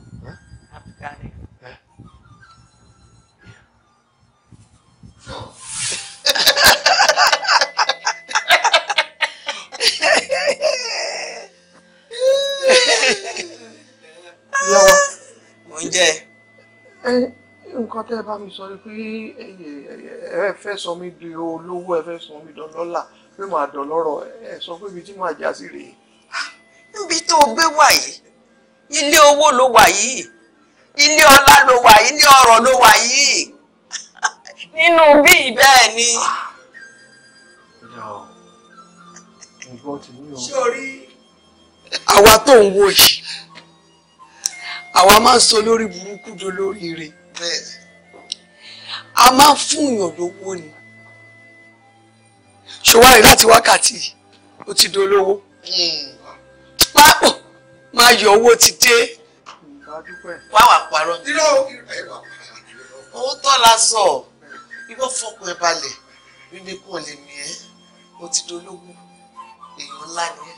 oúnjẹ. ẹ nǹkan tẹ́ ẹ bá mi sọ ni pé ẹ fẹ́ sọ mí di olówó ẹ fẹ́ sọ mí dọlọ́là pé màá dọlọ́rọ̀ ẹ sọ pé ibi tí màá já sí rèé. Ah, níbi tó o gbé wà yìí ilé owó ló wà yìí ilé ọlá ló wà yìí ilé ọrọ̀ ló wà yìí nínú bí bẹ́ẹ̀ ni. Ah. ṣé o rí. àwa tó ń wo yìí àwa máa ń sọ lórí burúkú do lórí ire a máa ń fún èèyàn lówó ni ṣòwárí láti wákàtí ó ti dolówó pápọ̀ hmm. máa yọ owó ti dé wá wà parọ́ owó tọ́ la sọ ìwọ fọkàn ẹ balẹ̀ bíbí kàn lè mí ẹ́ ó ti dolówó èèyàn ńlá ni ẹ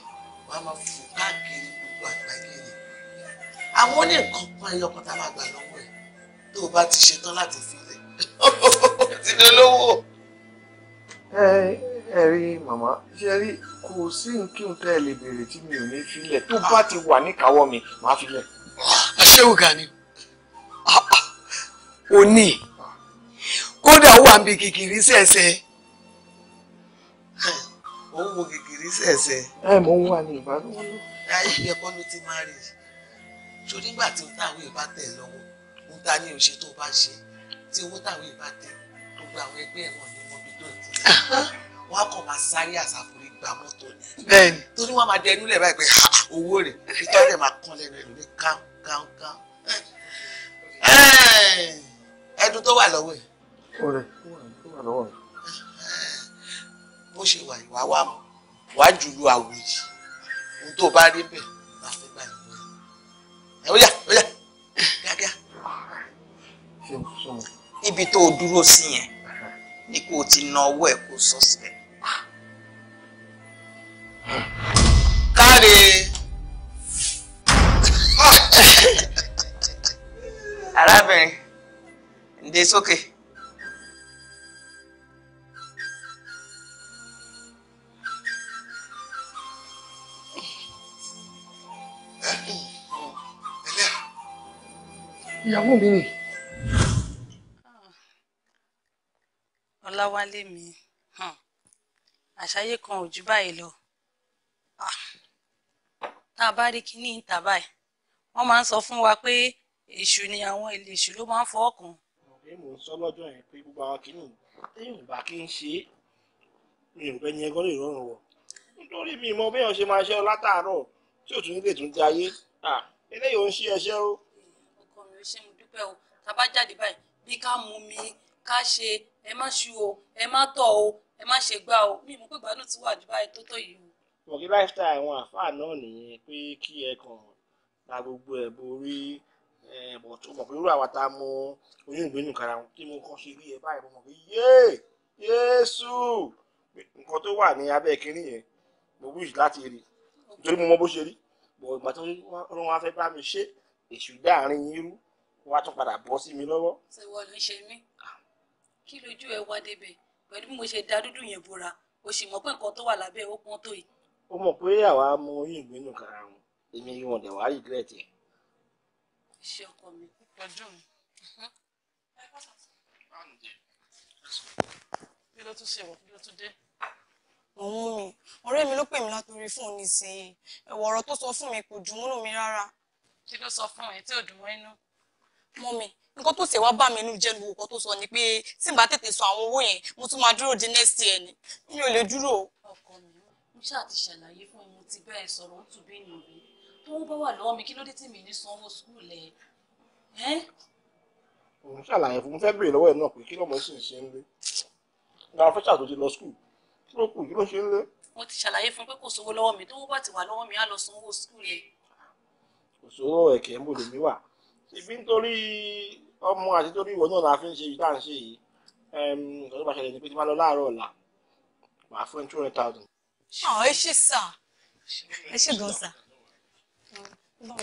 wàá máa fò káàkiri gbogbo àgbáyé ni àwọn ní nǹkan kan ẹyọ kan tá a máa gbà lọ́wọ́ ẹ̀ tó o bá ti ṣetán láti filẹ̀ ti di olówó. ẹ ẹ rí màmá ṣe rí kò sí nkíhun tẹ́ ẹ lè béèrè tí mi ò ní filẹ̀ tó bá ti wà níkàáwọ́ mi màá filẹ̀. aṣẹ́wó ah, gani òní ah, ah. kódà ó wà níbi kìkìrí sẹ̀sẹ̀. ó ń wo kìkìrí sẹ̀sẹ̀. ẹ mò ń wà ní ìbálòpọ̀. ayé ẹ̀kọ́ ló ti máa rí i ṣó nígbà tí owó táwọn èèyàn bá tẹ̀ lọ́wọ́ ń ta ní oṣù tó bá ṣe tí owó táwọn èèyàn bá tẹ̀ gbogbo àwọn ẹgbẹ́ ẹ̀wọ̀n ni wọ́n bí tó ti wọ́n á kàn máa sáré àsàkùnrin gba mọ́tò ni. tó ní wọ́n máa dẹnu lẹ̀ báyìí pé owó rẹ̀ ìtọ́ rẹ̀ máa kán lẹ́nu rẹ̀ ní kánkán. ẹdun tó wà lọ́wọ́ ẹ̀. bó ṣe wà ìwà wà jùlọ àwòyí ohun tó bá rí bẹ́ẹ̀ ọ̀yà ọ̀yà kíákíá. ibi tó o dúró sí yẹn ni kó o ti na ọwọ́ ẹ̀ kó sọ sílẹ̀. káre. arábìnrin ǹdẹ sókè. Yeah ìyàwó mi ni. Ah,
ọláwálé mi hmm. àṣàyè kan ò jù báyìí lọ ah, tá a bá rí kinní ìta báyìí wọ́n máa ń sọ fún wa pé èṣù ni àwọn ilé èṣù ló máa ń fọwọ́ kàn.
ọ̀rẹ́ mò ń sọ lọ́jọ́ yẹn pé gbogbo àwọn kinní téèyàn ìbá kí ń ṣe é mi ò bẹ́ni ẹgbọ́n lè rọrùn wọ̀ nítorí mi mọ béèyàn ṣe máa ṣe ọ látàárọ̀ tí ò tún tún di ayé ah, eléyìí ò ń ṣe ẹṣẹ́ o
o ṣé mo dúpẹ́ o tàbá jáde báyìí bí ká mú mi ká ṣe ẹ má ṣu o ẹ má tọ̀ o ẹ má ṣe gbá o mi mú pé gbádùn ti wà Dubai tó tó yìí o.
mọ̀gí lifestyle àwọn àfáà náà nìyẹn pé kí ẹ kàn la gbogbo ẹ̀ borí ẹ̀bọ̀ tó mọ̀ pé irú àwa tá a mọ oyún ìgbénu kára wọn tí mo kọ́ ṣe rí ẹ báyìí mo mọ̀ pé yéè yéésù nǹkan tó wà ní abẹ́ kínní yẹn mo wíṣ láti rí nítorí mo mọ bó ṣe rí bọ̀ ìgbà tó wọ́n wá fẹ́ bá mi ṣe èṣù dáàrin yín rú wọ́n á tún padà bọ́ sí mi lọ́wọ́.
ṣèwọ ló ń ṣe mí kí lójú ẹ wá débẹ̀ pẹ̀lú bí mo ṣe da dúdú yẹn bora o sì mọ̀ pé nǹkan tó wà lábẹ́ ó pọ́n tó yìí.
ó mọ̀ pé àwa mú yìnbọn nù kára wọn èmi wọn dẹ̀ wá regret ẹ̀. iṣẹ́ ọkọ mi pọ̀jù mi.
bí ló tún ṣe wọ̀ bí ló tún dé òun mi ọ̀rẹ́ mi ló pè mí látòrí fóònù nísìnyí ẹ̀wọ̀ ọ̀rọ̀ tó sọ fún mi kò dùn múnú mi rárá. kí ló sọ fún ẹ tí ò dùn mọ́ inú mọ́mì nǹkan tó ṣe wá bà mí nínú jẹ́ lówó kan tó sọ ni pé tí n bá tètè san
àwọn owó yẹn mo tún máa dúró di next year ni mi ò lè dúró. ọkọ
mi mo ṣáà ti ṣàlàyé fún ẹ mo ti bẹ́ẹ̀ sọ̀rọ̀ ó tún bí ìnù rí tówó bá wà lọ́wọ́ mi kí ló dé tèmi ní sanwó skul
ẹ̀ ẹ́. mo ṣàlàyé fún mo fẹ́ béèrè lọ́wọ́ ẹ̀ náà pé kí lọ́mọ sì ń ṣe ń lé gba fẹ́ṣà tó ti lọ skul kí ló kù kí ló ṣe ń lé.
mo ti ṣàlàyé fún pé kò sówó lọ́wọ́ mi tówó bá ti wà lọ́wọ́ mi á lọ sanwó skul ẹ̀.
kò sówó ẹ̀kẹ́ ń bò wà ṣèbí nítorí ọmọ àti torí ìwọ náà la fi ń ṣe ìdá ń ṣe yìí ọdún bá ṣẹlẹ̀ ní pé tí máa lọ láàárọ̀ ọ̀la wàá fún two hundred thousand.
ọ̀ oh, ẹ ṣe sà ẹ ṣe gan sà.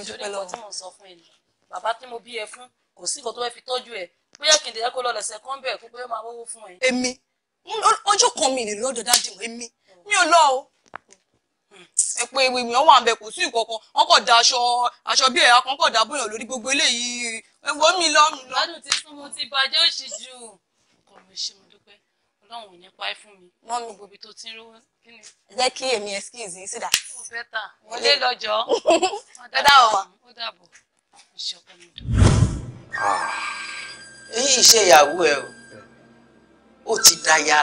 ìjọba ìwọ tí mo sọ fún ẹ nìyẹn bàbá tí mo bí ẹ fún kò sí nǹkan tó fẹ́ fi tọ́jú ẹ bóyá kì í dẹ̀ kó lọ lẹ̀sẹ̀ kan bẹ̀ kó bóyá máa wọ́wọ́ fún ẹ. èmi ọjọ́ kan mi ìlú dájú èmi mi ò lọ o ẹ pé ewu èèyàn wà ń bẹ kò sí nǹkan kan wọn kò da aṣọ aṣọ bí ẹ̀yà kan kò da bóyàn lórí gbogbo eléyìí ewu mi lọ́rùn lọ. lọ́dún tí súnmù ti bàjẹ́ òṣì kò mí ṣe mo dúpẹ́ ọlọ́run ní pa ẹ́ fún mi. wọ́n mi gbòbí tó ti ń rówó kí ni. jẹ́ kí èmi excuse yín sídà. ó bẹ́tà wọlé lọ́jọ́. ó dàbọ̀ ìṣọ̀kan mi dùn.
Ah, èyí ìṣe ìyàwó ẹ o ó ti daya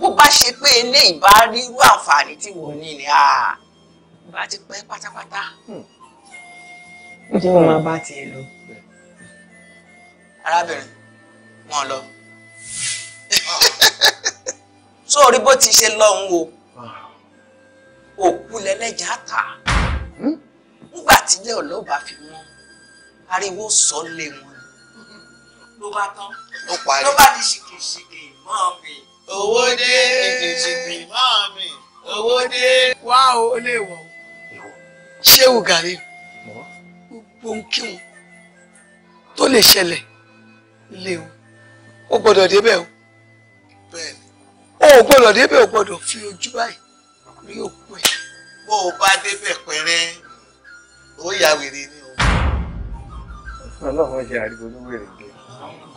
bó bá ṣe pé eléyìí bá rí irú àǹfààní tí wọ́n ní ni bá ti pẹ́ pátápátá. ǹjẹ́ hmm. hmm. wọ́n
máa bá tiẹ̀ lọ. arábìnrin wọn lọ tó orí bó ti ṣe lọ́hùn o
òkú lẹ́lẹ́jà ta hmm. nígbà tílẹ̀ ọlọ́ba fi wọ́n ariwo sọ lé wọn ló bá tán ló bá di
ṣìkìṣìkì mọ́ mi
owó dé ètùtù pè máa mi owó
dé. wá o ó lè wọ̀ o ṣéwù gàrí gbogbo nkíhun tó lè ṣẹlẹ̀ lé o ó gbọ́dọ̀ débẹ̀ o ó gbọ́dọ̀ débẹ̀ o gbọ́dọ̀ fi ojú báyìí rí òkú ẹ̀. bó o bá débẹ̀ pẹ̀rẹ́ ó yà wèrè ni o. ọlọ́run ṣe àrígbó ní wèrè gbé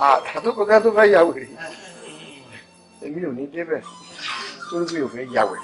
àtàtúkọ̀ká tó bá yà wèrè èmi ò ní débẹ̀ torí pé ò yàwẹ̀.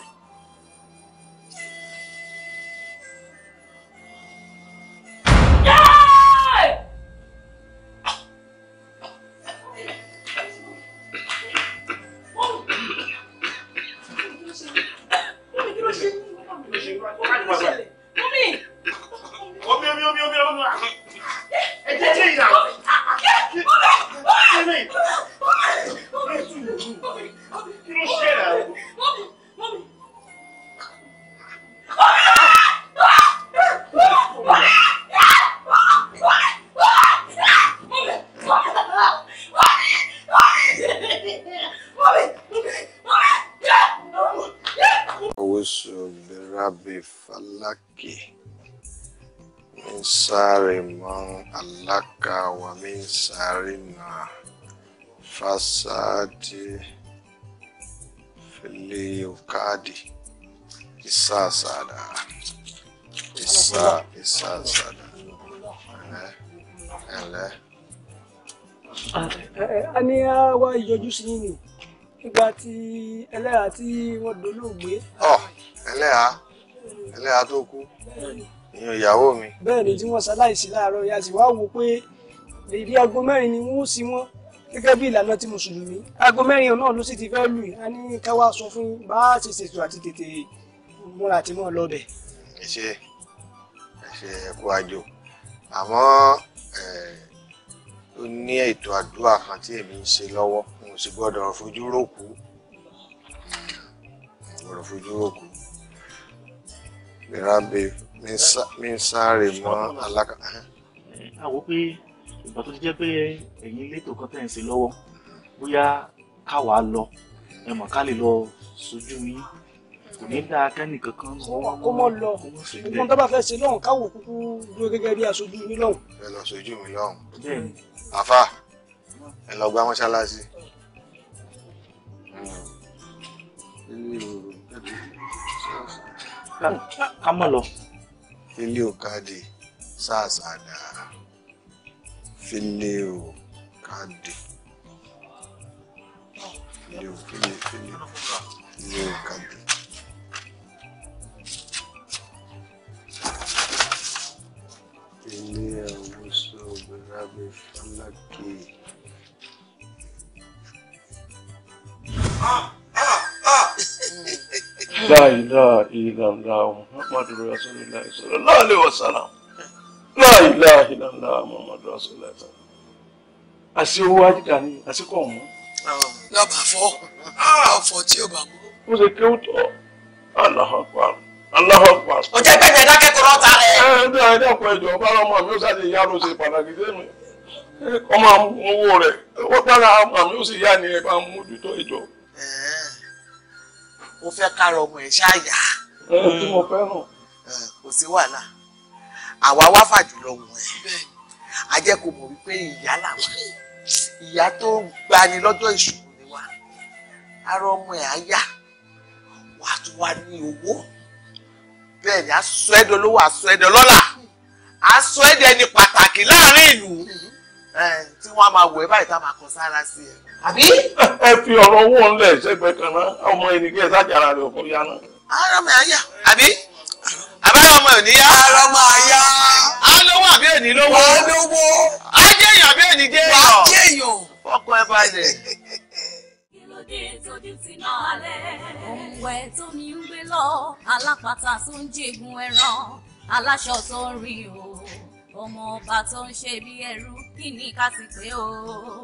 sarina fasadi filiukadi isa sada isa isa sada
ẹlẹ. Ah,
eh, a ní a wá yọjú sí yín ni nígbà tí ẹlẹ́yà tí wọ́n dolóògbé. ọ oh, ẹlẹ́yà ẹlẹ́yà tó kú ìyẹn ìyàwó mi. bẹ́ẹ̀ ni tí wọ́n ṣaláìsí láàárọ̀ yá sí wá wò pé èyí aago mẹ́rin ni wọ́n sì wọ́n gẹ́gẹ́ bí ìlànà ti mùsùlùmí aago mẹ́rin náà ló sì ti fẹ́ lù yìí a ní ká wá sọ fún bá a ṣe ṣètò àti tètè múra àti mọ́ lọ́bẹ̀. ẹ ṣe ẹ ṣe ẹkú àjò àmọ́ ó ní ètò àdúrà kan tí èmi ń ṣe lọ́wọ́ mo sì gbọ́dọ̀ fojú ròkú gbọ́dọ̀ fojú ròkú mìíràn bíi mi ń sáré mọ́ alákàtà. àwọn pé ìgbà tó ti jẹ́ pé ẹ̀yin létò kan tẹ̀ ń ṣe lọ́wọ́ bóyá káwa lọ ẹ mọ̀ ká lè lọ sójú yín kò ní dáa kẹ́nì kankan. wọn kò mọ lọ ìwọn tó bá fẹ́ ṣe lọ́hùn káwọ kúkú dúró gẹ́gẹ́ bí aṣojú yín lọ́hùn. ẹ lọ sójú mi lọ́hùn. àfa ẹ lọ gbá mọ́ṣáláṣí. ká mọ̀ lọ. ilé òkàdé sars àdáa fele o kade fele o fele fele fele o kade. ilé àwùjọ obìnrin mi fọlákì. لا إله إلا الله محمد رسول الله صلى الله عليه وسلم láìláìláìlá mọ̀mọ́dún ọ̀sọ̀lẹ́sẹ̀ àti owó ajíkà ni àti kọ̀ mọ́. lọ́ba fọ́ ọ̀fọ̀ tí ó bá mú. mo ṣe kéwù tọ́ aláhọ́pá aláhọ́pá. ọjọ́ ìgbẹ́jẹ̀ ìdákẹ́kọ̀ọ́ ọ̀tá rẹ̀. ẹ ẹ dáa ẹdá ọkọ ẹjọ ọba ọmọ mi ó sáde ìyá ló ṣe pàtàkì dé mi ọmọ owó rẹ ó dára ọmọ mi ó sì yá ni ẹ bá mójútó ìjọ. ó fẹ́ kárọ̀ ọmọ ẹ̀ ṣáà yá. ẹ tí mo fẹ́ràn. kò sí wàhálà àwa wá fàjùlọ wọn ẹ a jẹ́ kó mọ̀ wípé ìyá làwọn ìyá tó gbani lọ́jọ́ ìṣòro ni wa ara ọmọ ẹ̀ á yá wà á tún wá ní owó bẹ́ẹ̀ ni aṣọ ẹ̀dọ̀ lówó aṣọ ẹ̀dọ̀ lọ́lá aṣọ ẹ̀dọ̀ ẹni pàtàkì láàrin ìlú tí wọ́n máa wọ̀ ẹ́ báyìí tá a máa kọ sára sí ẹ. àbí. ẹ fi ọ̀rọ̀ owó ńlẹ̀ ṣẹ́gbẹ̀ẹ́ kan náà ọmọ ẹnìkẹ́ sájà ara rẹ̀ ọ̀kọ́ yá náà. ara mi àyà àbí abáyọmọ ní yá. àrọmọ àyà. alówó àbí èní lówó. wàá lówó.
ajéèyàn àbí
èní jéèyàn. wàá jéèyàn. fọkọ ẹ balẹ̀.
kílódé òǹwẹ̀ tó ní ń gbé lọ alápatà tó ń jẹ̀gùn ẹran aláṣọ tó ń rí o ọmọ ọba tó ń ṣe bí ẹrú kí ni ká ti pé o.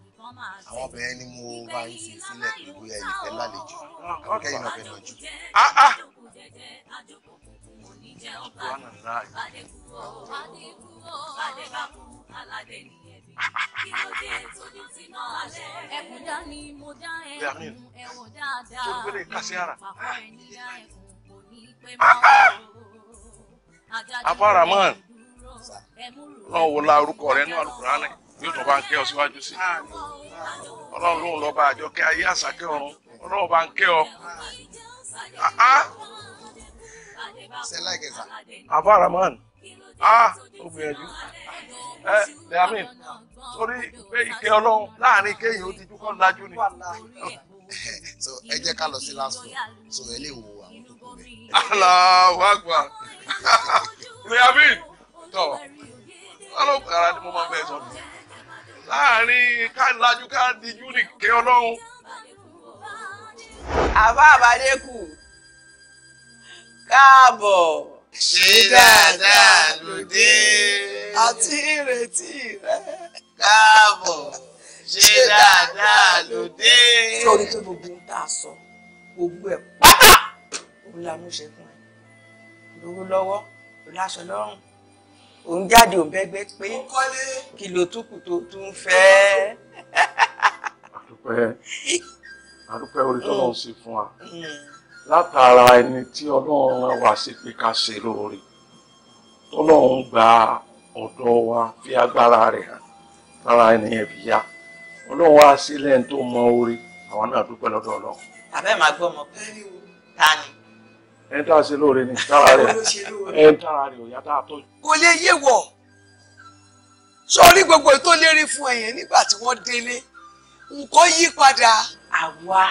àwọn obìnrin ni mo bá ń fi sílẹ̀ pé bóyá fẹ́ lálejò àwọn kẹ́yìn náà jù.
Ẹkùn dá ni mo dá ẹkùn ẹ̀wọ̀n dáadáa.
náà yóò tún bá ń kẹ́ ọ síwájú sí ọlọ́run lóun lọ bá àjọ kẹ́ ayé àṣàkẹ́ ọ̀run ọlọ́run bá ń kẹ́ ọ. Ah, ah. àbá ramán ah ẹ lẹ́yàmín torí pé ìkẹ́ ọlọ́run láàrin kéyìn ó ti dúkọ́ lájú ni. so ẹ jẹ́ ká lọ sí last so ẹ lè wo àwọn tó kù bẹ́ẹ̀. aláwọ̀ àgbà lẹ́yàmín tọ̀ ọlọ́run ara ni mo máa ń bẹ́ẹ̀ sọ láàrin ká lajú ká dijú nìkẹ́ ọlọ́run. àbá àbádé kù káàbọ̀ ṣe dáadáa lòdì. àti
ìrètí rẹ.
káàbọ̀
ṣe dáadáa lòdì.
sórí tó gbogbo ń tà sọ gbogbo ẹ̀ pátá òun la mú fún ẹ lówó lọ́wọ́ láṣọ lọ́rùn
òun jáde òun
bẹ́gbẹ́ pé
kí ló tún kù tó tún fẹ́. àdúpẹ́ àdúpẹ́ orí tọ́lọ́run sì fún wa mm. látara ẹni tí ọlọ́run rán wa sí pé ká ṣe lóore tọ́lọ́run gba ọ̀dọ̀ wa fi agbára rẹ̀ hàn lára ẹni yẹn fi yá ọlọ́run wá sílẹ̀ tó mọ orí àwọn náà dúpẹ́ lọ́dọ̀ ọlọ́run. àbẹ́ màá gbọ́ ọmọ pẹ́ẹ́lí ta ni ẹni tá a ṣe lóore ni tára rẹ ẹni tára rẹ ò yá tá a tọ́jú. kò lè yé wọ sọrí gbogbo tó lérí fún ẹyẹn nígbà tí wọ́n délé nǹkan yí padà.
àwa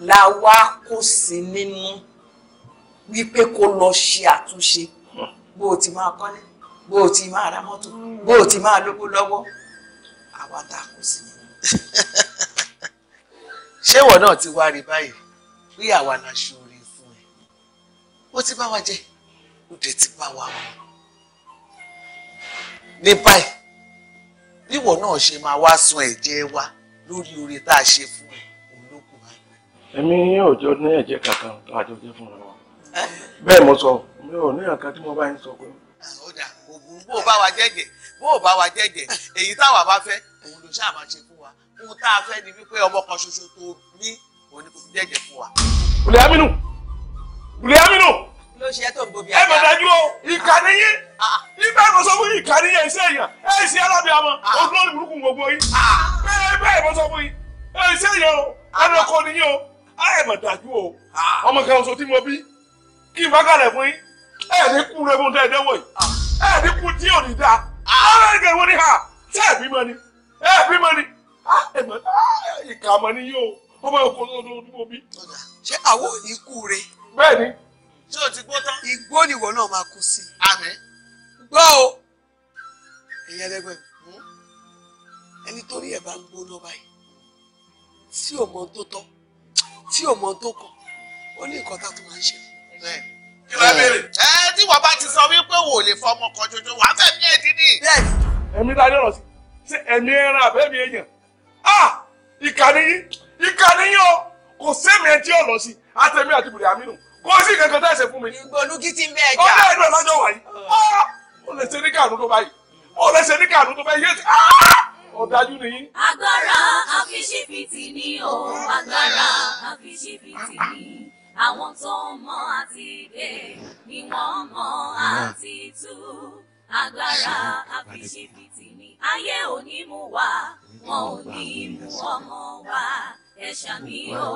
la wá kó sí nínú wípé kó lọ ṣe àtúnṣe bó o ti máa kọ́lé bó o ti máa ra
mọ́tò bó o ti máa lówó lọ́wọ́ àwa tá a kó sí nínú. ṣé ìwọ náà ti wá rí báyìí bí àwa la ṣòro ó ti bá wa jẹ ó dẹ̀ ti bá wa mu ní báyìí níwọ náà ṣe máa wá sun ẹ̀jẹ̀ wa lórí oore tá a ṣe fún ẹ òun ló kù báyìí. èmi ò jọ ní ẹ̀jẹ̀ kankan tó àjọ jẹ́ fúnra wa bẹ́ẹ̀ mo sọ mi ò ní àǹkan tí mo bá ń sọ pé. ó dà ògùn bó bá wa jẹ́jẹ̀ bó bá wa jẹ́jẹ̀ èyí táwa bá fẹ́ òun ló ṣáà máa ṣe fún wa ohun tá a fẹ́ ni wípé ọmọ kan ṣoṣo tó ní òun ni kò fi jẹ́jẹ̀ fún wa. olè aminu. Rìhámínú. Ló ṣe tó ń bobi àjà. Ẹ mà dájú o, ìkà nìyí. Ibẹ̀ kò sọ fún yìí ìkà nìyí ẹ̀sìn èèyàn. Ẹ ṣe alábẹ́ àmọ́, ah, ah. ojú lórí burúkú gbogbo yìí. Ah, bẹ́ẹ̀ bẹ́ẹ̀ bọ́ sọ fún yìí. Ẹ ṣe o, ẹnu ọkọ nìyí o. Ẹ mà dájú o, ọmọ kan oṣù tí mo bí. Kí n bá kalẹ̀ fún yín. Ẹ ní kú rẹ mo ń tẹ́ ẹ̀dẹ́wọ̀ yìí. Ẹ kú tí ò ní dáa. ha, ṣé ẹ bímọ ni? Ẹ bímọ ni? Ìkà mọ̀ ni yóò, ọmọ ìkòlódó ojú mo bí. Ṣé àwọn ò ní kú re? bẹ́ẹ̀ ni. ṣé o ti gbó tán. igbó nìwọ náà máa kú sí. àmín. gbọ́ o ẹ̀yin ẹlẹ́gbẹ́ mi ẹni tó rí ẹ̀ bá ń gbóná báyìí tí ò mọ tó tọ́ tí ò mọ tó kọ ó ní nǹkan tá a tó máa ń ṣe. kí ló dé. ẹ tí wọn bá ti sọ wípé wò lè fọmọ kan jọjọ wàá fẹ́ mí ẹdín ní. bẹ́ẹ̀ni. ẹ̀mí ta lọ́rọ̀ sí ṣé ẹ̀mí ẹran àbẹ́mi èèyàn ah ìkànnì yín ìkànnì yín o kò sẹ́mi ẹ tí ò lọ sí i àtẹ̀mí àti bùrẹ̀ àmínú kò sí kankan tẹ̀sẹ̀ fún mi. ìgbòlú kí ti ń bẹ́ẹ̀ jà. ọ̀dọ́ ìlú ọlọ́jọ́ wáyé ah! ó lè ṣe ní kàánú tó báyìí ó lè ṣe ní kàánú tó báyìí yé ah! ọ̀dájú nìyí. agbára
àfiṣífìtì ni o agbára àfiṣífìtì ni àwọn tó mọ àti dé ni wọ́n mọ àti tú agbára àfiṣífìtì ni ayé ò mú wa wọn ò ní mú ọmọ wa ẹ ṣàmì o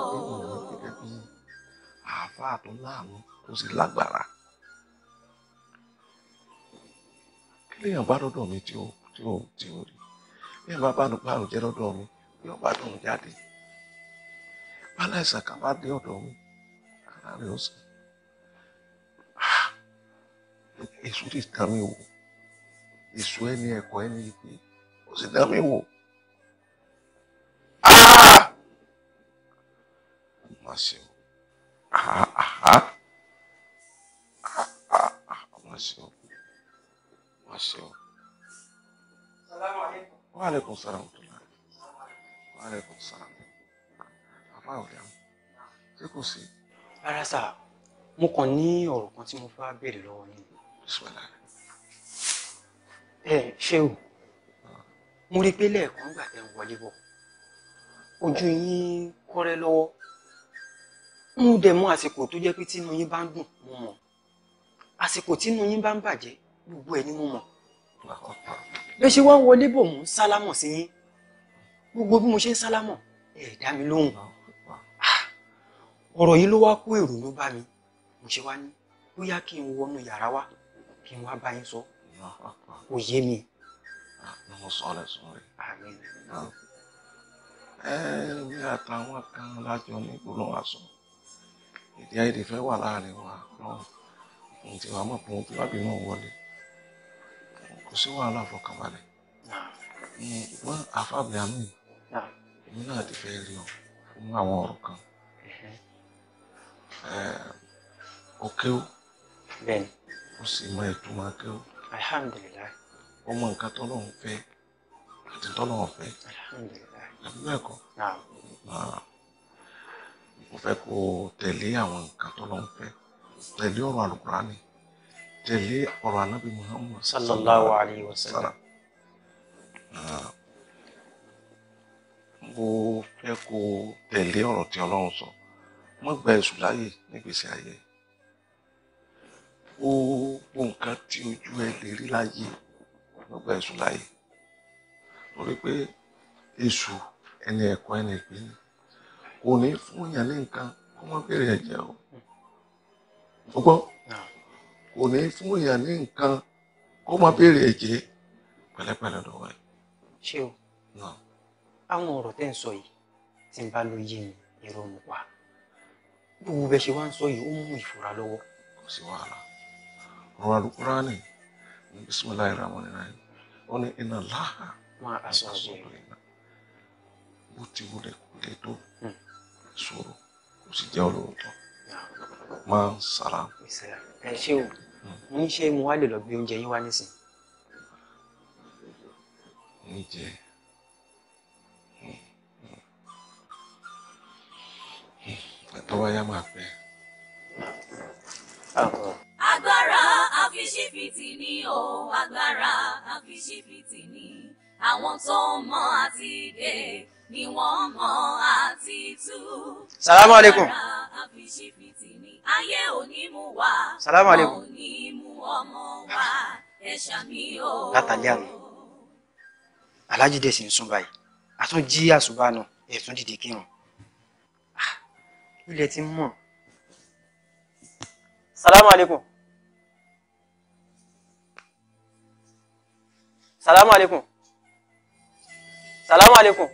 àáfàá tó láàánú ó sì lágbára kí lèèyàn bá lọ́dọ̀ mi tí ó tí ó tí ó rí lèèyàn bá bánu bárùn jẹ́ lọ́dọ̀ mi bí ọba dùn jáde báláìsàn kan bá dé ọ̀dọ̀ mi ara rẹ̀ ó sàn ah! èso ti dán mi wò èso ẹni ẹ̀kọ́ ẹni ìpè ó sì dán mi wò. Ah! Máa ṣe Ah, ah, ah, ah, ṣe ọ́ wa alaikum salaam wa alaikum salaam bàbá ọ̀dà ṣé kò sí. rárá sà mo kàn ní ọ̀rọ̀ kan tí mo fẹ́ béèrè lọ́wọ́ yín. ẹ ṣé o mo rí i pé lẹ́ẹ̀kan gbà tẹ́ ń wọlé bọ̀ ojú yín kọ́rẹ́ lọ́wọ́ mo dẹ̀ mọ àsìkò tó jẹ́ pé tínú yín bá ń
dùn mo mọ̀ àsìkò tínú yín bá ń bàjẹ́ gbogbo ẹ̀ ni mo mọ̀ bẹ́ẹ̀ ṣe wá ń wọlé bò mú sálámọ̀ sí yín gbogbo bí mo ṣe ń sálámọ̀
ẹ̀ dá mi lóhùn ọ̀rọ̀ yìí ló wá kó èrò ló bá mi mo ṣe wá ní bóyá kí n wọnú yàrá wa kí n wá bá yín sọ kò yé mi. mo ẹ ẹ bí àtàwọn kan lájọ nígboro àsọ èdè àìyedè fẹ́ wà láàrin wa lọ́wọ́ ohun tí wàá mọ̀ pé ohun tí wàá bí náà wọlé kò sí wàhálà fọkànbalẹ̀ ṣùgbọ́n àfàbẹ̀ àmì èmi náà ti fẹ́ rí ọ fún àwọn ọ̀rọ̀ kan ó kéwú ó sì mọ ìtumọ̀ kéwú ó mọ nǹkan tọ́lọ́run fẹ́ àti tọ́lọ́run fẹ́ àbúrò ẹ̀kọ́ mo fẹ́ kó o tẹ̀lé àwọn nǹkan tó lọ ń fẹ́ tẹ̀lé ọ̀rọ̀ àlùkùránì tẹ̀lé ọ̀rọ̀ anábì muhammad sallallahu alayhi wa sallam mo fẹ́ kó o tẹ̀lé ọ̀rọ̀ tí ọlọ́run sọ mo gba ẹ̀sùn láàyè nígbèsè ayé gbogbo nǹkan tí ojú ẹ lè rí láyé mo gba ẹ̀sùn láàyè torí pé èṣù ẹni ẹ̀kọ́ ẹni ìpínlẹ̀ ò ní fún yàn ní nǹkan kó má bèrè ẹ̀jẹ̀ o o gbọ́ ah. ò ní fún yàn ní nǹkan kó má bèrè ẹ̀jẹ̀ pẹ̀lẹ́pẹ̀lẹ́ ló wà. ṣé o àwọn ọ̀rọ̀ tẹ́ ń sọ yìí tí ń bá ló yé mi irọ́ mu pa gbogbo bẹ́ẹ̀ ṣe wá ń sọ yìí ó mú ìfura lọ́wọ́. kò sí wàhálà ọ̀rọ̀ àlùkùránì bisimilayi rahman rahim wọn ni iná láhà. máa aṣọ àbúrò yìí. bó ti wulẹ̀ kúlẹ̀ tó. Hmm sòrò kò sì jẹ́ olóòótọ́ máa ń sara.
ẹ ṣé o mo ní ṣé mo wá lè lọ gbé oúnjẹ yín wá nísìn.
oúnjẹ ẹ̀tọ́ wáyá máa pẹ́.
agbára àfiṣífìtì ni o agbára àfiṣífìtì ni àwọn tó ń mọ àti dé ni wọ́n mọ àti tú. salamu aleykum. àfìṣífìtì ni ayé òní mú wa.
salamu aleykum. òní
mú ọmọ wa ẹ ṣàmì o. látàlẹ́
àná alájí dẹ̀ sì ń sùn báyìí a tún jí àṣùbà náà ẹ̀ dìde
kírun ilẹ̀ ah, ti mọ̀. salamu aleykum. salamu aleykum. salamu aleykum.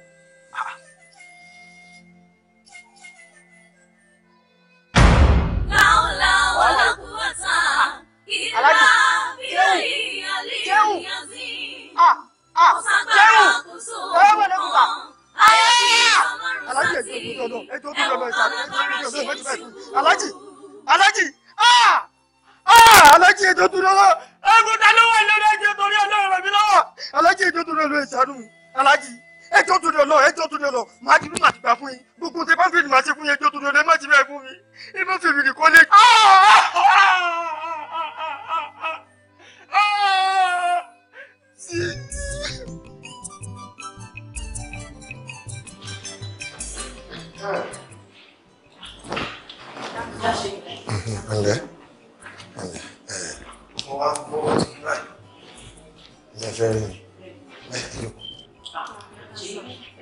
alájù jẹun jẹun
a a jẹun ọwọ́ bọ̀ lọ́kùn bá alájì
ètò òkú tó lọ ètò òkú tó lọ ìsàlẹ̀ ètò òkú tó lọ méjì bẹ́ẹ̀ alájì alájì a a alájì ètò òkú tó lọ ẹkùn ta ló wà lórí ẹjọ́ torí Ọlọ́run rẹ mi lọ́wọ́ alájì ètò òkú tó lọ ìsàlẹ̀ alájì ẹjọ́ tó lọ ẹjọ́ tó lọ màá ti bí màá ti gbà fún yín gbogbo tẹ bá fèrè màá ti fún yín ẹjọ́ tó lọ ẹ má ti bẹ́ẹ̀ fún mi ẹ má fèrè nìkan lé. Ẹ̀lẹ́ ẹ̀lẹ́ ẹ̀ mo wá gbọ́ ọtí láì ní ẹ̀fẹ́ rí mi ẹ̀ lò.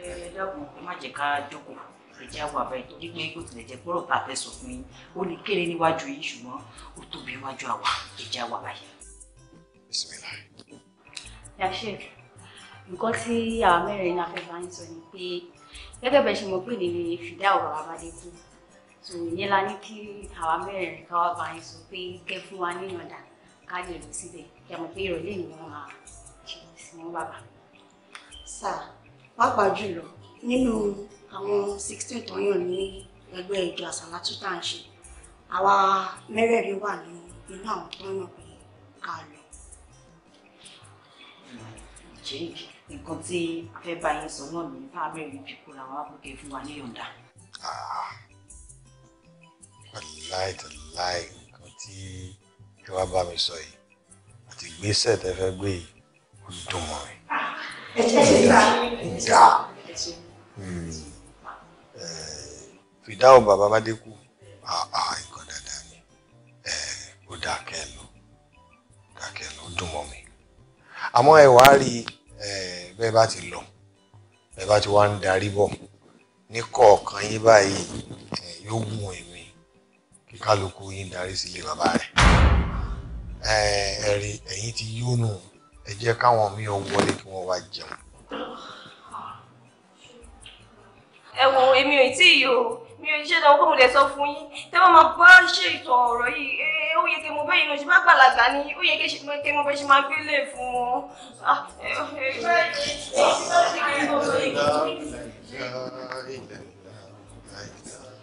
Ẹ dákun má jẹ́ ká jókòó ìjà wà báyìí torí pé kò tilẹ̀ jẹ́ pọ́rọ̀ tá a fẹ́ sọ fún yín ó ní kéré níwájú yìí ṣùgbọ́n ó tóbi níwájú àwa ìjà wà báyìí bismillah. yasir nǹkan tí àwọn mẹ́rin ní afẹ́fẹ́ ń sọ ni pé gẹ́gẹ́ bẹ́ẹ̀ ṣe
mọ̀ pé ìdílé fìdá ọ̀rọ̀ àbádékù tó ìyẹn la ní kí àwa mẹ́rin káwá bá
yín
sọ pé kẹ́ fún wa níyànjú ká lè lọ síbẹ̀ kí a mọ̀ pé ìrọ̀lẹ́ ni wọ́n máa ṣe sí ní bàbá. sà pàápàá jùlọ nínú àwọn sixteen tó yàn ní ẹgbẹ́ ìjọ àsàlátú tá à ń ṣe àwa mẹ́rẹ̀ẹ̀rin wà nínú àwọn tó yàn pé ká lọ change nǹkan tí fẹ́ bá yín sọ náà ní primary people làwọn abúlé fún wa ní yọ̀ǹda.
Ah, wàláì tàláì nǹkan tí ẹ wá bá mi sọ yìí àti ìgbésẹ̀ tẹ fẹ́ gbé yìí ó dùn mọ́ mi.
ìdá hmm.
eh, fìdáhùn bàbá bá dé kú ah, ah, nǹkan dáadáa ni eh, ó dákẹ́ lọ dákẹ́ lọ ó dùn mọ́ mi àmọ́ ẹ wá rí i bẹ́ẹ̀ bá ti lọ ẹ bá ti wá ń darí bọ̀ ní kọ̀ọ̀kan yín báyìí ẹ yóò mú èmi kí kálukú yín darí sílé bàbá rẹ̀ ẹ ẹ̀rí ẹ̀yìn ti yónú ẹ jẹ́ káwọn míì ó wọlé kí wọ́n wá jẹun.
ẹ
wo èmi ò tí ì yóò mi ò ṣe ìdánwò pé sọ fún yín tẹ́ wọ́n máa bá ṣe ìtàn ọ̀rọ̀ yìí ó yẹ kí mo bẹ́ẹ̀ yìí ṣe bá gbàlagbà ni ó yẹ kí mo bẹ́ẹ̀ ṣe máa gbélé fún wọn.
Ìgbà
yìí ṣe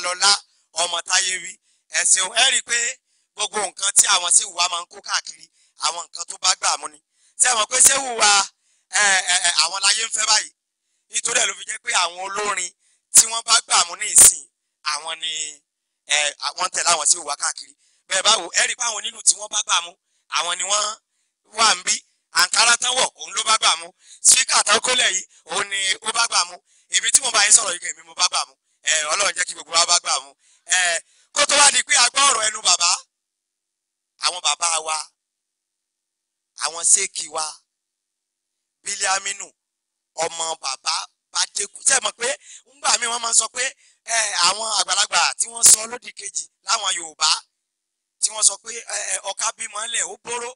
Babalọlá ọmọ táyé wí ẹ̀sìn ẹ rí i pé gbogbo nǹkan tí àwọn sì wà máa ń kó káàkiri àwọn nǹkan tó bá gbà mú ni ṣé ẹ mọ̀ pé ṣé wùwà àwọn láyé ń fẹ́ báyìí nítorí ẹ̀ ló fi jẹ́ pé àwọn olórin tí wọ́n bá gbà mú ní ìsìn àwọn ni wọ́n tẹ̀lé àwọn sì wà káàkiri bẹ́ẹ̀ báwo ẹ rí i pé àwọn onílù tí wọ́n bá gbà mú àwọn ni wọ́n wà ń bí àǹkárá tán wọ̀ òun ló bá gbà mú síkà tán kólẹ̀ yìí òun ni ó bá gbà mú ibi tí mo bá yín sọ̀rọ̀ yìí kẹ̀mí mo bá gbà mú ọlọ́run jẹ́ kí gbogbo wa bá gbà mú kó tó wá di pé a gbọ́ ọ̀rọ̀ ẹnu bàbá àwọn bàbá wa àwọn séèkì wa bílíàmínú ọmọ bàbá bàjẹ́kù tẹ́ mọ̀ pé ńgbà mi wọ́n máa ń sọ pé àwọn àgbàlagbà tí wọ́n sọ lódì kejì láwọn yorùbá tí wọ́n sọ pé ọkà bímọ ńlẹ̀ ó bóró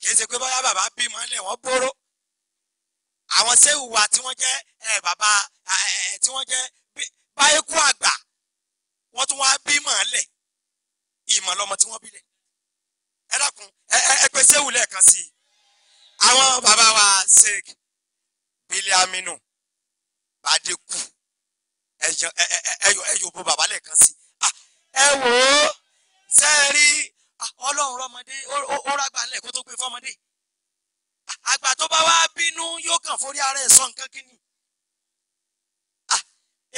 kì í ṣe pé bóyá bàbá bímọ ńlẹ̀ wọ́n bóró àwọn séèwù wa tí wọ́n jẹ́ bàbá tí wọ́n jẹ́ bá ikú àgbà wọ́n tún wá bí màálẹ̀ ìmọ̀ lọ́mọ tí wọ́n bí lẹ̀ ẹ dákun ẹ pé séwù lẹ́ẹ̀kan sí i àwọn bàbá wa sèk bílẹ̀ aminu bàdékù ẹyọ bó bàbá lẹ́ẹ̀kan sí i ah, ẹ wò ó ṣe é rí ah, ọlọ́run rọmọdé ó rágbá lẹ̀ kó tó gbé fọmọdé ah, àgbà tó bá wá bínú yóò kàn forí ara ẹ̀ sọ nǹkan kí ni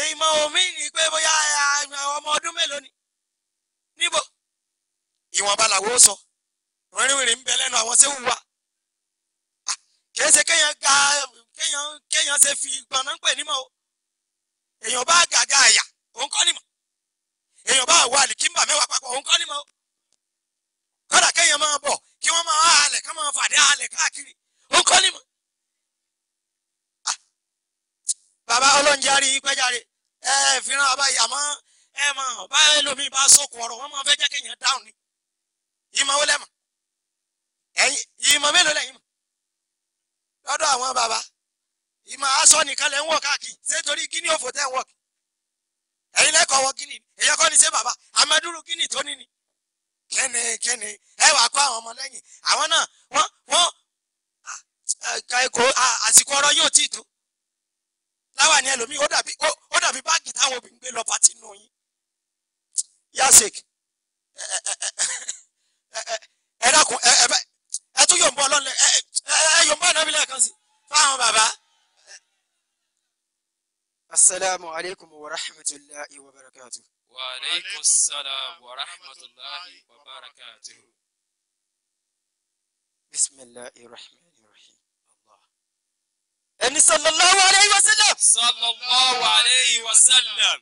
ìmọ̀ omi ni pé bóyá ọmọ ọdún mélòó ni níbo ìwọ̀nba làwọn ó sọ rìnrìnrìn ń bẹ lẹ́nu àwọn sẹ́wù wa kìí ṣe kéèyàn ga kéèyàn kéèyàn ṣe fi gbọ̀nà ń pè nímọ̀ o èèyàn bá gàga àyà òun kọ́ nímọ̀ èèyàn bá wà
ní kíńbà mẹ́wàá papọ̀ òun kọ́ nímọ̀ o kódà kéèyàn máa bọ̀ kí wọ́n máa halẹ̀ ká máa
fàdé halẹ̀ káàkiri òun kọ́ nímọ̀
bàbá ọlọ́njẹ́ rí pẹ́járe ẹ fìràn bàbá yìí àmọ́ ẹ mọ̀ bá ẹlòmíì bá sọ̀kọ̀ ọ̀rọ̀ wọn máa fẹ́ jẹ́ kéèyàn dáhùn ni ìmọ̀ wọlé mọ̀ ẹ̀yìn ìmọ̀ mélòó lẹ́yìn mọ̀ lọ́dọ̀ àwọn bàbá ìmọ̀ aṣọ nìkan lẹ́ ń wọ̀ káàkiri ṣé torí kíní òfò tẹ́ ń wọ̀ kí ẹ̀yin lẹ́kọ̀ọ́ wọ kíní èyàn kọ́ ni ṣé bàbá amẹ́dúró kíní tó ní ni kíni kíni ẹ wàá kọ́ àwọn ọmọ lẹ́yìn àwọn náà wọ́n wọ́n àsìkò ọ̀rọ̀ yóò tí ì tó láwà ní ẹlòmíì ó dàbí ó dàbí báàgì táwọn obìnrin gbé lọ pàtí nù yín yasek ẹ dákun ẹ tún yòǹbọ ọlọ́lẹ̀ ẹ yòǹbọ ọ̀nàbí lẹ́ẹ̀kan sí fáwọn bàbá. asalaamu alaykum wa rahmatulahi wa barakatu. wa
aleykum
salaam wa rahmatulahi wa barakatu.
bisimilahi rahman
ẹni sallallahu alayhi wa sallam. sallallahu
alayhi wa sallam.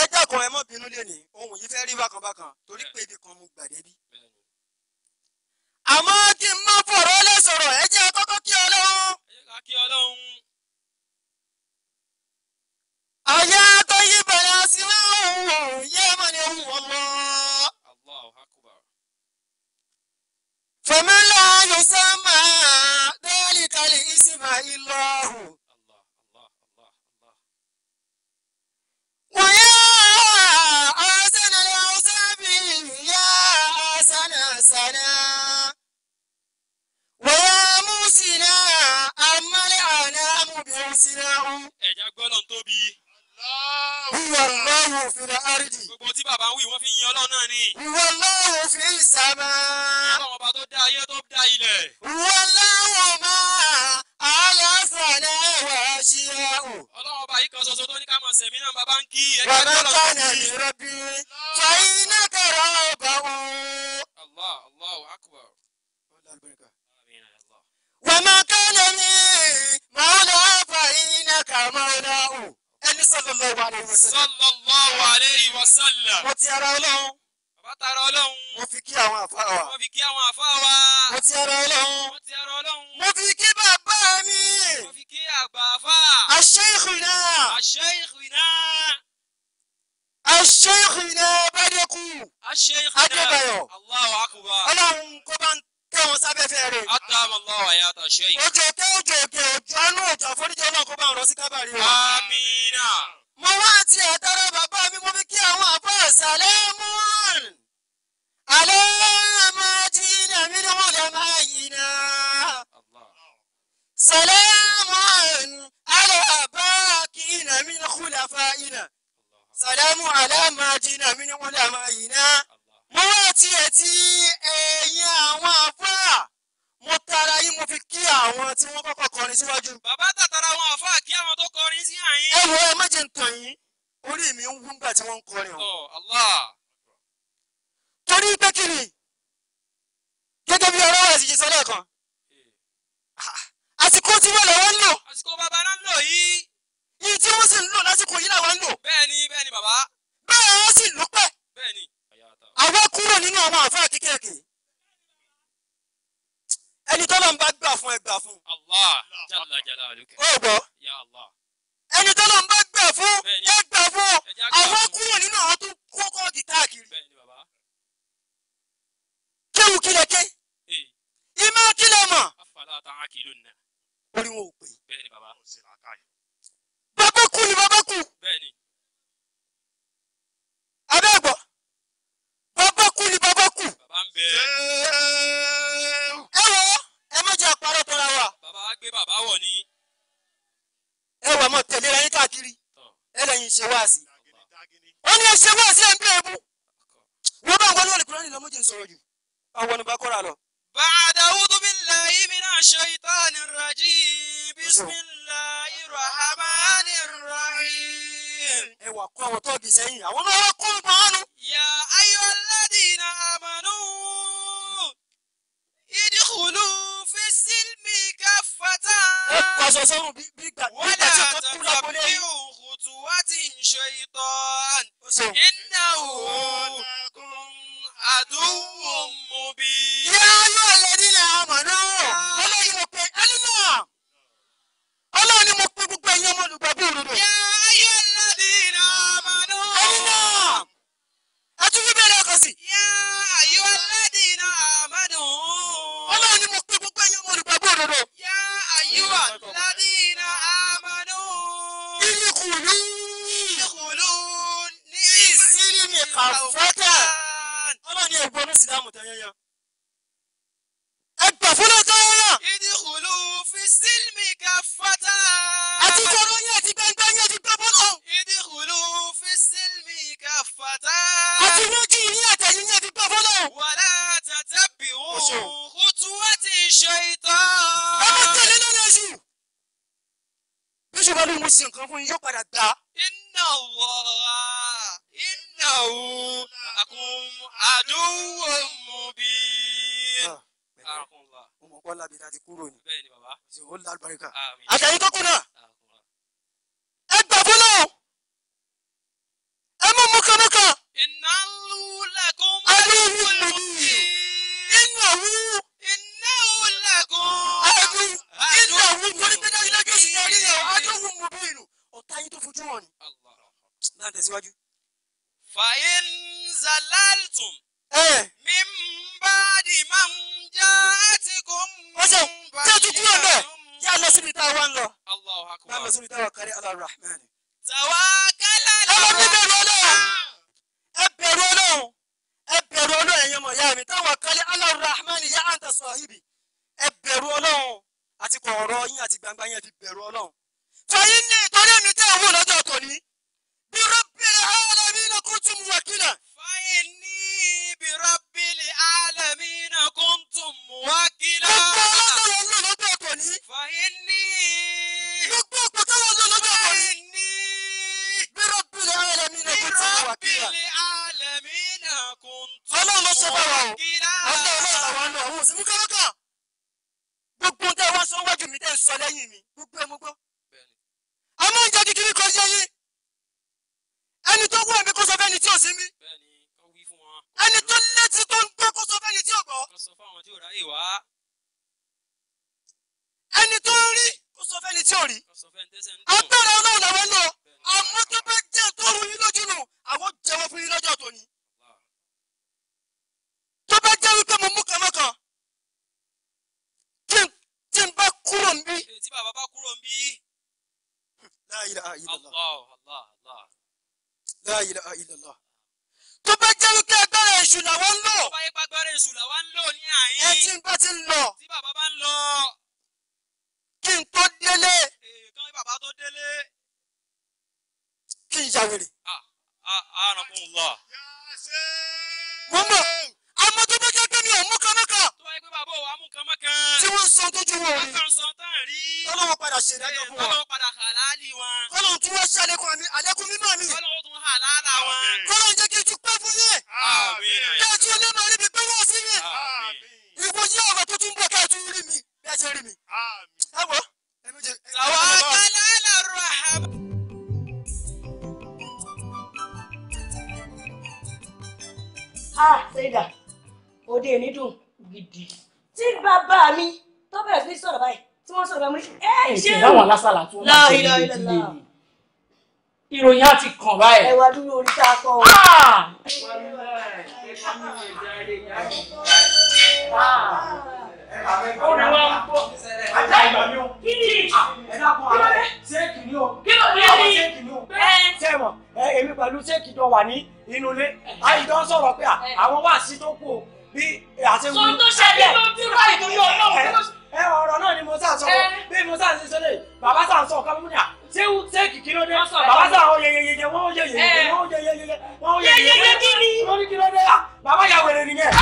ẹ dákun ẹ mọ bínú lé ní ohun yìí fẹ́ rí bákan bákan torí pé ibì kan mo gbà débi. àmọ́ kí n má fọ̀rọ̀ lẹ ẹ jẹ́ kọ́kọ́ kí ọlọ́run. ẹ kí ọlọ́run.
àyà tó yí bẹ̀rẹ̀ sí máa ń wò yé mọ̀ ní ohun ọlọ́run. fàmílà yosama dẹ́ẹ̀lìkàlì ìsìnà ìlọ́hù. wọ́yá ọ̀sán ni ọ̀sán bí yá ọ̀sán àṣánà. wọ́yá gbọ́dọ̀ tóbi. Allah lọ́wọ́ fi rẹ̀ árídì. gbogbo tí bàbá wí wọ́n fi yin ọlọ́run náà ni. ìwọ lọ́wọ́ fi sàmà. ọlọ́run ọba tó dá ayé tó dá ilẹ̀. ìwọ lọ́wọ́ máa aláfàlẹ́ wà á ṣí ẹ̀hùn. ọlọ́run ọba yìí kan ṣoṣo tó ní ká mọ̀ sẹ̀mí náà bàbá ń kí ẹgbẹ́ tó lọ sí. wàá bí fàyínà kẹrọ ọba wọn. Allah, Allahu akbar. wàmà kánà mi màá lọ fàyínà kà máa náà ẹni sallallahu alaihi wasallam. sallallahu alaihi wasallam. mo ti ara ọlọ́run. bàbá tara ọlọ́run. mo fi kí àwọn àfa wa. mo fi kí àwọn àfa wa. mo ti ara ọlọ́run. mo ti ara ọlọ́run. mo fi kí bàbá mi. mo fi kí àgbà àfa. àṣeyìnà. àṣeyìnà. àṣeyìnà bàdẹ́kù. àṣeyìnà adébáyọ̀. Allahu akbar. ọlọ́run kó bá ń tẹ wọn sábẹ́fẹ́ rẹ̀. àtàwọn ọmọ wa yà tà ṣe yìí. òjò tẹ òjò òkè òjò ọnú òjò àforíjọ náà kó bá wọn lọ sí kábàárì wọn. amina. mo wá àti àtàrà bàbá mi mo fi kí àwọn àbọ̀ ìsàlẹ̀ mú wọn. àlẹ́ àmàdí nàmí ni wọ́n lè máa yìí náà. sàlẹ̀ wọn àlẹ́ àbá kí nàmí ni kúlẹ̀ fà yìí náà. sàlẹ̀ wọn àlẹ́ àmàdí nàmí ni wọ́n lè máa yìí náà mo rántí ẹ̀ tí ẹ̀yin àwọn àfáà mo tara yín mo fi kí àwọn tí wọ́n kọ́kọ́ kọrin síwájú. bàbá tàtàrà àwọn àfáà kí àwọn tó kọrin sí àyín. ẹ wo ẹ má jẹ́ ntàn yín orí mi ń wú nígbà tí wọ́n ń kọrin o. Oh, Allah. torí pé kí ni gẹ́gẹ́ bí ọ̀rọ̀ wà sí ṣe sọ lẹ́ẹ̀kan eh. àsìkò tí wọ́n lọ wọ́n lò. àsìkò bàbá náà ń lò yìí. yìí tí wọ́n sì ń lò lásìkò yìí làwọn ń lò. bẹ́ẹ̀ni bẹ́ẹ̀ni bàbá. bẹ́ẹ̀ wọ́n sì lò pẹ́. bẹ́ẹ̀ni àwa kúrò nínú àwọn àfáà kékèké ẹni tó lọ́n bá gbà fún ẹ gbà fún. Allah jalla jalaluhu. ó gbọ́ ẹni tó lọ́n bá gbà fún ẹ gbà fún àwa kúrò nínú àwọn tó kókó di káàkiri. kéwù kí ìmọ̀ kí mọ̀. orí wọn ò pè. bàbá kú ni bàbá kú. abẹ́ gbọ́ bàbá kú ni bàbá kú. bàbá ń bẹ. ẹ wọ ẹ má jẹ àpárọ tọra wa. bàbá wa gbé bàbá wọ ni. ẹ wà mọ
tẹ̀lé ra yín káàkiri ẹ lẹ́yìn ṣe wáàsí. ó ní ẹ ṣe wáàsí ẹ ń bẹ ebú. wọ́n bá wọlé wọlé kúránì lọ́mọdé sọ̀rọ̀ jù. àwọn ọ̀nà bá kọ́ra lọ. بعد أعوذ
بالله من الشيطان الرجيم بسم الله الرحمن الرحيم ẹ wà kó àwọn tọ́ọ̀gì sẹ́yìn àwọn náà wọ́n kó ìpàánu. yà ayọ̀ alladina amanu idkhulu fi sílmì káfàtà. ẹ pàṣẹ sọ́run bí gbà bí gbà tí kò kú lábọ́lé yìí. wọ́n dà tọ́tọ́ bí òkùtù wá ti ń ṣe ìtàn. innahu aduwwun mubin. yà ayọ̀ alladina amanu ọlọ́yin mo ẹni náà ọlọ́run ni mo pe gbogbo ẹ̀yin ọmọ òdodo. yà ayọ̀ ẹ tún fi bẹ̀rẹ̀ ọkàn sí. yá àyíwá ládì iná àmàdù. ọlọ́run ni mo pe gbogbo ẹ̀yàn ọmọ olùgbàgbọ́ òdodo. yá àyíwá ládì iná àmàdù. ilé kùlú. ilé kùlú ní ìsìn. ilé ní kàfẹ́tà. ọlọ́run ni ẹ̀gbọ́n ní sìdáàmù tẹ́yẹ́yẹ́. ẹ gbà fún lọ́tọ́ yẹn. ìdí kùlú fi sílmì kàfẹ́tà. àti kọ́rọ́ yẹn àti gbẹ́ngbẹ́ yẹn ti gbẹ́ bọ́lá ادخلوا في السلم كفة àtúnwájú yìí àtẹ̀yìn yẹn ti gbà fọ́lọ́. wàlá tatabi'u khutuwati shaitan. ẹ bá tẹ̀lé lọ́nà èṣù. èṣù bá lóun sí nǹkan fún yín yóò padà gbà. inna Allah innahu lakum aduwwun mubin
ọmọ kọ́ lábẹ́ láti kúrò ní. ni bàbá. tó kù Ìnáwó
lẹ́kùn mú ọdún mọ̀bí. Ìnáwó. Ìnáwó lẹ́kùn. Ẹ̀dùn. Ìnáwó torí pé dájú lọ́jọ́ sí ẹ̀rí rẹ̀ ọdún mọ̀bí ìlú. Ọ̀tá yín tó fojú hàn ni. Bá a tẹ̀síwájú. Fàyè ń zàlálùtùm. Mi ń bá di máa ń já àti kò ń bá. Ọ̀sẹ̀ tí o ti kúrò bẹ́ẹ̀, yá lọ síbi tá a wá ń lọ. Bá a lọ síbi tá a wà kárí Alárahmán. Tàwa kálá lọ́wọ́. Ọlọ́run bẹ̀rù ọlọ́run ẹ bẹ̀rù ọlọ́run
ẹ bẹ̀rù ọlọ́run ẹ̀yin ọmọ ìyá mi táwọn kan lé aláwọ̀ rahman yá àǹtà sọ̀híbì ẹ bẹ̀rù ọlọ́run àti kọ̀ọ̀rọ̀ yín àti gbangba yín ẹ fi bẹ̀rù ọlọ́run. tọ́yí ní ìtọ́lé
mi tẹ́ owó lọ́jọ́ tòní bí rabbil alamina kuntum wakila. fàyín ní bí rabbil alamina kuntum wakila. gbogbo ọlọ́jọ́ lọ́jọ́ tòní. fàyín ní. wà bí i à. ọlọ́run ló ṣe báwa o àwọn ọlọ́run làwọn náà àwọn òsínú kọ́lọ́kọ́ gbogbo tẹ́ wá sọ wájú mi tẹ́ ń sọ lẹ́yìn mi gbogbo ẹ mo gbọ́. àmọ́ oúnjẹ kékeré kan yé yín ẹni tó wọ̀ mí kó sọ fẹ́ni tí ò sí mi ẹni tó létí tó ń gbọ́ kó sọ fẹ́ni tí ò gbọ́ ẹni tó ń rí kó sọ fẹ́ni tí ò rí abẹ́rẹ́ ọlọ́run làwọn náà àmọ́ tó bá jẹ́ tí bàbá bá kúrò ń bí. La ilaha illallah. Allah tó bá jẹ́ wípé agbára èṣù làwọn ń lò. tó bá yẹ pé agbára èṣù làwọn ń lò ní àyín. ẹ ti ń gbọ́ ti ń lọ. tí bàbá bá ń lọ. kí n tó délé. èèkan bàbá tó délé. kí n ya wèrè. àrùn fún un lọ. wọ́n mọ̀ àmọ́ tó bá jẹ́ pé mi ò mú kánákà yẹ pé bàbá òwà mú kan mọ́kan. tí wọ́n sọ tójú wọn rí. wọ́n sọ tán rí. ọlọ́run padà ṣèdájọ́ fún wọn. ọlọ́run padà hàlálì wọn. ọlọ́run tún wá ṣàlékún àmì àlékún mímọ́ mi. ọlọ́run tún hàlálà wọn. kọ́lọ́run jẹ́ kí n tún pẹ́ fún yẹn. bẹ́ẹ̀ tí olè máa rí mi pé wọ́n sí yẹn. ìwọ yí ọ̀rọ̀ tó tún bọ̀ káà tún rí mi bẹ́ẹ̀ ṣe rí mi. ẹ wọ. àwọn akálà rọ̀ àhàmù.
Ah, Saida, òde èní dùn gidi tí bàbá mi
tó bẹ̀rẹ̀ sí ní sọ̀rọ̀ báyìí tí wọ́n sọ̀rọ̀ báyìí ẹ ṣe é láwọn alásàlà tí wọ́n máa ṣe ní ìdílé
mi
ìròyìn á ti kàn báyìí. ẹ wá dúró orí tá a kọ o. Ah!
orin wa ń bọ̀ ajá ìgbà mi o. kí ni ẹ dákun ààrẹ
ṣéèkì ni o. kí ló dé ní ṣéèkì ni o. tẹ̀wọ̀n èmi pẹ̀lú ṣéèkì jọ wà ní inú ilé àyíjọ́ eh. sọ̀rọ̀ bí àti wù. sọ tó ṣẹlẹ̀ ló bí báyìí torí ọlọ́run. ẹ ọ̀rọ̀ náà ni mo sá sọ
bí mo sá sí sọlẹ̀ bàbá sá sọ ọ̀kan múnà ṣé ṣé kìkì ló dé bàbá sá ọ yẹyẹyẹ wọn ó yẹyẹyẹ wọn ó
yẹyẹyẹ wọn ó
yẹyẹyẹ yẹyẹyẹ kí ni wọn ní kí ló dé bàbá yà wèrè nìyẹn.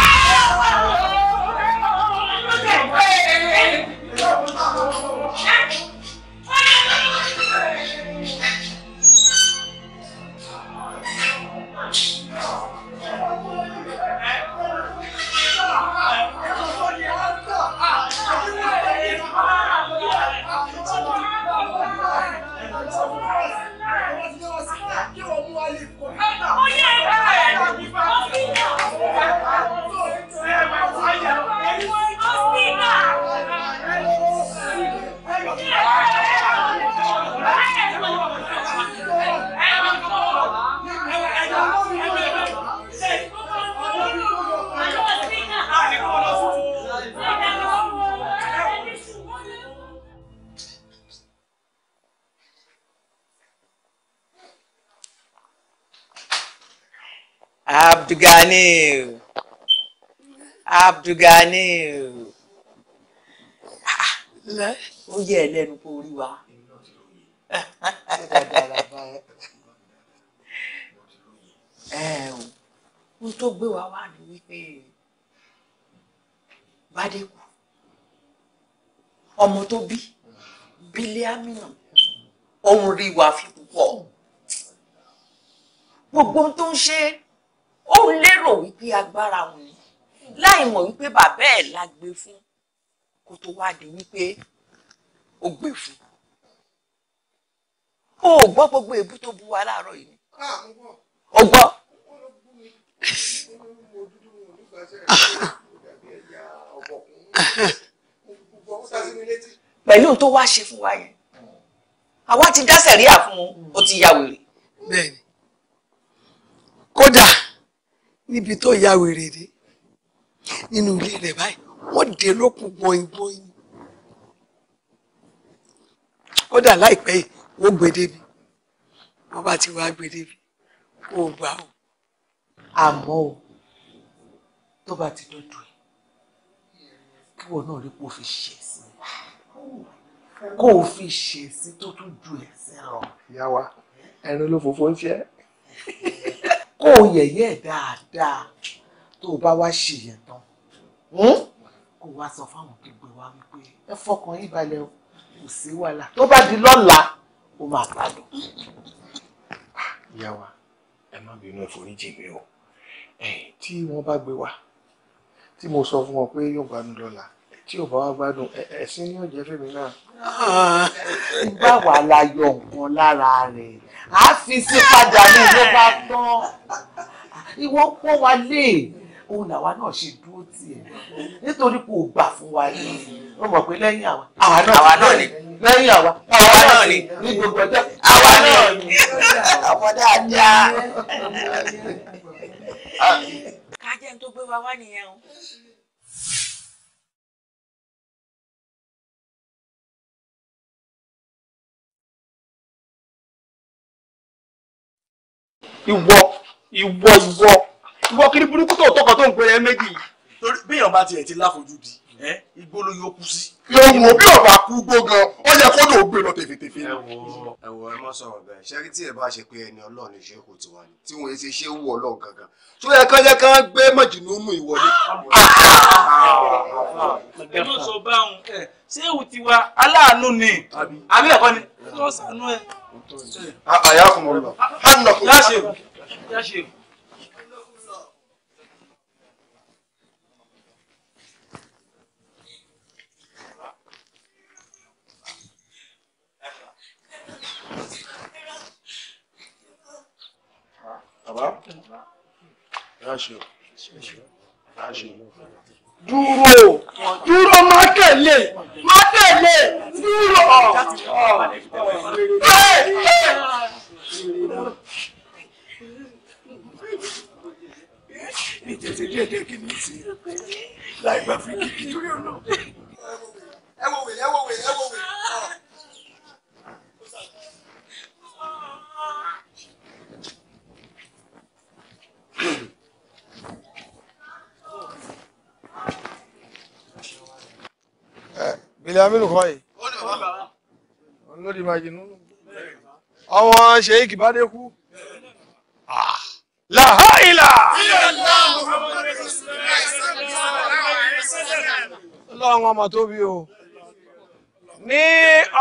Thank you. 哎，我说你儿子啊！
abdulganiu abdulganiu ah, ó yẹ ẹ lẹ́nu kó rí wa. ohun tó gbé wa wá ni wípé bàdékù ọmọ tó bí bílíàmìnà òun rí wa fi púpọ̀ gbogbo ohun tó ń ṣe é ó lérò wípé agbára òun láì mọ̀ wípé bàbá ẹ̀ la gbé fún kó tó wá di wípé ó gbé fún ó gbọ́ gbogbo èébú
tó bu wa láàárọ̀ yìí
ó gbọ́. pẹ̀lú tó wá ṣe fún wa yẹn àwa ti dá sẹ̀ríà fún
un ó ti ya wèrè. bẹ́ẹ̀ni kódà níbi tó ya wèrè dé nínú ilé rẹ̀ báyìí wọ́n dé lókun gbọ̀nyìn gbọ̀nyìn kódà láìpẹ́ yìí wọ́n gbèdé mi wọ́n bá ti wá gbèdé mi kó o gbà o. àmọ́ o tó bá ti dọ́dọ̀ ẹ̀ kí wọn náà rí kó o fi ṣe sí kó o fi ṣe sí tó tún ju ẹ̀sìn lọ. ìyá wa ẹ̀rín ló fòfó ń ṣe é kó o yẹ̀yẹ́ ẹ̀ dáadáa tó o bá wá ṣe yẹn tán
hmm? kó o wá sọ fáwọn tó gbé wa wípé ẹ fọkàn yín balẹ̀ o kò sí wàhálà tó bá di lọ́la o máa gbádùn.
ìyá wa ẹ má bínú ìforíjì mi o tí wọ́n bá gbé wa tí mo sọ fún wọn pé yóò gbádùn lọ́la tí ò bá wá gbádùn ẹ̀sìn ni yóò jẹ́ fẹ́mi náà. ìgbà ah, wàhálà yọ nǹkan lára rẹ̀
á fi sí padà ní ìlú bá tán ìwọ pọ́n wa lè òun làwa náà ṣe dúró tiẹ̀ nítorí kò gbà fún wa ní ó mọ̀ pé lẹ́yìn àwa àwa náà ni lẹ́yìn àwa àwa
náà ni ní gbogbo
ọjọ́ àwa náà ni ọmọ dáadáa. ká jẹun tó gbé wa wá nìyẹn o.
ìwọ ìwọ ìwọ ìwọ kiri burúkú tó tọkọ tó ń pèrè méjì yìí. torí béèyàn bá tiẹ̀ ti láfojú di igbó ló yóò kú sí. ẹ wò bí ọba kú gbó gan ó yẹ kó lóò gbé lọ tèfètèfè. ẹ
wò ẹ wò ẹ mọ
sọ̀rọ̀ bẹ́ẹ̀ ṣẹrí tí ẹ bá ṣe pé ẹni Ọlọ́run ṣe kò tiwa ni tí wọn ṣe ṣe wù Ọlọ́run gangan tó yẹ kán yẹ kán gbé mọjìnnú ìwọlé. ẹ ló sọ báwọn ṣé ewu tiwa aláàánú ni àbí ẹ̀kọ́ ni lọ́sànán ẹ. àyà fún mi lọ. yá ṣe yá ṣe.
dúró dúró má tẹ̀lé má tẹ̀lé dúró.
Ní tètè díẹ̀ díẹ̀ kìíní sí láì bá fi kìkì torí ọ̀nà. ilẹ̀ amínú yìí lórí màjínú àwọn sheik bá dé ọlọ́run ọmọ tó bí o ní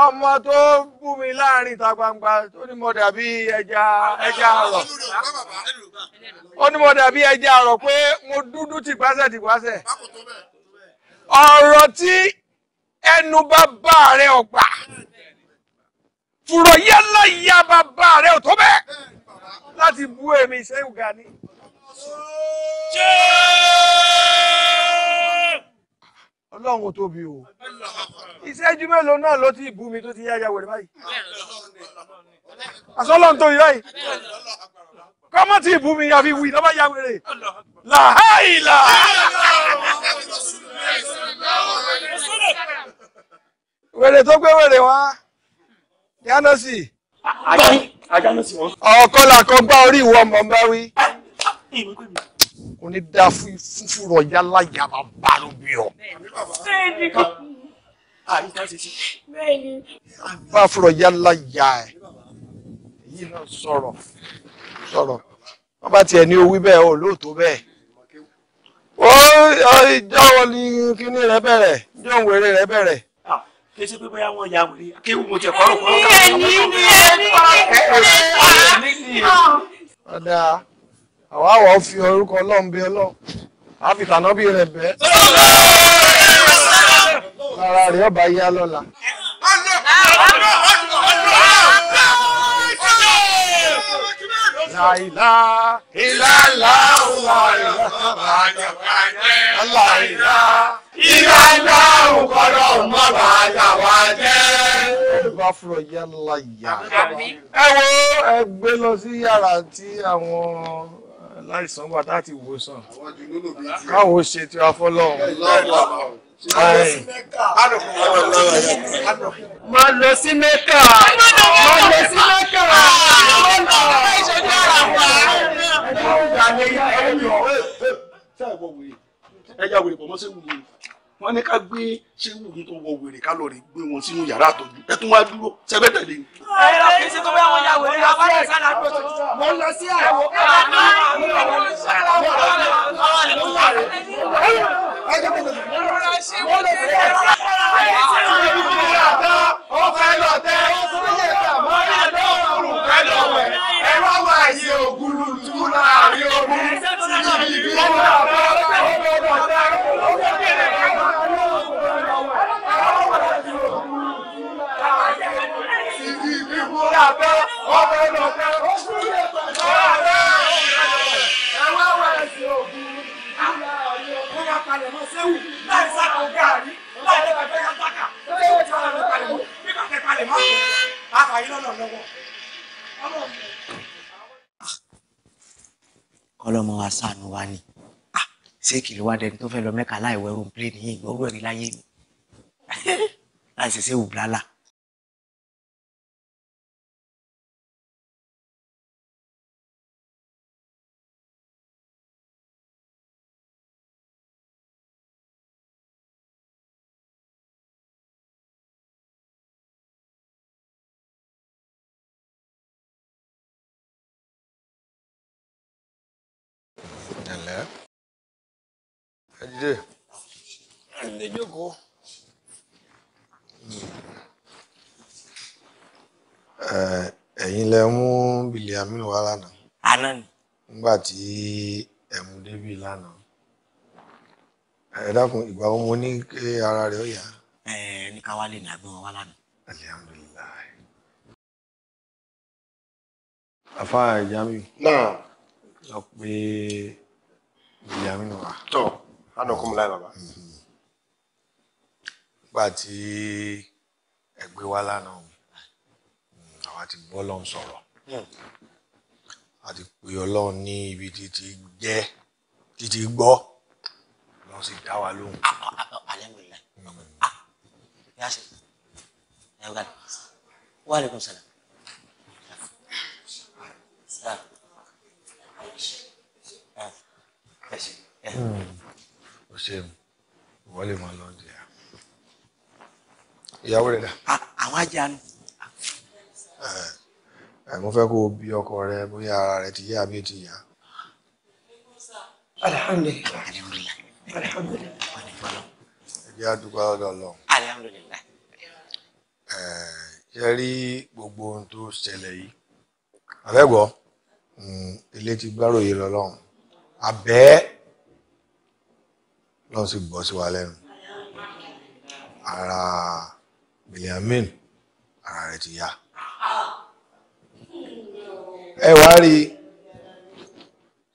ọmọ tó bú mi láàrin ìta gbangba tó ní mo dàbí ẹja ẹja àrọ̀ ó ní mo dàbí ẹja àrọ̀ pé mo dúdú tìpásẹ̀ tìpásẹ̀ ọ̀rọ̀ tí ẹnu bàbá rẹ ọ̀gbà fùrọ̀ yálà ìyá bàbá rẹ ò tó bẹ́ẹ̀ láti bú èmi Shehu Gani. Ọlọ́run ò tóbi o ìṣẹ́jú mélòó náà ló ti bú mi tó ti yáyà wẹ̀rẹ̀ báyìí àsọ́lọ́run tóbi báyìí kọ́mọ́ ti bú mi àfi wì lọ́bá yá wẹ̀rẹ̀ làháìlà wèrè tó gbé wèrè wá yánọ́sì. ajánọ́sì wọn. ọ̀kọ́ là kọ́ gbá orí ìwọ ọmọ bá wí. kò ní dá fúnfún rọ yálà yàrá bá ló bí ọ. Ah, bá fúnrọ yálà yà ẹ èyí náà sọ̀rọ̀ sọ̀rọ̀ wọ́n bá tiẹ̀ ní owí bẹ́ẹ̀ o lóòótọ́ bẹ́ẹ̀ ó ìjọ́wọ́ ni kíní rẹ bẹ̀rẹ̀ ìjọ́wọ́ eré rẹ bẹ̀rẹ̀ ṣe pé bóyá wọn ya wèrè kéwù mo tiẹ̀ kọ́rọ̀ kọ́rọ̀ káwọn ọmọ tó ń bọ̀ ọ̀dà àwa wọ̀ fi orúkọ ọlọ́run bí ọlọ́run á fi tànábì rẹ̀ bẹ́ẹ̀. lára rẹ̀ ọba yá lọ́la. Láìlá ìlàlá òun àìlá àjàkálẹ̀. Láìlá ibà dáhùn kọ́dọ̀ mọ́ bàtà wá jẹ́. Olúwa fúnra yá ńlá ìyá. Ẹ wo ẹ gbé lọ sí yàrá tí àwọn aláìsàn wà láti wòsàn. Káwọn ó ṣètò afọ́lọ́hún. Má lọ sí Mẹ́kà.
Má lọ sí Mẹ́kà. Má lọ sí Mẹ́kà.
Ẹ jẹ́ àwọn ìpamọ́sẹ́ wù mí wọ́n ní ká gbé ṣé wùkún tó wọ wèrè ká lọ rè gbé wọn sínú yàrá àtọ́jú ẹ tún wá dúró sẹbẹ tẹ̀lé
ẹ lọ kí n ṣe tó bá wọn yà sálà tó tó mo lọ sí àwọ. ẹ máa ná àwọn ọmọ mi sọ̀rọ̀ wọn lọ
lọ lọ lọ lọ lọ. ẹ jẹ́ kó lọ sí. mo lọ sí mo lọ sí ẹ lọ. ẹ bí kí ni àtọ́ ó fẹ́ lọ tẹ ó fún yẹ ká mọ́ ẹ lọ́ọ̀rùn fẹ́ lọ́wẹ̀ ẹ wá wá àyè ògúlù tú láàrin omi síbi ìbí dàbẹ́ ọbẹ̀ lọ́bẹ̀ ó kú lè pẹ̀lú ọ̀rẹ́ ẹ̀wọ́ ẹ̀wọ́ ẹ̀sìn ògùn ó yà palẹ̀ mọ́ sẹ́wù láì sáko gàrí láì lẹ́bàá fẹ́ yà sáka ó lè wọ́n ti wà lọ́nà palẹ̀ mọ́ bí pàtẹ́ palẹ̀ mọ́ àfàyè lọ́nà lọ́wọ́
kọlọmọ wa sànù wa ni ah, ṣé kìlì wa dẹni tó fẹ́ lọ mẹ́ka láì wẹrun pléènì yìí gbọrú ẹrí láyé mi
láì ṣẹṣẹ wù blálà.
dìde dìde jókòó. ẹ̀yin lẹ mú bìlì aminu wá lánàá. nígbà tí débi lánàá ẹ dákun ìgbà mo ní ké ara rẹ ó yá.
ní ká wálé ní wa
afa náà. pé bìlì wa. tọ́. anakumulai baba. nígbà tí ẹgbẹ́ wa lánàá àwa ti gbọ́ lọ́n sọ̀rọ̀ hmm. a ti pè ọlọ́run ní ibi títí jẹ́ títí gbọ́ lọ́n sì dá wa lóhùn. wa alaikum salaam. Mm ṣeun ìwọ lè máa lọ jẹ ìyàwó rẹ dà. àwọn ajá ni. mo fẹ́ kó o bí ọkọ rẹ bóyá ara rẹ ti yá àbí ti yá. alihamudulilayi alihamudulilayi alihamudulilayi. ẹ jẹ́ àdúgbò ọ̀dọ̀ ọlọ́run.
alihamudulilayi.
ẹ ṣe rí gbogbo ohun tó ṣẹlẹ̀ yìí abẹ́gbọ́ hmm, ilé ti gbárò yìí lọ́lọ́run abẹ́ẹ́ lọ́n sì gbọ́ sí wa lẹ́nu ara Bilyamin ara rẹ̀ ti yá ẹ wá rí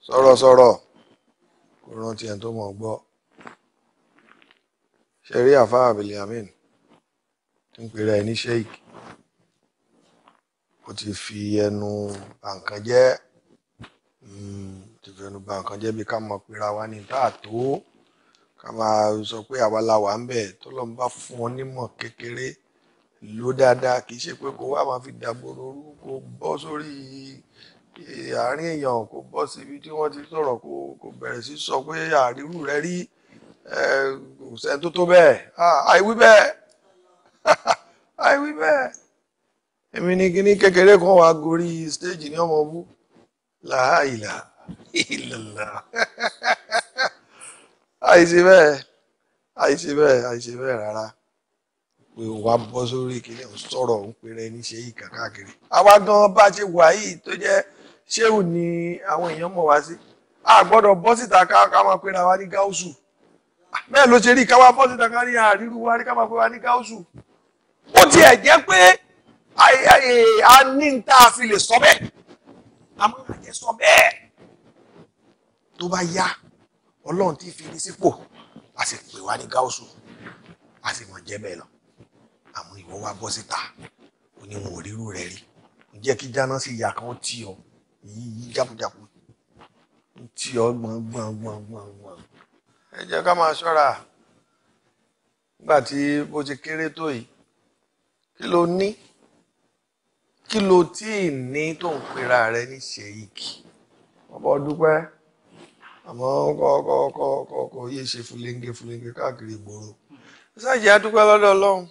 sọ̀rọ̀sọ̀rọ̀ kò rántí ẹni tó mọ̀ gbọ́ ṣe rí àfáà Bilyamin tí ń pèrè ẹni sheik ó ti fi ẹnu bàǹkan jẹ́ hmm, ti fi ẹnu bàǹkan jẹ́ bí ká mọ̀ pera wa ní táà tó ká máa sọ pé àwa la wà ń bẹ̀ tọ́lọ́run bá fún ọ nímọ̀ kékeré ló dáadáa kì í ṣe pé kó wá máa fi dàgbòrò orú kó bọ́ sórí àárín èèyàn kó bọ́ síbi tí wọ́n ti sọ̀rọ̀ kó bẹ̀rẹ̀ sí sọ pé àrírù rẹ rí kò sẹ́ni tó tó bẹ́ẹ̀ àìwí bẹ́ẹ̀ àìwí bẹ́ẹ̀ èmi ní kíní kékeré kan wà gorí stéèjì ní ọmọ bú làá ìlà àìsí bẹ́ẹ̀ àìsí bẹ́ẹ̀ àìsí bẹ́ẹ̀ rárá pé wà á bọ́ sórí kí lẹ́yìn sọ̀rọ̀ ń pèrè ní ṣe yìí kàkàkiri. àwa gan bá ṣe wà yìí tó jẹ́ ṣéwù ni àwọn èèyàn mọ̀ wá sí a gbọ́dọ̀ bọ́ síta ká máa pera wa ní gáúsù bẹ́ẹ̀ ló ṣe rí ká wá bọ́ síta ká rí àríwú wa rí ká máa pera wa ní gáúsù ó tiẹ̀ jẹ́ pé a ní n tá a fi lè sọ bẹ́ẹ̀ a máa jẹ́ sọ bẹ́ẹ̀ tó bá yá ọlọ́run ti fi ní sípò a sì pè wá ní gáúsù a sì mọ̀ jẹ́ bẹ́ẹ̀ lọ àmọ́ ìwọ wá bọ́ síta ó ní wọn ò rírú rẹ rí jẹ́ kí jáná sí ìyá kan tí ọ yí jápujápu tí ọ gbọ̀ngbọ̀ngbọ̀ngbọ̀n ẹ jẹ́ ká máa ṣọ́ra nígbà tí bó ti kéré tó yìí kí ló ní kí ló tí ì ní tó ń pera rẹ ní ṣèyíkì ọbọ dúpẹ́ àmọ́ kọ́kọ́kọ́ kò yé ṣe fúlẹ́ńgé fúlẹ́ńgé káàkiri ìgboro ṣáàjì adúpẹ́ lọ́dọ̀ ọlọ́run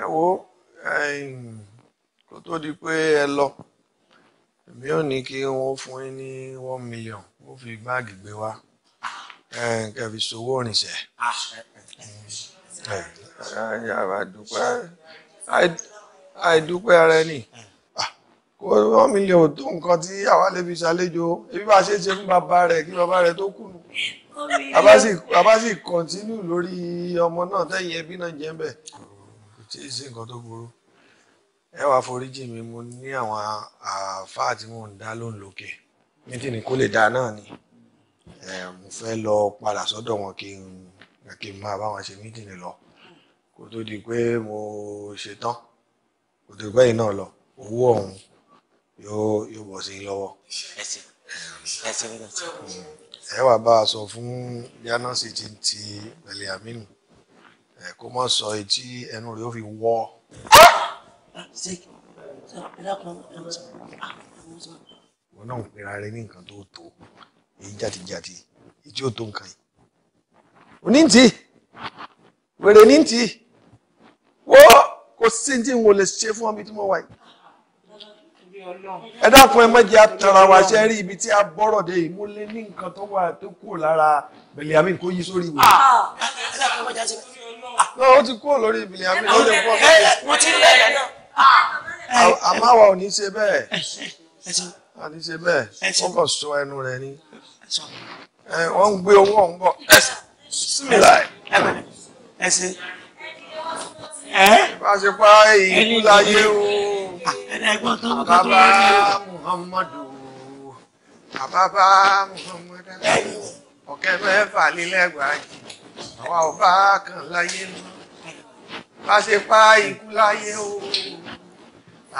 ẹ wo kó tó di pé ẹ lọ èmi ò ní kí wọ́n fún yín ní one million ó fi báàgì gbé wá kẹfì sowó òrìṣẹ́ àìdúpẹ́ ara ẹni wọ́n mi lè tó nǹkan tí àwa lè fi ṣàlejò ebi bá ṣe ṣe fún bàbá rẹ̀ kí bàbá rẹ̀ tó kùnú bàbá sì kọ̀ntínú lórí ọmọ náà tẹ̀yìn ẹbí náà jẹ́ bẹ̀ tí ì sí nǹkan tó burú ẹ wàá foríjì mi mo ní àwọn àáfàá tí mò ń dá lóun lókè mítì ní kó lè dá náà ni mo fẹ́ lọ padà sọ́dọ̀ wọn kí n kí n máa bá wọn ṣe mítì lọ kó tó di pé mo ṣetán kó tó di pé yìí náà lọ owó ọ̀hún yóò yóò bọ́ sí lọ́wọ́. ẹ wà bá a sọ fún yánásì tí ń ti pẹ̀lẹ́ àmínú ẹ kó má sọ etí ẹnu rẹ̀ ó fi wọ́. wọn náà ń pera rẹ ní nǹkan tó tó èyí jàtijàti èyí ò tó nǹkan yìí. òní ń tì wèrè ní ń tì wọ́ kò sí ní tí n ò lè ṣe fún ọmọ ibi tí ẹ dákun ẹ mọ̀jẹ̀ àtàrà wá ṣe rí ibi tí a bọ́rọ̀ dé yìí mo lé ní nǹkan tó wà tó kúrò lára Bẹ̀líámìn kó yí sórí ìwé. náà ah! ah! ó ti kúrò lórí Bẹ̀líámìn ló lè pọ̀ bẹ́ẹ̀. Ah! àmọ́ àwa ò ní ṣe bẹ́ẹ̀ a ní ṣe bẹ́ẹ̀ wọ́n kàn sọ ẹnu rẹ̀ ni wọ́n ń gbé owó ọ̀hún bọ̀.
ẹ bá ṣe pa èyí kú láyé o ẹ̀ẹ́dẹ́gbọ́n tó ń
Muhammadu àbábá Muhammadu ọ̀kẹ́ mẹ́fà lílẹ́gbàájì àwa ò bá kan láyé mọ́ bá ṣe pa ikú láyé o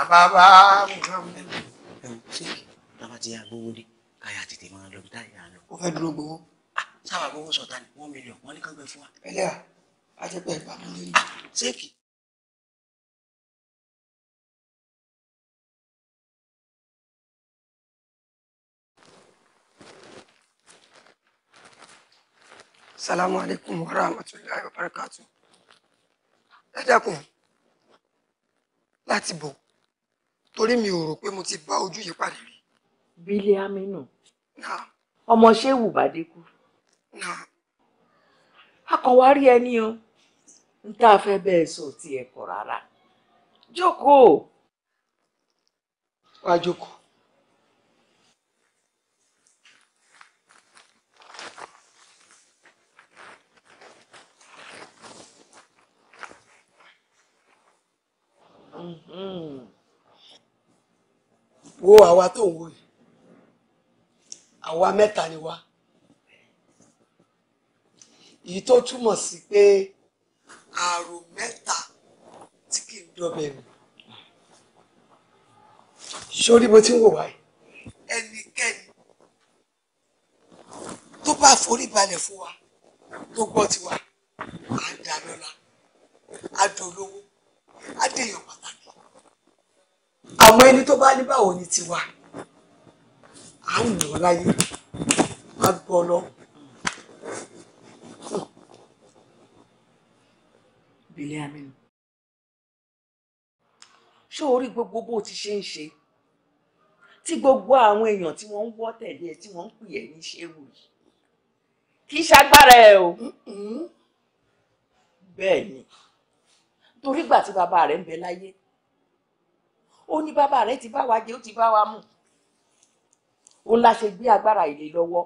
àbábá Muhammadu.
ṣé bàbá ti yá gbowó ni káyà lo. máa lọ bí táyà lọ. ó fẹ́ dúró gbowó ah, sábà gbogbo sọ̀tà ní one million wọ́n ní kán gbé fún wa. ẹlẹ́yà á ti pẹ́
ìpamọ́ lórí. ṣéèkì
salamu alaikum wa rahmatulahi wa barakatu ẹ dákun láti bọ̀
torí mi ò rò pé mo ti bá ojú yìí pàdé rí. bílẹ̀ aminu ọmọ ṣéwù bàdékù akọ̀wárí ẹni o n tá a fẹ́ bẹ́ẹ̀ sọ ti ẹ̀kọ́ rárá jókòó.
wàá jókòó. wo àwa tó ń wò yìí àwa mẹ́ta ni wá èyí tó túmọ̀ sí pé àrò mẹ́ta tí kì í dọ̀bẹ̀ nù sórí bó ti ń wò wáyé ẹnikẹ́ni tó bá forí balẹ̀ fún wa tó gbọ́ tiwa à ń dá lọ́la á dolówó adéyàn pàtàkì
àwọn ẹni tó bá ní báwo ni tiwa à ń lọ láyé má gbọ́ lọ. bílẹ̀ aminu ṣé orí gbogbo bó ti ṣe ń ṣe tí gbogbo àwọn èèyàn tí wọ́n ń wọ́ tẹ̀lé ẹ tí wọ́n ń pè ẹ́ ní ṣéwù yìí kì í ṣagbára ẹ o bẹ́ẹ̀ ni torí gbà tí bàbá rẹ̀ ń bẹ láyé ó ní bàbá rẹ̀ ti bá wa jẹ ó ti bá wa mu ó la ṣe gbé agbára ilé lọ́wọ́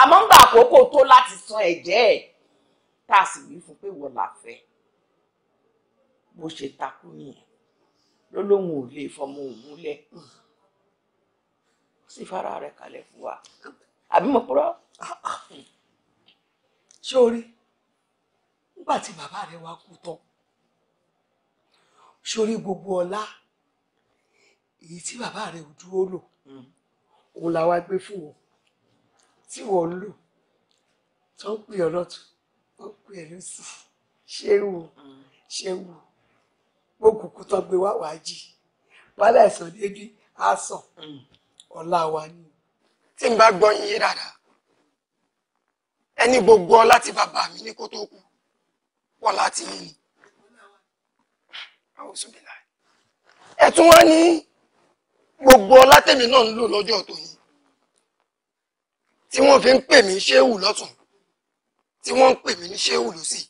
àmọ́ ń gbà àkókò tó láti san ẹ̀jẹ̀ ẹ̀ tá a sì wí fún pé wọ́n là fẹ́ bó ṣe takú nìyẹn ló lóun ò lè fọmọ òun múlẹ̀ ó sì fara rẹ̀ kalẹ̀ fún wa àbí mo purọ́ ṣé o rí nígbà tí
bàbá rẹ̀ wá kú tán sórí gbogbo ọlá èyí tí bàbá rẹ ò dúró lò hmm. òun làwa gbé fún wọn tí wọn ń lò tó ń pè ọ lọtún tó ń pè ẹ lọsí ṣé wò hmm. ṣé wò gbókùnkùn tó gbé wá wàá jì wàhálà ẹ̀sán débi á sàn hmm. ọlá wa ni. tí n bá gbọ́ yín yé ẹni gbogbo ọlá tí bàbá mi ní kó tó kú wọ́n láti yín ni àwòsùnbìlà ẹ tún wá ní gbogbo ọlátẹ̀mí náà ń lò lọ́jọ́ tòyìn tí wọ́n fi ń pè mí ṣéwù lọ́tún tí wọ́n ń pè mí ní ṣéwù lọ́sì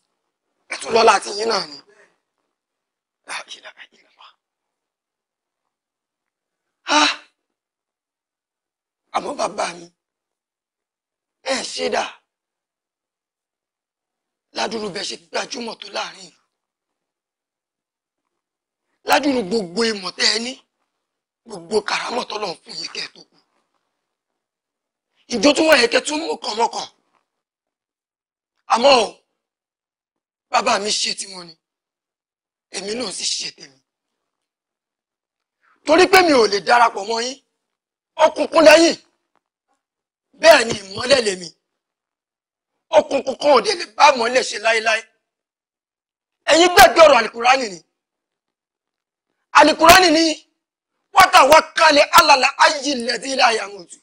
ẹ tún lọ́lá ti yín náà
ni. àmọ́ bàbá mi ẹ ṣé dà ládùúrú bẹ ṣe gbajúmọ̀ tó láàrin ìlú ládùúrú gbogbo ìmọ̀ tẹ́ ẹ ní gbogbo kàrámọ̀ tọ́lọ̀ fún yìí kẹ́ tó kù ìjọ tó wà yẹ kẹ́ tó mú kànmọ́kàn àmọ́ bàbá mi ṣe tiwọn ni èmi náà sì ṣe tèmi torí pé mi ò lè darapọ̀ mọ́ yín ọkùnkùn lẹ́yìn bẹ́ẹ̀ ni ìmọ́lẹ̀ lèmi ọkùnkùn kan ò dé lè bá mọ́lẹ̀ ṣe láéláé ẹ̀yin gbàgbé ọ̀rọ̀ àlùkùránì ni alukurani ní wọ́tàwọ́kálẹ̀ alàlà ayé lẹ́dí láyà mọ̀tù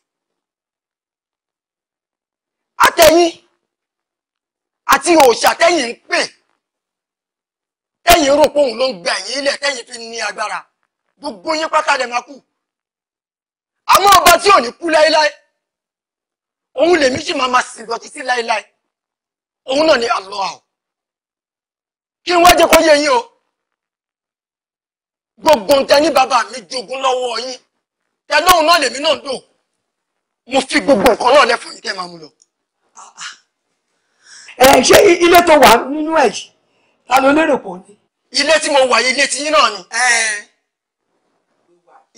àtẹ̀yìn àti òòṣà tẹ́yìn ń pè tẹ́yìn rò pòun ló ń gbẹ ẹ̀yìn ilẹ̀ tẹ́yìn fi ní agbára gbogbo yín pátá lè máa kú àmọ́ ọba tí ò ní kú láíláí òun lèmi sì máa máa sìn lọ títí láéláé òun náà ni Allah kí wọ́n jẹ́ kó yé yín o. gbogbo nǹkan ní bàbá mi jogún lọ́wọ́ yín tẹ́lọ́hún náà lèmi náà dò mo fi gbogbo nǹkan náà lẹ́fọ̀ọ́ yín kẹ́ máa mú lọ. ẹ ṣé ilé tó wà nínú ẹ yìí ta ló lérò pọ̀ ni. ilé tí mo wà yìí ilé tiyín náà ni.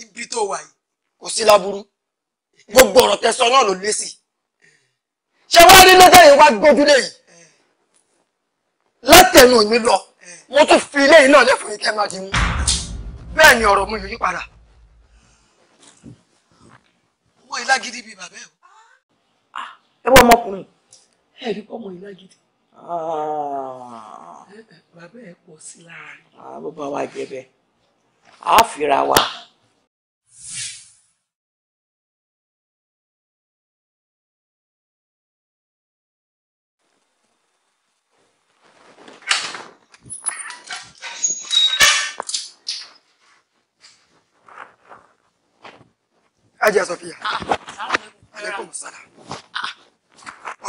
ibi tó wà yìí kò sí láburú gbogbo ọ̀rọ̀ tẹ́ sọ náà ló lé sí. ṣé wàá rí lọ́jọ́ yìí wá gbójúlé yìí látẹnu mi lọ mo tún fi ilé yìí náà lẹ́fọ̀ọ́ yín kẹ́ máa di mú. bẹ́ẹ̀ ni ọ̀rọ̀ owó bíi bàbá ẹ ah, wọ ọmọkùnrin ẹ rí
ah. bàbá ẹ sí ah, bàbá wa jẹ bẹ́ẹ̀ a fira wa.
Hajiya Safiya. Alaikum salam.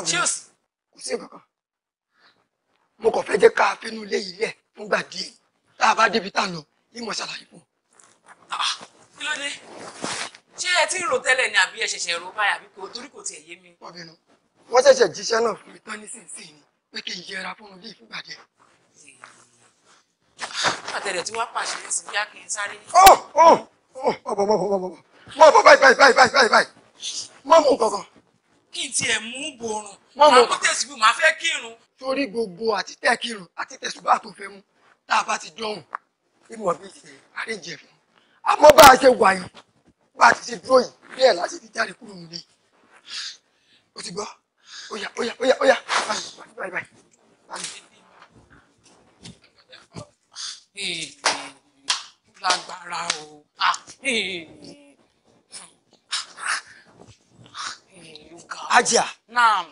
Cheers. Kò sí nǹkan kan. Mo kàn fẹ́ jẹ́ ká fínú ilé yìí lẹ̀ fúngbà díẹ̀. Tá a bá débi tá a lọ, yìí mọ̀ ṣàlàyé fún.
Kí ló dé? Ṣé ẹ ti ń rò tẹ́lẹ̀ ni àbí ẹ ṣẹ̀ṣẹ̀ ro báyìí àbí kò torí kò tiẹ̀ yé mi?
Wọ́n bínú. Wọ́n ṣẹ̀ṣẹ̀ jíṣẹ́ náà fún mi tán nísinsìnyí ni pé kí n yẹra fún ilé ìfúngbà díẹ̀.
Àtẹ̀lẹ̀ tí wọ́n pàṣẹ sí bí a kì
oh, oh, oh, ó ó ọ̀bọ̀bọ̀bọ̀bọ̀ mọ bọ báyìí báyìí báyìí báyìí báyìí báyìí mọ mú kankan. kí n tiẹ̀ mú borun máa mú tẹ̀síbù máa fẹ́ kírun. torí gbogbo àti tẹ́ kírun àti tẹ̀síbù àtò fẹ́ mú tá a bá ti dọ̀hùn ìmọ̀ bíi ti àríjẹ fún un. àmọ́ bá a ṣe wà yìí bá a ti ṣe dúró yìí bẹ́ẹ̀ láti fi jáde kúrò nílé. o ti gbọ́ óyá óyá óyá óyá báyìí báyìí báyìí báyìí. lágbára o. Ah, ajia. naam.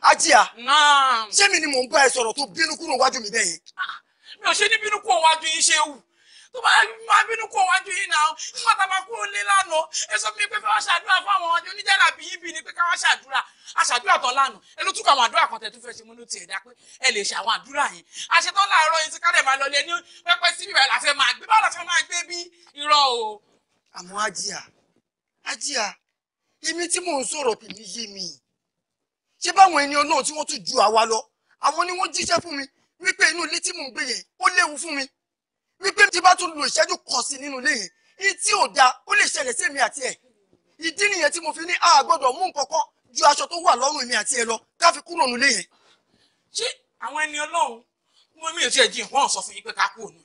ajia. naam. Se mi ni mò ń bá ẹ sọ̀rọ̀ tó bínú kúrò wájú mi bẹ́yẹn. Ah, mi ò ṣe ní bínú kúrò wájú yín ṣe wù tó bá máa bínú kúrò wájú yín náà nígbà tá a máa kúrò lé lánàá ẹ sọ fún mi pé fẹ́ wá ṣàdúrà fún àwọn ọdún oníjàlá bí yín bí ni pé ká wá ṣàdúrà aṣàdúrà tán lánàá ẹ ló túkọ̀ àwọn àdúrà kan tẹ̀ tó fẹ́ ṣe mú ló tiẹ̀ dá pé ẹ lè ṣe àwọn àdúrà yẹn àṣetán láàárọ̀ yín ti kálẹ̀ máa lọ lé ní pẹ́pẹ́ síbi ìbàlá fẹ́ máa gbé báwo la fẹ́ máa gbé bí irọ́ o. Amo Ajia. Ajia èmi tí mò ń sọ̀rọ̀ kì í yé mi ṣé báwọn ẹni ọlọ́run tí wọ́n tún ju àwa lọ àwọn ni wọ́n jíṣẹ́ fún mi wípé inú ilé tí mò ń gbé yẹn ó léwu fún mi wípé tí bá tún lo ìṣẹ́jú kan sí nínú ilé yẹn ní tí ò dáa ó lè ṣẹlẹ̀ sí èmi àti ẹ̀ ìdí nìyẹn tí mo fi ní a mú nǹkan ju aṣọ tó wà lọ́rùn èmi àti ẹ̀ lọ ká fi kúrò nílé yẹn. ṣé àwọn ẹni ọlọ́run mo mi ò tiẹ̀ jí ìwọ́n sọ fún yín pé ká kúrò nù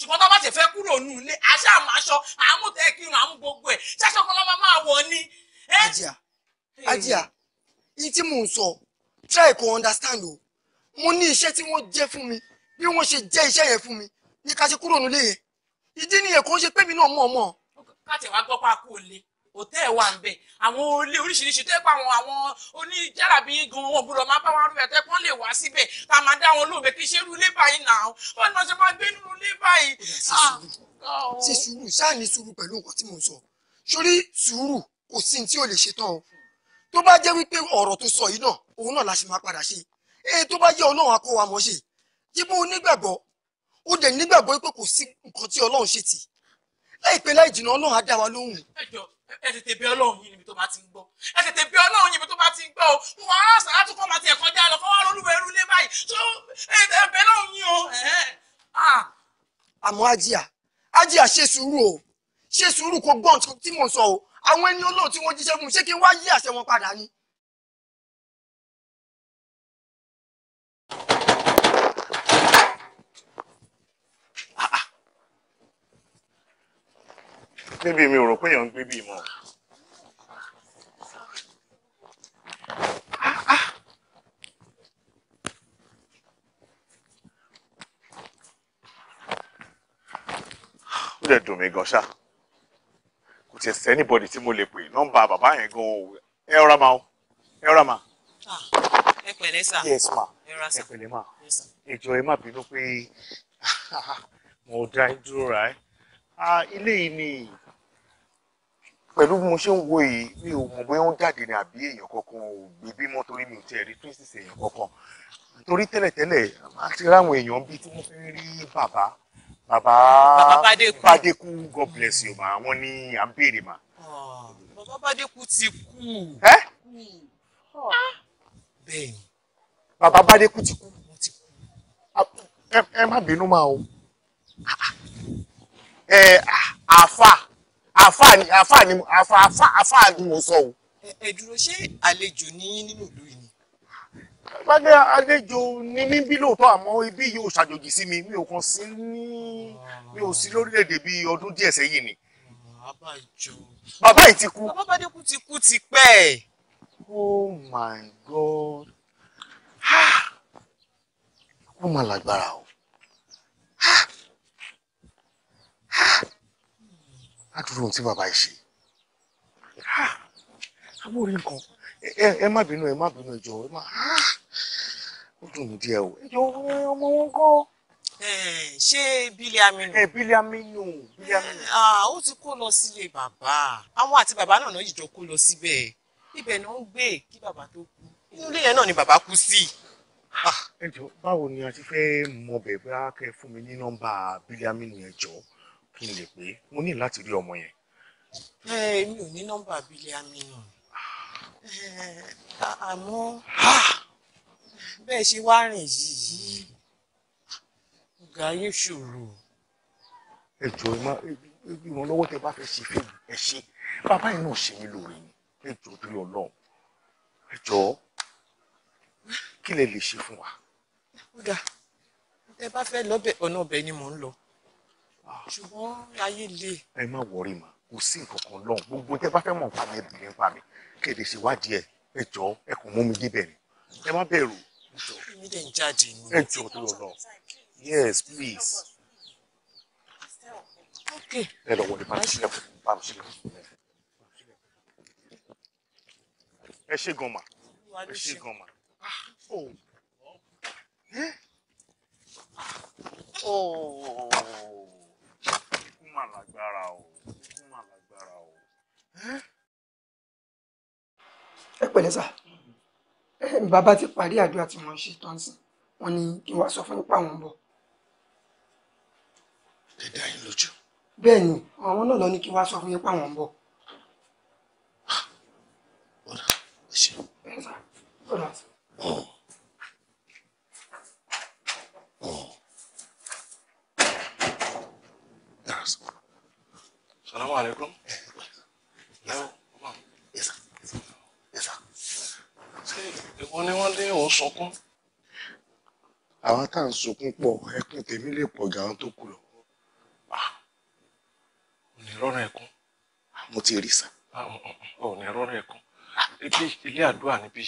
ṣùgbọ́n tó bá ti fẹ́ kúrò nù ní aṣáàmù aṣọ àmútẹ́kìrún àmú ẹ̀ ajia yìí tí mò ń sọ try kò understand o mo ní iṣẹ́ tí wọ́n jẹ́ fún mi bí wọ́n ṣe jẹ́ iṣẹ́ yẹn fún mi ní ká ṣe kúrò nílé yẹn ìdí nìyẹn kò ń ṣe pé mi náà mọ̀ ọ́ mọ̀.
káàtì wàá gbọ́ pa kú òle òtẹ́ wà ń bẹ̀ àwọn olè oríṣiríṣi tẹ́ pa àwọn àwọn oníjàràbí gan wọn gbọdọ̀ máa bá wọn rúbẹ̀ tẹ́ pọ́n lè wá síbẹ̀ tá a máa dá wọn lóògbé kí ṣe irú ilé báyìí
nà án wọn ni wọn ṣe máa gbé nínú ilé báyìí. Ah, ṣe
sùúrù ṣáà ní sùúrù pẹ̀lú nǹkan tí mò sọ sórí sùúrù kò sí ní tí ò lè ṣe o tó bá jẹ́ wípé ọ̀rọ̀ tó sọ yìí náà òun náà la sì máa padà ṣe ee tó bá jẹ́ ọlọ́run akọ́ wa mọ̀ ṣe jíbú nígbàgbọ́ ó dẹ̀ nígbàgbọ́ pé kò sí nǹkan tí ọlọ́run ṣe tì láìpẹ́ láì jìnnà ọlọ́run á dá wa lóhùn. ẹ tètè bí ọlọ́run yìí níbi tó bá ti ń gbọ́ ẹ tètè bí ọlọ́run yìí níbi tó bá ti ń gbọ́ o wọn ará sàrá tó kọ́ máa ti ẹ̀kọ́ dá lọ kọ́ wá lólúwẹ̀ẹ́rú lé báyìí tó ẹ bẹ́ lọ́run yìí o. àmọ́ ajíà ajíà ṣe sùúrù o ṣe sùúrù kó gbọ́n tí mò ń o àwọn ẹni olóò tí wọ́n jíṣẹ́ fún mi ṣé kí n wá yí àṣẹ wọn padà ni. níbi mi ò rò pé èèyàn ń gbé bí mọ́. ó dẹ̀ dùn mí gan ṣáà kò tiẹ̀ sẹ́nìbọ̀dì tí mo lè pè nọ́mbà bàbá yẹn gan o ẹ ọ̀rá ma o ẹ ọ̀rá
ma. Ah,
ẹ pẹ̀lẹ́ sà yes ma
ẹ pẹ̀lẹ́ ma ìjọ ẹ má bínú pé mo dá yín dúró rà ẹ
ilé yìí ni pẹ̀lú bí mo ṣe ń wo yìí mi ò mọ̀ bóyá ó ń jáde ní àbí èèyàn kankan ò gbé bímọ torí mi ò tiẹ̀ rí tracy èèyàn kankan torí tẹ́lẹ̀tẹ́lẹ̀ àti ráwọn èèyàn bíi tí
mo fẹ́ rí bàbá Baba, bàbá bàdékù god bless you ma wọ́n ní à ń béèrè ah, Baba,
bàbá bàdékù ti kú.
ẹ Baba, bàbá bàdékù ti kú. ẹ má bínú ma o. ẹ àfà àfà ni àfà ni àfà àfà àfà ni mo sọ o. ẹ dúró ṣé àlejò ní nínú ìlú yìí gbàgbé àlejò ni mí bí lóòótọ́ àmọ́ ibi yìí ò ṣàjòjì sí mi mi ò kàn sí ní mi ò sí lórílẹ̀‐èdè bíi ọdún díẹ̀ sẹ́yìn ni. bàbá ìjọ. bàbá yìí ti kú. bàbá bàdé kú ti kú ti pẹ́. oh my god ó mà lágbára o á dúró ohun tí bàbá yìí ṣe àbúrò nǹkan ẹ má bínú ẹ má bínú ẹ jọ̀ọ́ ẹ má ah, ó dùn mí díẹ̀ o ẹ jọ̀ọ́ ọmọ wọn kọ́.
ṣé bílí aminu. ẹ
bílí aminu bílí aminu. ó ti kó lọ
sílé bàbá àwọn àti bàbá náà yìí jọ kó lọ síbẹ̀ ibẹ̀ ni wọ́n ń gbé kí bàbá tó kú
inú ilé yẹn náà ni bàbá kú sí. Ah, ẹ jọ̀ọ́ báwo ni a ti fẹ́ mọ bẹ̀rẹ̀ bá kẹ́ fún mi ní nọ́mbà bílí aminu ẹ jọ̀ọ́ kí n lè pé mo ní láti rí ọmọ yẹn. ẹ mi ò ní nọ́mbà bílí aminu. Eh, àmọ́ bẹ́ẹ̀ ṣe wá rìn yìí ọ̀gá yín ṣòro. ẹ jọ ẹ má ebi wọn lọ́wọ́ tẹ bá fẹ́ ṣe fèmí ẹ ṣe bàbá yìí náà ṣe mí lóore ni ẹ jọ torí Ọlọ́run ẹ jọ kí lẹ lè ṣe fún wa. ó dáa tẹ bá fẹ́ lọ́bẹ̀ ọ̀nà ọbẹ̀ ni mò ń lọ ṣùgbọ́n ayé le. ẹ má wọrí mà kò sí nǹkan kan lọ́hùn gbogbo tẹ bá fẹ́ mọ̀ nípa mi ẹ bìrì nípa mi kéde ṣèwádìí ẹ ẹ jọ ẹ kò mú mi débẹ̀ ni ẹ má bẹ̀rù ẹ jọ ẹ jọ tó lọ lọ yes please. ẹ lọ wọlé bá mi
bá mi ẹ ṣe gan ma ẹ ṣe gan ma
ah. oh. Eh? oh oh lágbára o kúmà lágbára o. Eh? ẹ pẹ̀lẹ́ sà bàbá ti parí àdúrà tí wọ́n ń ṣe tán sí wọ́n ní kí wàá sọ fún nípa àwọn bọ̀. lè dá yín lójú. bẹ́ẹ̀ ni àwọn náà lọ ní kí wàá sọ fún nípa àwọn bọ̀. ọ̀rọ̀ ẹ ṣe. bẹ́ẹ̀ sà ọ̀rọ̀ Salamu alaikum. Hello. ìwọ ni wọ́n dín òun sọkún. àwọn tá à ń sọkún pọ̀ ẹkún tèmi lè pọ̀ ju àwọn tó kù lọ. ò ní rọrùn ẹkún. mo ti rí sá. ò ní rọrùn ẹkún ibi ilé àdúrà níbí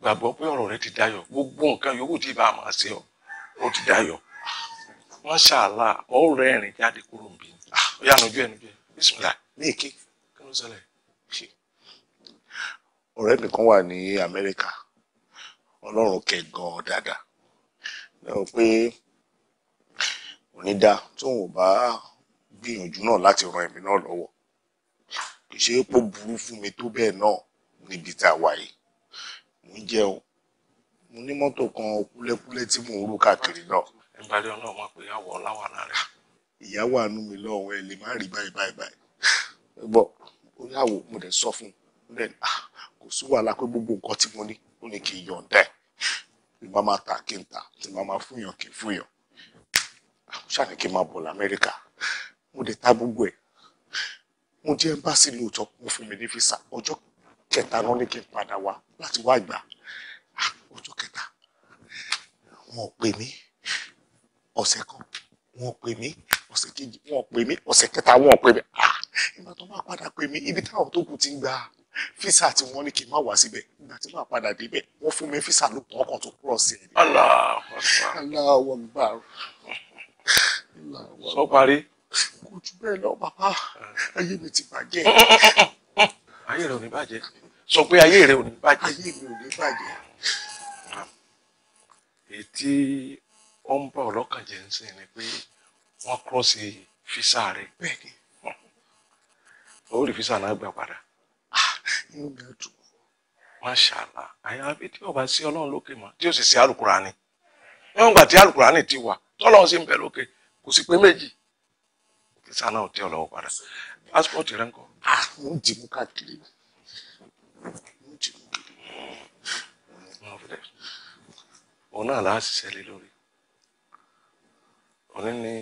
gbàgbọ́ pé ọ̀rọ̀ rẹ ti dayọ̀ gbogbo nǹkan yòówù tí ìbá máa ṣe ọ ó ti dayọ̀ mọ́ṣáláà ó rẹ́rìn jáde kúrò níbí ó yà lójú ẹnu bí
bísímìlà. ní èké kí ló ṣẹlẹ̀ ṣe ọ̀rẹ́ mi kan wà ní Amẹ́ríkà ọlọ́run kẹ́ gan dáadáa lẹ́nu pé onídá tóun ò bá gbìyànjú náà láti ran ẹ̀mí
náà lọ́wọ́ kì í ṣe pò burú fún mi tó bẹ́ẹ̀ náà níbi tá a wà yìí mo ń jẹun mo ní mọ́tò kan kúlẹ́kúlẹ́ tí mò ń rú káàkiri náà. ìbàdí ọlọ́run mọ̀ pé àwọ̀ ọ̀la lára. ìyá wà nú mi lọ́wọ́ ẹ lè má rí báyìí báyìí báyìí. bọ́ ó yàwó mo dẹ̀ sọ fún un then ah kò sí wàhálà pé gbogbo nǹkan tí mo ní ó ní kí n yọ̀ǹda ẹ̀ tí màá máa ta kí n ta tí màá máa fún yàn kí n fún yàn ah, ṣáàní kí n máa bọ̀ lamẹ́ríkà mo dẹ̀ ta gbogbo ẹ̀ mo jẹ́ ẹ́mbáàsì lóòótọ́ mo fún mi ní fisa ọjọ́ kẹta náà ní kí n padà wá láti wá gbà ah, ọjọ́ kẹta wọn ò pè mí ọ̀sẹ̀ kan wọn ò pè mí ọ̀sẹ̀ kejì wọn ò pè mí ọ̀sẹ̀ kẹta wọn ò pè mí ah, ìgbà tó máa padà pè mí ibi táwọn tó kù ti ń gbà á físà tí wọ́n ní kí n má wá síbẹ̀ nígbà tí màá padà débẹ̀ wọ́n fún mi físà ló tán ọkàn tó kúrọ̀sì ẹ̀. aláwọ̀ ń bá a. sọ parí. kò jù bẹ́ẹ̀ lọ bàbá ayé mi ti bàjẹ́. ayé rẹ ò ní bàjẹ́ sọ pé ayé rẹ ò ní bàjẹ́. ayé mi ò ní bàjẹ́. ètí ó ń bá ọlọ́kàn jẹ́ ń sìn ni pé wọ́n kúrọ̀sì físà rẹ̀. bẹ́ẹ̀ ni. ó rí físà náà gbà padà inú mi dùn mashallah àyàfi tí ọba sí ọlọ́run lókè mọ́ tí ó sì sí alukurani níwọ̀n ìgbà tí alukurani ti wà tọ́lọ́run sì ń bẹ lókè kò sí pé méjì kìsà náà tẹ ọlọ́wọ́ padà passport rẹ ń kọ́. Ah, mo ń dìbò káàkiri mo ń dìbò káàkiri. òun náà láà ṣiṣẹ́ lé lórí òun ní.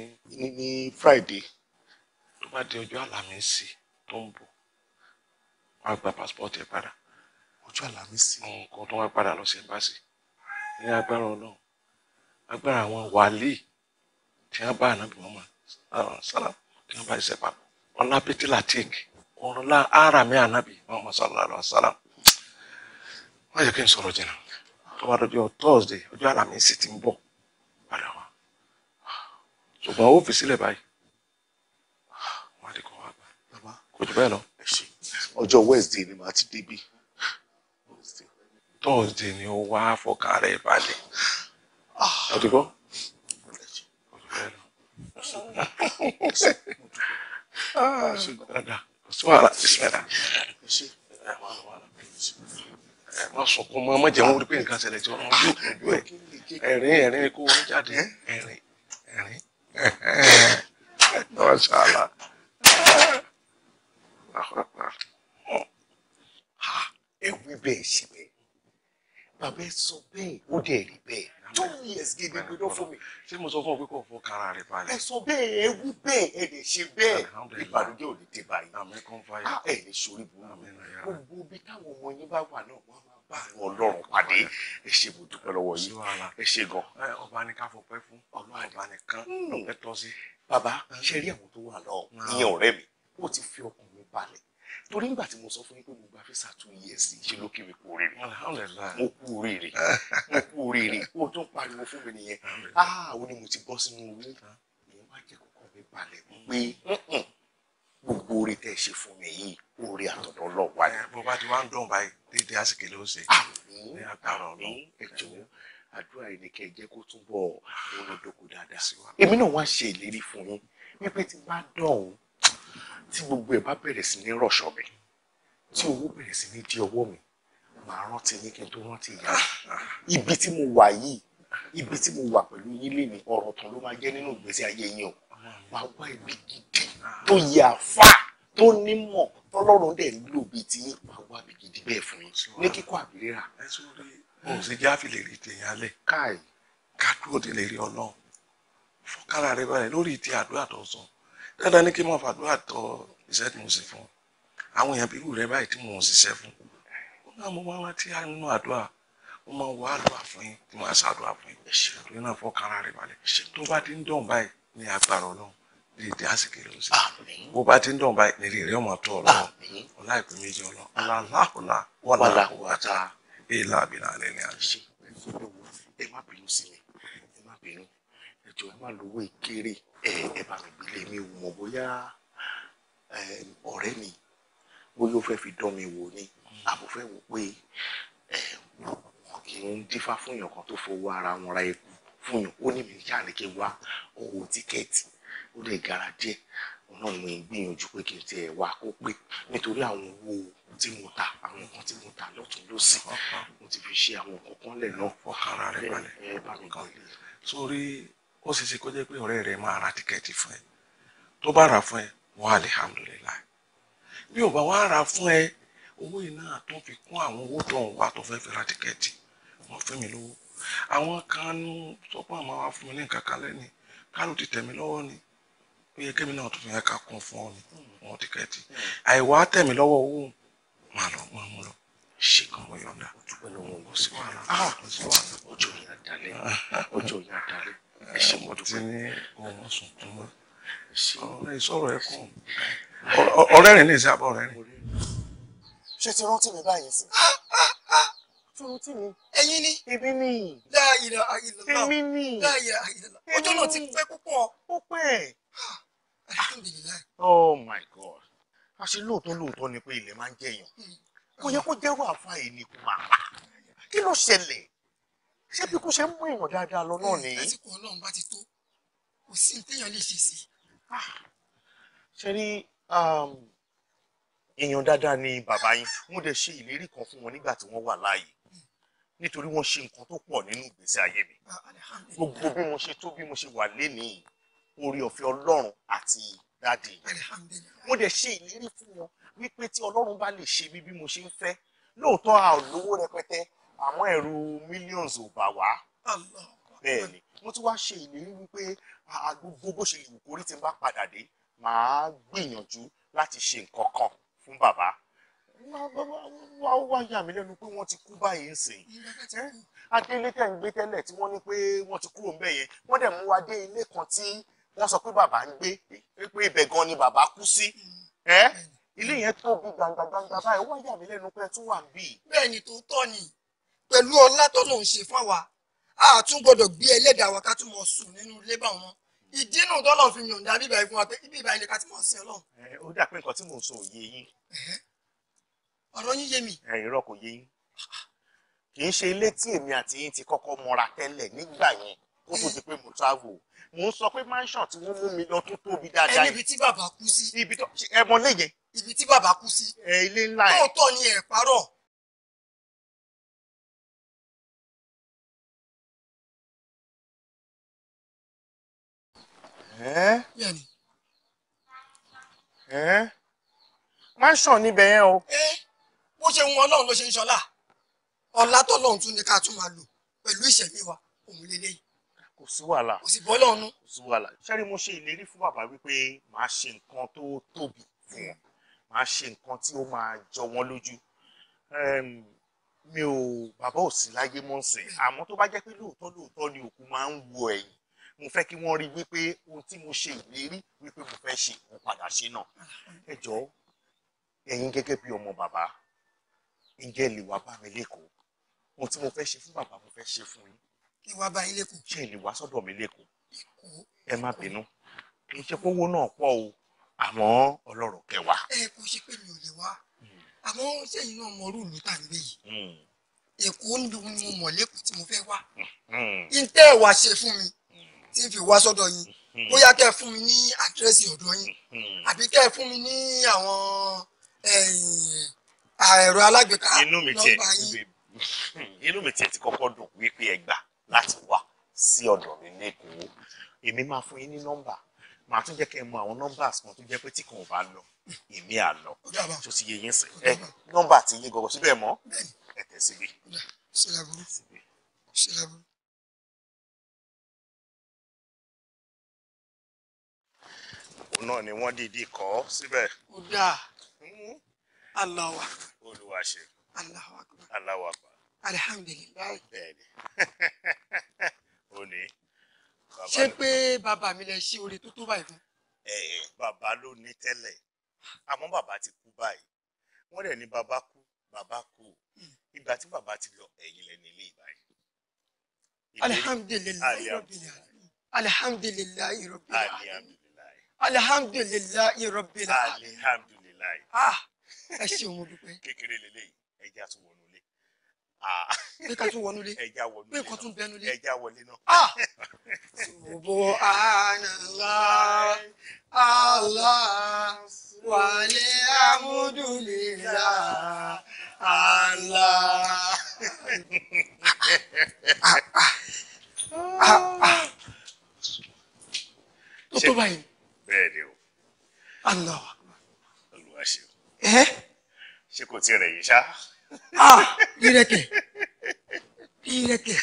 ní Friday. tó bá di ọjọ́ àlàmísì tó ń bọ̀ wọ́n gba passport ẹ̀ padà. ọjọ́ àlàmísì. nǹkan tó wá padà lọ sí ẹ̀mbáṣì ní agbára ọlọ́run agbára àwọn tí wọ́n bá ànábì wọn mọ̀ sálà kí wọ́n bá ṣiṣẹ́ pa ọlá pété latik ọlá ànábì wọn mọ̀ sálà sálà wọ́n yẹ kí n sọ̀rọ̀ jìnnà tó bá thursday ti ń bọ̀ padà wá ṣùgbọ́n ó fi sílẹ̀ báyìí ọjọ́ wednesday ni màá ti débí. thursday ni ó wá fọkàrẹ́ balẹ̀ ah. ọdúnkọ́. Má sọkún mọ́, má jẹun orí pé nǹkan ṣẹlẹ̀ tí ọ̀run yóò kúnjú ẹ̀. Ẹ̀rín ẹ̀rín kó wọ́n jáde. Ẹ̀rín ẹ̀rín. Masha Allah. Allahu Akbar ẹ wí bẹ́ẹ̀ ṣe bẹ́ẹ̀ bàbá sọ bẹ́ẹ̀ ó dẹ̀ rí bẹ́ẹ̀ two years gidi gbẹdọ̀ fún mi. ṣé mo sọ fún ọ pé kò fọ kára rẹ balẹ̀. ẹ sọ bẹ́ẹ̀ ẹ wí bẹ́ẹ̀ ẹ lè ṣe bẹ́ẹ̀ ìbànújẹ́ ò lè dé báyìí. àmì kan fàyà. Ah, ẹ lè ṣorí burúkú gbogbo ibi táwọn ọmọ yín bá wà náà wọ́n máa bá àwọn ọlọ́run pàdé ẹ ṣe mo dúpẹ́ lọ́wọ́ yìí ẹ ṣe gan. ọba ni ká fọpẹ́ fún ọba torí ńgbà tí mo sọ fún yín pé mo gba fisa two years ṣe ló kí mi kú oríire mo kú oríire mo kú oríire mo tún pariwo fún mi nìyẹn àwọn ah, ni mo ti bọ́ sínú orí ìyẹn wá jẹ́ kókó mi balẹ̀ pé gbogbo orí tẹ́ ṣe fún mi yìí orí àtọ̀dọ̀ lọ wá ní. Eh, bó bá ti wá ń dùn báyìí déédéé àsìkè ló ṣe ní agbára ọ̀nà ẹ̀jọ̀ àdúrà yìí ni kẹ́ ẹ jẹ́ kó túbọ̀ múnádókò dáadáa. èmi náà wá ṣe ìlérí fún yín wípé tí bá dọ̀hún tí gbogbo ẹ̀ bá bẹ̀rẹ̀ sí ní rọ̀ṣọ̀ mi tí owó bẹ̀rẹ̀ sí ní di ọwọ́ mi màá rántí yín kí n tó rántí ìyá ah, ah. ibi tí mo wà yìí ibi tí mo wà pẹ̀lú yín lè ní ọ̀rọ̀ tán ló máa jẹ́ nínú ìgbésí ayé yín o máa wá ibi gidi tó yẹ àfa tó nímọ̀ tọ́lọ́run dẹ̀ ń lò bíi ti yín máa wá ibi gidi bẹ́ẹ̀ fún yín ní kíkọ́ àbílẹ́ra. ẹ sọ́ọ́rí mo sì já fi lè rí tèèyàn alẹ́ káàyè ká dúró de lè rí ọlọ́run fọkàrà rẹ balẹ̀ lórí ìdí àdúrà tó sàn dáadáa ní kí n máa fàdúrà tọ iṣẹ́ tí mo ṣe fún àwọn èèyàn bíbù rẹ báyìí tí mo ń ṣiṣẹ́ fún wọn náà mo máa wá tí a nínú àdúrà mo máa wá àdúrà fún yín tí màá ṣàdúrà fún yín ìṣèlú náà fọkàn ara rẹ balẹ̀ tó bá ti ń dọ̀n báyìí ní agbára ọlọ́run dèdè àsìkè ló ṣe bó bá ti ń dọ̀n báyìí nílé rẹ ọmọ tó ọlọ́run ọlá ìpín méjì ọlọ́run ọlá láhùlá wàlá wàtá èèlà àbínà alẹ́ ní àṣẹ. ẹ má bínú ẹ ẹ bá mi gbélé mi wò mọ̀ bóyá ọ̀rẹ́ mi bóyá ó fẹ́ fi dán mi wò ni àbò fẹ́ wò pé wọn kì í dífá fún èèyàn kan tó fowó ara wọn ra eku fún yàn ó ní mi ṣáà ní kí n wá owó tíkẹ́ẹ̀tì ó lè gara díẹ̀ náà mo ń gbìyànjú pé kí n tiẹ̀ wá kó pé nítorí àwọn owó tí mo ta àwọn nǹkan tí mo ta lọ́tún lọ́sì mo ti fi ṣe àwọn nǹkan lẹ̀ náà. ọkàn ara rẹ balẹ̀ sórí ó sì ṣe kó jẹ́ pé ọ̀rẹ́ rẹ máa ra tíkẹ́ẹ̀tì fún ẹ tó bá rà fún ẹ wọ́n alihamudulilá bí ò bá wá rà fún ẹ owó iná tó fi kún àwọn owó tó ń wá tó fẹ́ fi ra tíkẹ́ẹ̀tì wọ́n fún mi lówó àwọn kan sọ pé àwọn máa fún mi ní nǹkan kan lẹ́ni kálù ti tẹ̀ lọ́wọ́ ni ó yẹ kémi náà tó fi yẹn ká kún fún ọ ni wọn tíkẹ́ẹ̀tì àìwá tẹ̀ mí lọ́wọ́ owó máa lọ máa mú lọ ṣe kan wọ́n yọ̀ǹda. ojú pẹ̀lú wọn kò sí wàhálà ojú ìyá dalẹ̀ ojú ìyá dalẹ̀ ti ní ọmọ sùnkún mọ́ ọ̀rẹ́ ìsọ̀rọ̀ ẹ̀kún ọ̀rẹ́ rìn ní ìsàbọ̀ rẹ̀ rìn. ṣé ti rántí mi báyìí sí. ṣé mi. ẹ̀yin ni. èmi ni. láàyè àyèlá. èmi ni. láàyè àyèlá. ọjọ́ náà ti pẹ́ púpọ̀. ó oh my god a ṣe lóòótọ́ lóòótọ́ ni pé ilẹ̀ máa ń jẹyàn hmm. kò yẹ kó jẹ́wọ́ àfa ènìkùn àpá kí ló ṣẹlẹ̀ ṣé bí kò ṣe ń mú èèyàn dáadáa lọ náà nìyí. lásìkò
ọlọ́run bá ti tó kò sí téèyàn lè ṣe sí. Ah,
ṣe rí um, èèyàn dáadáa ni bàbá yín wọ́n dẹ̀ ṣe ìlérí kan fún wọn nígbà tí wọ́n wà láàyè nítorí wọ́n ṣe nǹkan tó pọ̀ nínú ìgbésí ayé mi ah, gbogbo bí mo ṣe tó bí mo ṣe wà lénìí orí ọ̀fẹ́ ọlọ́run àti dáàdì wọ́n dẹ̀ ṣe ìlérí fún wọn wípé tí ọlọ́run bá lè ṣe mí bí mo ṣe ń fẹ́ lóòótọ́ a rẹpẹtẹ àmọ́ ẹ̀rù millions ò bà wá bẹ́ẹ̀ ni wọ́n tún wá ṣe ìlérí wípé gbogbo bó ṣe wù kórí tí n bá padà dé màá gbìyànjú láti ṣe nǹkan kan fún bàbá wá wá yà mí lẹ́nu pé wọ́n ti kú báyìí ń sìn adélé tẹ̀ ń gbé tẹ́lẹ̀ tí wọ́n ní pé wọ́n ti kúrò ńbẹ̀ yẹn wọ́n dẹ̀ mú wa dé ilé kan tí wọ́n sọ pé bàbá ń gbé pé ibẹ̀ gan ni bàbá kú sí ilé yẹn tóbi gbàngbàngbà báyìí wá yà mí lẹ́nu pé ẹ tún wà ń bì. bẹ́ẹ̀ ni tòótọ́ ni pẹ̀lú ọlá tó lòun ṣe fún wa a tún gbọ́dọ̀ gbé ẹlẹ́dàá wa ká tún mọ̀ sùn nínú ilé bá wọn ìdí nù tọ́lọ̀ fi yọ̀ǹda bíbá ìfún wa pé bíbá ilé ká ti mọ̀ sí ọlọ́run. ẹ ó dà pé nǹkan tí mò ń sọ òye yín. ọ̀rọ̀ yín yé mi. ẹ irọ́ kò yé yín kì í ṣe ilé tí èmi àti yín ti kọ́kọ́ mọra tẹ́lẹ̀ nígbà yẹn ó tó di pé mo travel mo ń sọ pé mansion tí wọ́n mú mi lọ tó tóbi dáadáa. ẹni ibi tí
bàbá kú sí. ibi tó ẹ mọ
lẹ́yìn. ibi tí bàbá kú sí. ẹ ilé ńlá ẹ. lóòótọ́ ni ẹ̀ parọ́ yẹ́nì. mansion níbẹ̀ yẹn o. bó ṣe ń wọn ọlọ́run ló ṣe ń ṣọlá ọ̀la tọ́lọ́run tún ní ká tún máa lò pẹ̀lú ìṣẹ̀mí wa òun lélẹ́yìí. kò sí wàhálà kò sí bọ́lọ̀ ọ̀nù. kò sí wàhálà ṣẹ́rí mo ṣe ìlérí fún bàbá wípé màá ṣe nǹkan tó tóbi fún wọn màá ṣe nǹkan tí ó máa jọ wọn lójú mi ò bàbá ò sí láyé mọ́ sìn àmọ́ tó bá jẹ́ pé lóòótọ́ lóòótọ́ ni òkú máa ń wo ẹ̀yìn mo fẹ́ kí wọ́n rí wípé ohun tí mo ṣe ìlérí wípé mo fẹ́ ṣe mo padà ṣe náà ẹ jọ ẹ̀yin gẹ́gẹ́ bí ọmọ bàbá ǹjẹ́ lè wá bá mi lẹ́kọ̀ọ́ ohun tí mo fẹ́ ṣe fún bàbá mo fẹ́ ṣe fún yín. lè wá bá yín lẹ́kọ̀ọ́. ṣé lè wá sọ́dọ̀ mi lẹ́kọ̀ọ́. ẹ má bínú kì í ṣe kówó náà pọ̀ o àmọ́ ọlọ́rọ̀ kẹwàá. ẹ kò ṣe pé mi ò lè wá hmm. àmọ́ sẹ́yìn náà mọ rúùlù tá à yìí hmm. èkó ń dun mo tí mo fẹ́ wá. Hmm. ǹtẹ́ wàá ṣe fún mi tí fi wá sọ́dọ̀ yín mm-hmm. bóyá kẹ́ ẹ fún mi ní àdírẹ́sì ọ̀dọ̀ yín mm-hmm. àbí kẹ́ ẹ fún mi ní àwọn eh, ẹ̀rọ alágbèéká nọ́mbà yín. inú mi tiẹ̀ ti kọ́kọ́ dùn wípé ẹ gbà láti wá sí ọ̀dọ̀ mi lẹ́kọ̀ọ́ èmi máa fún yín ní nọ́mbà màá tún jẹ́ kẹ́ ẹ mọ àwọn nọ́mbàs kan tó jẹ́ pé tí kò bá lọ èmi à lọ tó ti yẹ yín sìn ẹ nọ́mbà ti yín gọ̀gọ̀ síbẹ̀ mọ́ ẹ tẹ̀ síbi.
ṣe é lẹ́bùrú ṣe é lẹ́bùrú.
náà ni wọ́n dìídì kọ́ síbẹ̀. ó dáa hmm.
Allahu akbar.
olúwa ṣe. Allahu akbar. Allahu akbar.
alihamdulilayi.
bẹ́ẹ̀ni ó ní. ṣé pé
bàbá mi lè ṣe oore tó tó báyìí fún.
ẹ ẹ bàbá ló ní tẹ́lẹ̀ àmọ́ bàbá ti kú báyìí wọ́n dẹ̀ ní bàbá kú bàbá kú hmm. ìgbà tí bàbá ti lọ ẹ̀yìn lẹ́ni ilé ìbáyìí.
alihamdulilayi
rọbìnrin
alihamdulilayi rọbìnrin alihamdulilayi rabbil alamin.
alihamdulilayi. Ah, ẹ ṣeun mo dúpẹ́. kékeré lélẹ́yìí ẹja tún wọnú ilé.
Ah. pé ká tún wọnú ilé. ẹja wọnú ilé náà tún bẹnu ilé. ẹja wọlé náà. ṣùgbọ́n ah! àná
Allah
wàlẹ̀ amúdùlélà Allah. tó tó báyìí bẹ́ẹ̀ ni o. Allahu Akbar. o. ẹ.
ṣé kò tiẹ̀ rẹ̀ yìí ṣá.
a ìrẹ̀kẹ̀ ìrẹ̀kẹ̀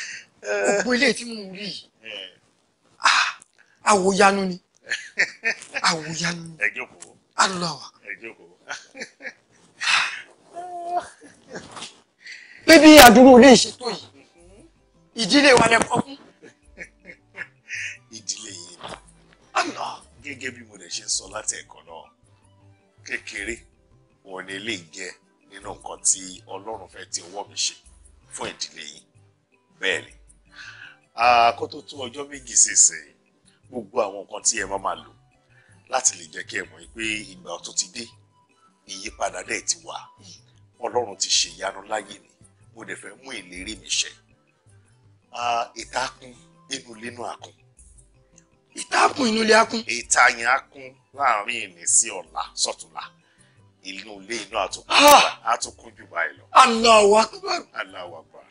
òpó ilé tí mo rí yìí àwòyanu ni
àwòyanu ni. ẹ jókòó. Allahu Akbar. ẹ jókòó.
pé bí àdúró ilé ìṣètò yìí ìdílé wa lẹ kọ́ fún. ìdílé yìí. Allah gẹ́gẹ́ bí mo lè ṣe sọ láti ẹ̀kọ́ náà kékeré wọn ni lè jẹ́ nínú nǹkan tí ọlọ́run fẹ́ ti ọwọ́ mi ṣe fún ìdílé yìí bẹ́ẹ̀ ni kó tó tó ọjọ́ méjì sísìn gbogbo àwọn nǹkan tí ẹ máa máa lò láti lè jẹ́ kí ẹ mọ̀ pé ìgbà ọ̀tun ti dé ìyípadà dẹ̀ ti wà ọlọ́run ti ṣe ìyanu láyé mi mo dẹ̀ fẹ́ mú ìlérí mi ṣẹ ìtakùn inú lẹ́nu àkùn
ìtàkùn inú ilé akún. ìtayín akún láàrin ìní sí ọ̀la sọ̀túnla inú ilé inú àtúnkún jù báyìí lọ.
Allahu Akbar.
Allahu Akbar.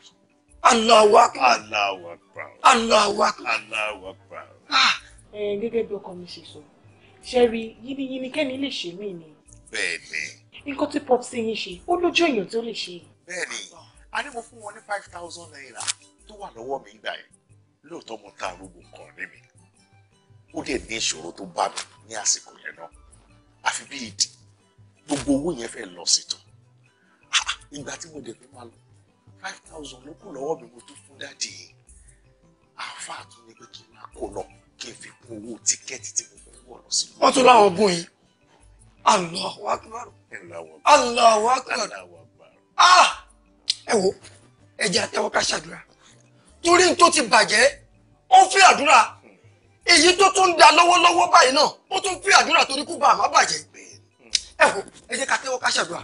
Allahu Akbar.
Allahu Akbar. Allahu Akbar. Allahu Akbar.
gẹ́gẹ́ bí ọkọ mi ṣe sọ ṣe rí yínníyínní kẹ́ni lè ṣe mí ni. bẹ́ẹ̀ni. nǹkan tí pop sí yín ṣe ó lójú èèyàn tó lè ṣe. bẹ́ẹ̀ni
a ní mo fún wọn ní five thousand naira tó wà lọ́wọ́ mi ń gbà yẹn lóòótọ́ mo ta arúgbó kan rí ó dẹ̀ ní ìṣòro tó bá mi ní àsìkò yẹn náà àfi bí ìdí gbogbo owó yẹn fẹ́ lọ sí tán ah, ìgbà tí mo dẹ̀ fi máa lọ five thousand ló kù lọ́wọ́ mi mo tún fún dáàdì yìí àáfàá tún ní pé kí n máa kó lọ kí n fi kún owó tíkẹ́ẹ̀tì tí mo fẹ́ wọ̀ lọ sí. wọ́n tún láwọn gún yìí Allahu
Akbar Allahu Akbar
ah! ẹ wo ẹ jẹ́ àtẹ́wọ́ ká ṣàdúrà torí n tó ti bàjẹ́ ó fi àdúrà èyí tó tún ń da lọ́wọ́lọ́wọ́ báyìí náà wọ́n tún fi àdúrà torí kú bá àmọ́ bàjẹ́ ẹ wò ẹ jẹ́ ká tẹ́wọ́ ká ṣàdúrà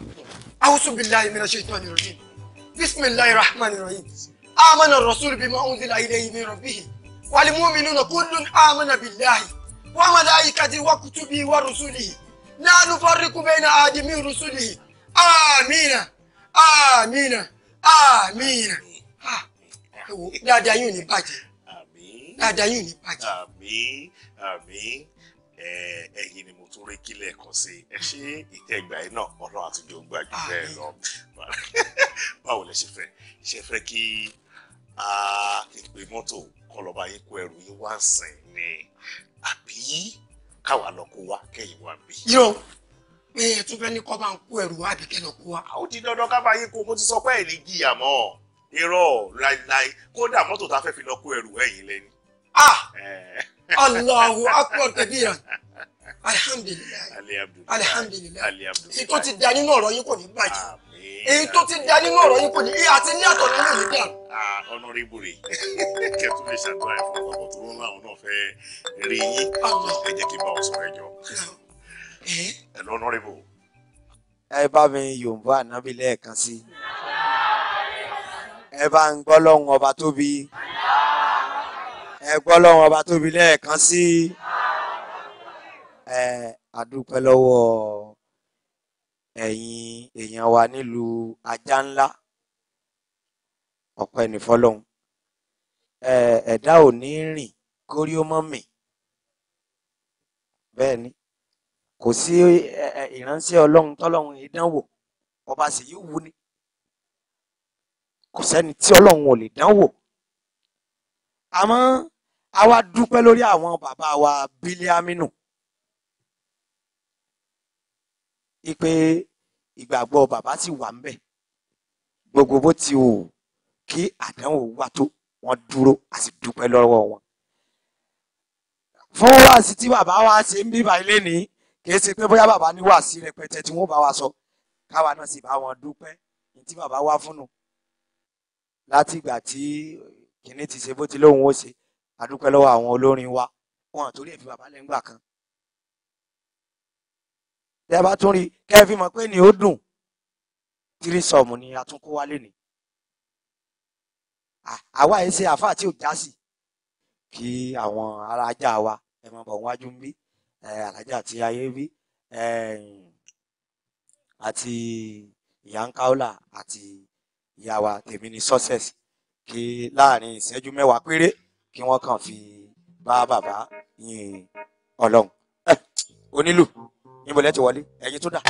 a'udhu billahi minash shaitanir rajim bismillahir rahmanir rahim amana ar-rasulu bima unzila ilayhi min rabbihi wal mu'minuna kullun amana billahi wa malaikatihi wa kutubihi wa rusulihi la nufarriqu bayna ahadin min rusulihi amina amina amina ẹ wò dáadáa yóò ní bàjẹ́ dáadáa yìí ní
bàjẹ́. àmín àmín ẹ̀yin ni mo tún rí kílẹ̀ kan sí ẹ ṣe ìtẹ́gbà yìí náà ọlọ́run àtijọ́ ń gbàjú bẹ́ẹ̀ lọ báwo lẹ ṣe fẹ́ ṣe fẹ́ kí a ìpè mọ́tò kọlọ́ba yín kó ẹrù yín wá sìn ni àbí káwa lọ kó wá kẹ́yìn wá bí.
yóò pé ẹ tún fẹ́ ní kọ́ bá ń kó ẹrù wá àbí kẹ́lọ̀ kó wá. ó di dandan ká bá yín kó mo ti sọ pé ẹ̀ ní jìyà
irọ́ láíláí kódà mọ́tò tá a fẹ́ fi lọ kó ẹrù ẹ̀yìn lẹ́ni ah eh. Allahu
akbar kabiran
alhamdulilayi alhamdulilayi èyí tó ti
da nínú ọ̀rọ̀ yín kò ní bàjẹ́ èyí tó ti da nínú ọ̀rọ̀ yín kò ní bí àti ní àtọ̀ nínú
yìí dà. ọ̀nàrẹ́bù rè kẹ́tù lè ṣàdúrà ìfún ọmọ tó ń láwọn náà fẹ́ rí yín ẹ jẹ́ kí n bá ọ sọ̀rọ̀ ẹjọ́ ẹ lọ́nàrẹ́bù.
ẹ bá mi Yorùbá ànábì lẹ́ẹ̀kan sí ẹ bá ń gbọ́ lọ́hùn ọba tóbi ẹgbọ́n lọ́wọ́n ọba tóbi lẹ́ẹ̀kan sí àdúpẹ́ lọ́wọ́ ẹ̀yin èèyàn wa nílùú ajá ńlá ọ̀pẹ́ ní fọ́lọ́hún ẹ̀dá ò ní rìn kórí ó mọ́ mì bẹ́ẹ̀ ni kò sí ìránṣẹ́ ọlọ́run tọ́lọ́run ìdánwò ọba sì yí wú ni kò sẹ́ni tí ọlọ́run ò lè dánwò àmọ́ a wá dúpẹ́ lórí àwọn bàbá wa bílíàmínú ipe ìgbàgbọ́ bàbá sì wà ń bẹ̀ gbogbo bó ti wù kí àdánwò wá tó wọ́n dúró a sì dúpẹ́ lọ́wọ́ wọn. fún wáàsí tí bàbá wa ṣe ń bíbá ilé ní kìí ṣe pé bóyá bàbá ní wáàsí rẹpẹtẹ tí wọ́n bá wa sọ káwa náà sì bá wọn dúpẹ́ ní tí bàbá wá fún nù látìgbà tí kìnní ti ṣe bó ti lóun ó ṣe àdúpẹ́ lọ́wọ́ àwọn olórin wa
wọn àtòrí èfi bàbá lẹ́ngbà kan
tẹ́ bá tún rí kẹ́ fi mọ̀ pé ní ó dùn tírísọ̀mù ni a tún kó wálé ni àwa yìí ṣe àfáà tí ò já sí kí àwọn arájà wa ẹ mọ̀ bọ̀ wájú ń bí alájà tí ayé bí àti ìyá ń káólà àti ìyá wa tèmi ní success kí láàrin ìṣẹ́jú mẹ́wàá péré kí wọ́n kàn fi bá bàbá yin ọlọ́run eh, onílù níbo lẹ ti wọlé ẹ̀yin tó dà.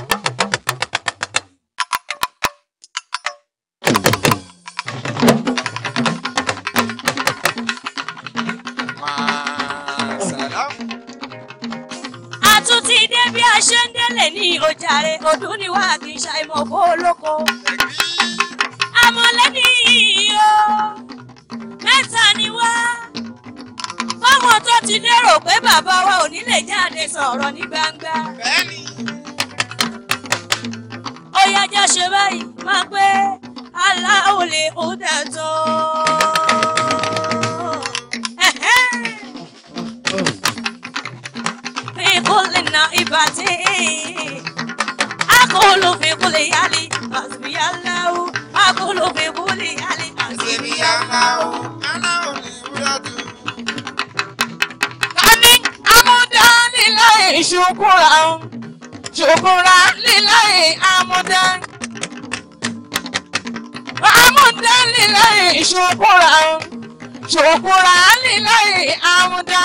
àtúntì ojàre ọdún ni wà kì í ṣàìmọ̀ bó olóko àmọ̀lẹ́bí yìí
o mẹ́ta ni wá fáwọn tó ti lérò
pé bàbá wa ò ní lè jáde sọ̀rọ̀ ní gbangba. bẹ́ẹ̀ni. ó yá jẹ́ ṣe báyìí máa pé aláwòlé ó dàtọ́. fíkúlìnà ìbàtí akóló fíkúlì yálì àṣìbíyá láwù akóló fíkúlì yálì
àṣìbíyá láwù. líláì ṣùkúra ṣùkúra líláì amúdá. amúdá líláì ṣùkúra ṣùkúra líláì amúdá.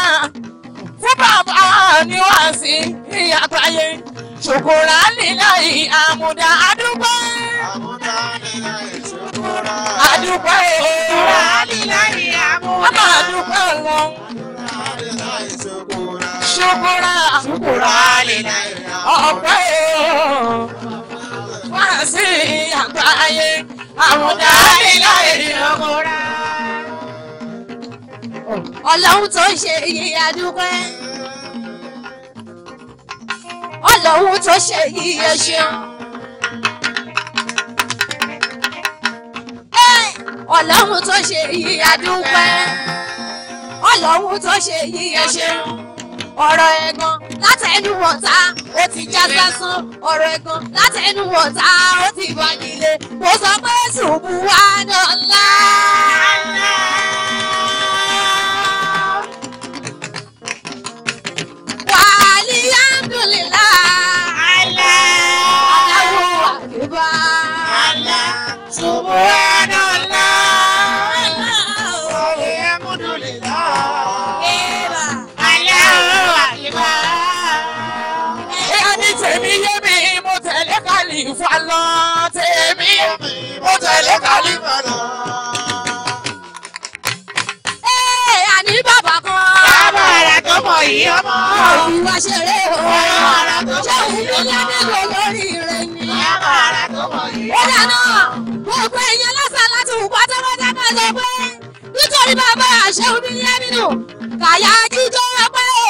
fún bàbá ni wà sí ìyàtàyè ṣùkúra líláì amúdá àdúgbò. àmúdá
líláì ṣùkúra. àdúgbò ìṣúra líláì amúdá. a máa lọ ṣukura ṣukura lila ọpẹ́ o
wá sí àgbáyé àmúdá lila ìṣukura.
ọlọ́run tó ṣe yìí adúpẹ́ ọlọ́run tó ṣe yìí ẹ ṣeun.
ọlọ́run tó ṣe yìí adúpẹ́ ọlọ́run tó ṣe yìí ẹ
ṣeun ọ̀rọ̀ ẹ̀gàn látẹnu wọ̀ta ó ti já sásán ọ̀rọ̀ ẹ̀gàn látẹnu wọ̀ta ó ti wà nílé mo sọ pé ṣùgbọ́n wà náà láàárọ̀.
lọ tèmi mo tẹ̀lé kálífà lọ. ee àní bàbá kan. bàbá rẹ̀ tó mọ̀ yìí ọmọ. òun wá ṣeré o. bàbá rẹ̀ tó mọ̀ yìí ọmọ. ṣé òun ló lẹ́nu lórí rẹ̀ ni. bàbá rẹ̀ tó mọ̀ yìí ọmọ. ó dáná gbogbo èèyàn lọ́sàn láti wù pátá wọ́n dáná sọ pé nítorí bàbá àṣẹ omi ní ẹ̀mí nù kàyà jíjọ́ ẹgbẹ́ o.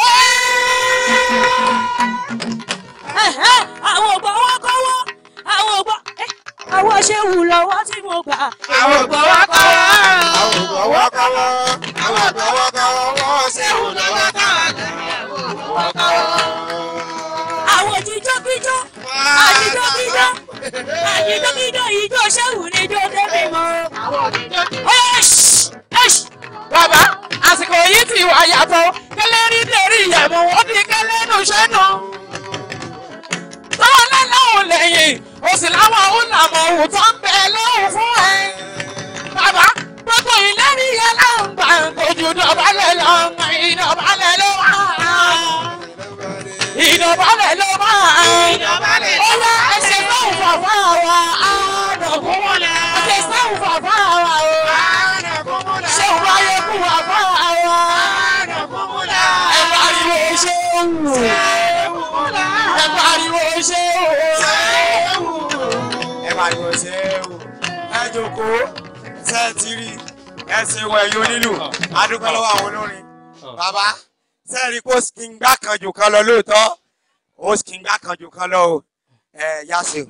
àwọn ògbọ́n wọn owó ṣé wù lọ́wọ́ tí mo gbà. àwọn ògbọ́wọ́ kọ́wọ́ àwọn ògbọ́wọ́ kọ́wọ́ àwọn ògbọ́wọ́ kọ́wọ́ owó ṣé wù lọ́wọ́ káwọn ògbọ́wọ́ kọ́wọ́. àwọn òjìjọ́bíjọ́ àjìjọ́bíjọ́ àjìjọ́bíjọ́ ìjọ ṣé wù ní ijó débi mọ́. bàbá àsìkò yìí ti wà yàtọ̀ kẹlẹ́ rí lórí ìyàmú ó ti kẹlẹ́ nù ṣẹ́nu. tọ́wọ́ náà lẹ́yìn o sì láwọn ònàmọ̀ òun tó ń bẹ lóhùn fún ẹ. bàbá gbogbo ìlérí yẹn náà ń gbà kojú dọ̀bálẹ̀ lọ ìdọ̀bálẹ̀ ló wà. ìdọ̀bálẹ̀ ló wà. ó wá ẹsẹ̀ náà fàfà wà á dọ̀kú wọlé. ẹsẹ̀ náà fàfà wà ó. ṣé o bá yẹ kú wà fà wà.
ẹ pariwo
ṣé o wù.
pariwo ṣe é o ẹ jókòó ṣe é ti rí ẹ ṣe wọ ẹyọ nílùú adúpẹ́ lọ́wọ́ àwọn olórin bàbá ṣe é rí kó kìngbà kan jù kan lọ lóòótọ́ ó kìngbà kan jù kan lọ o ẹ yá ṣe.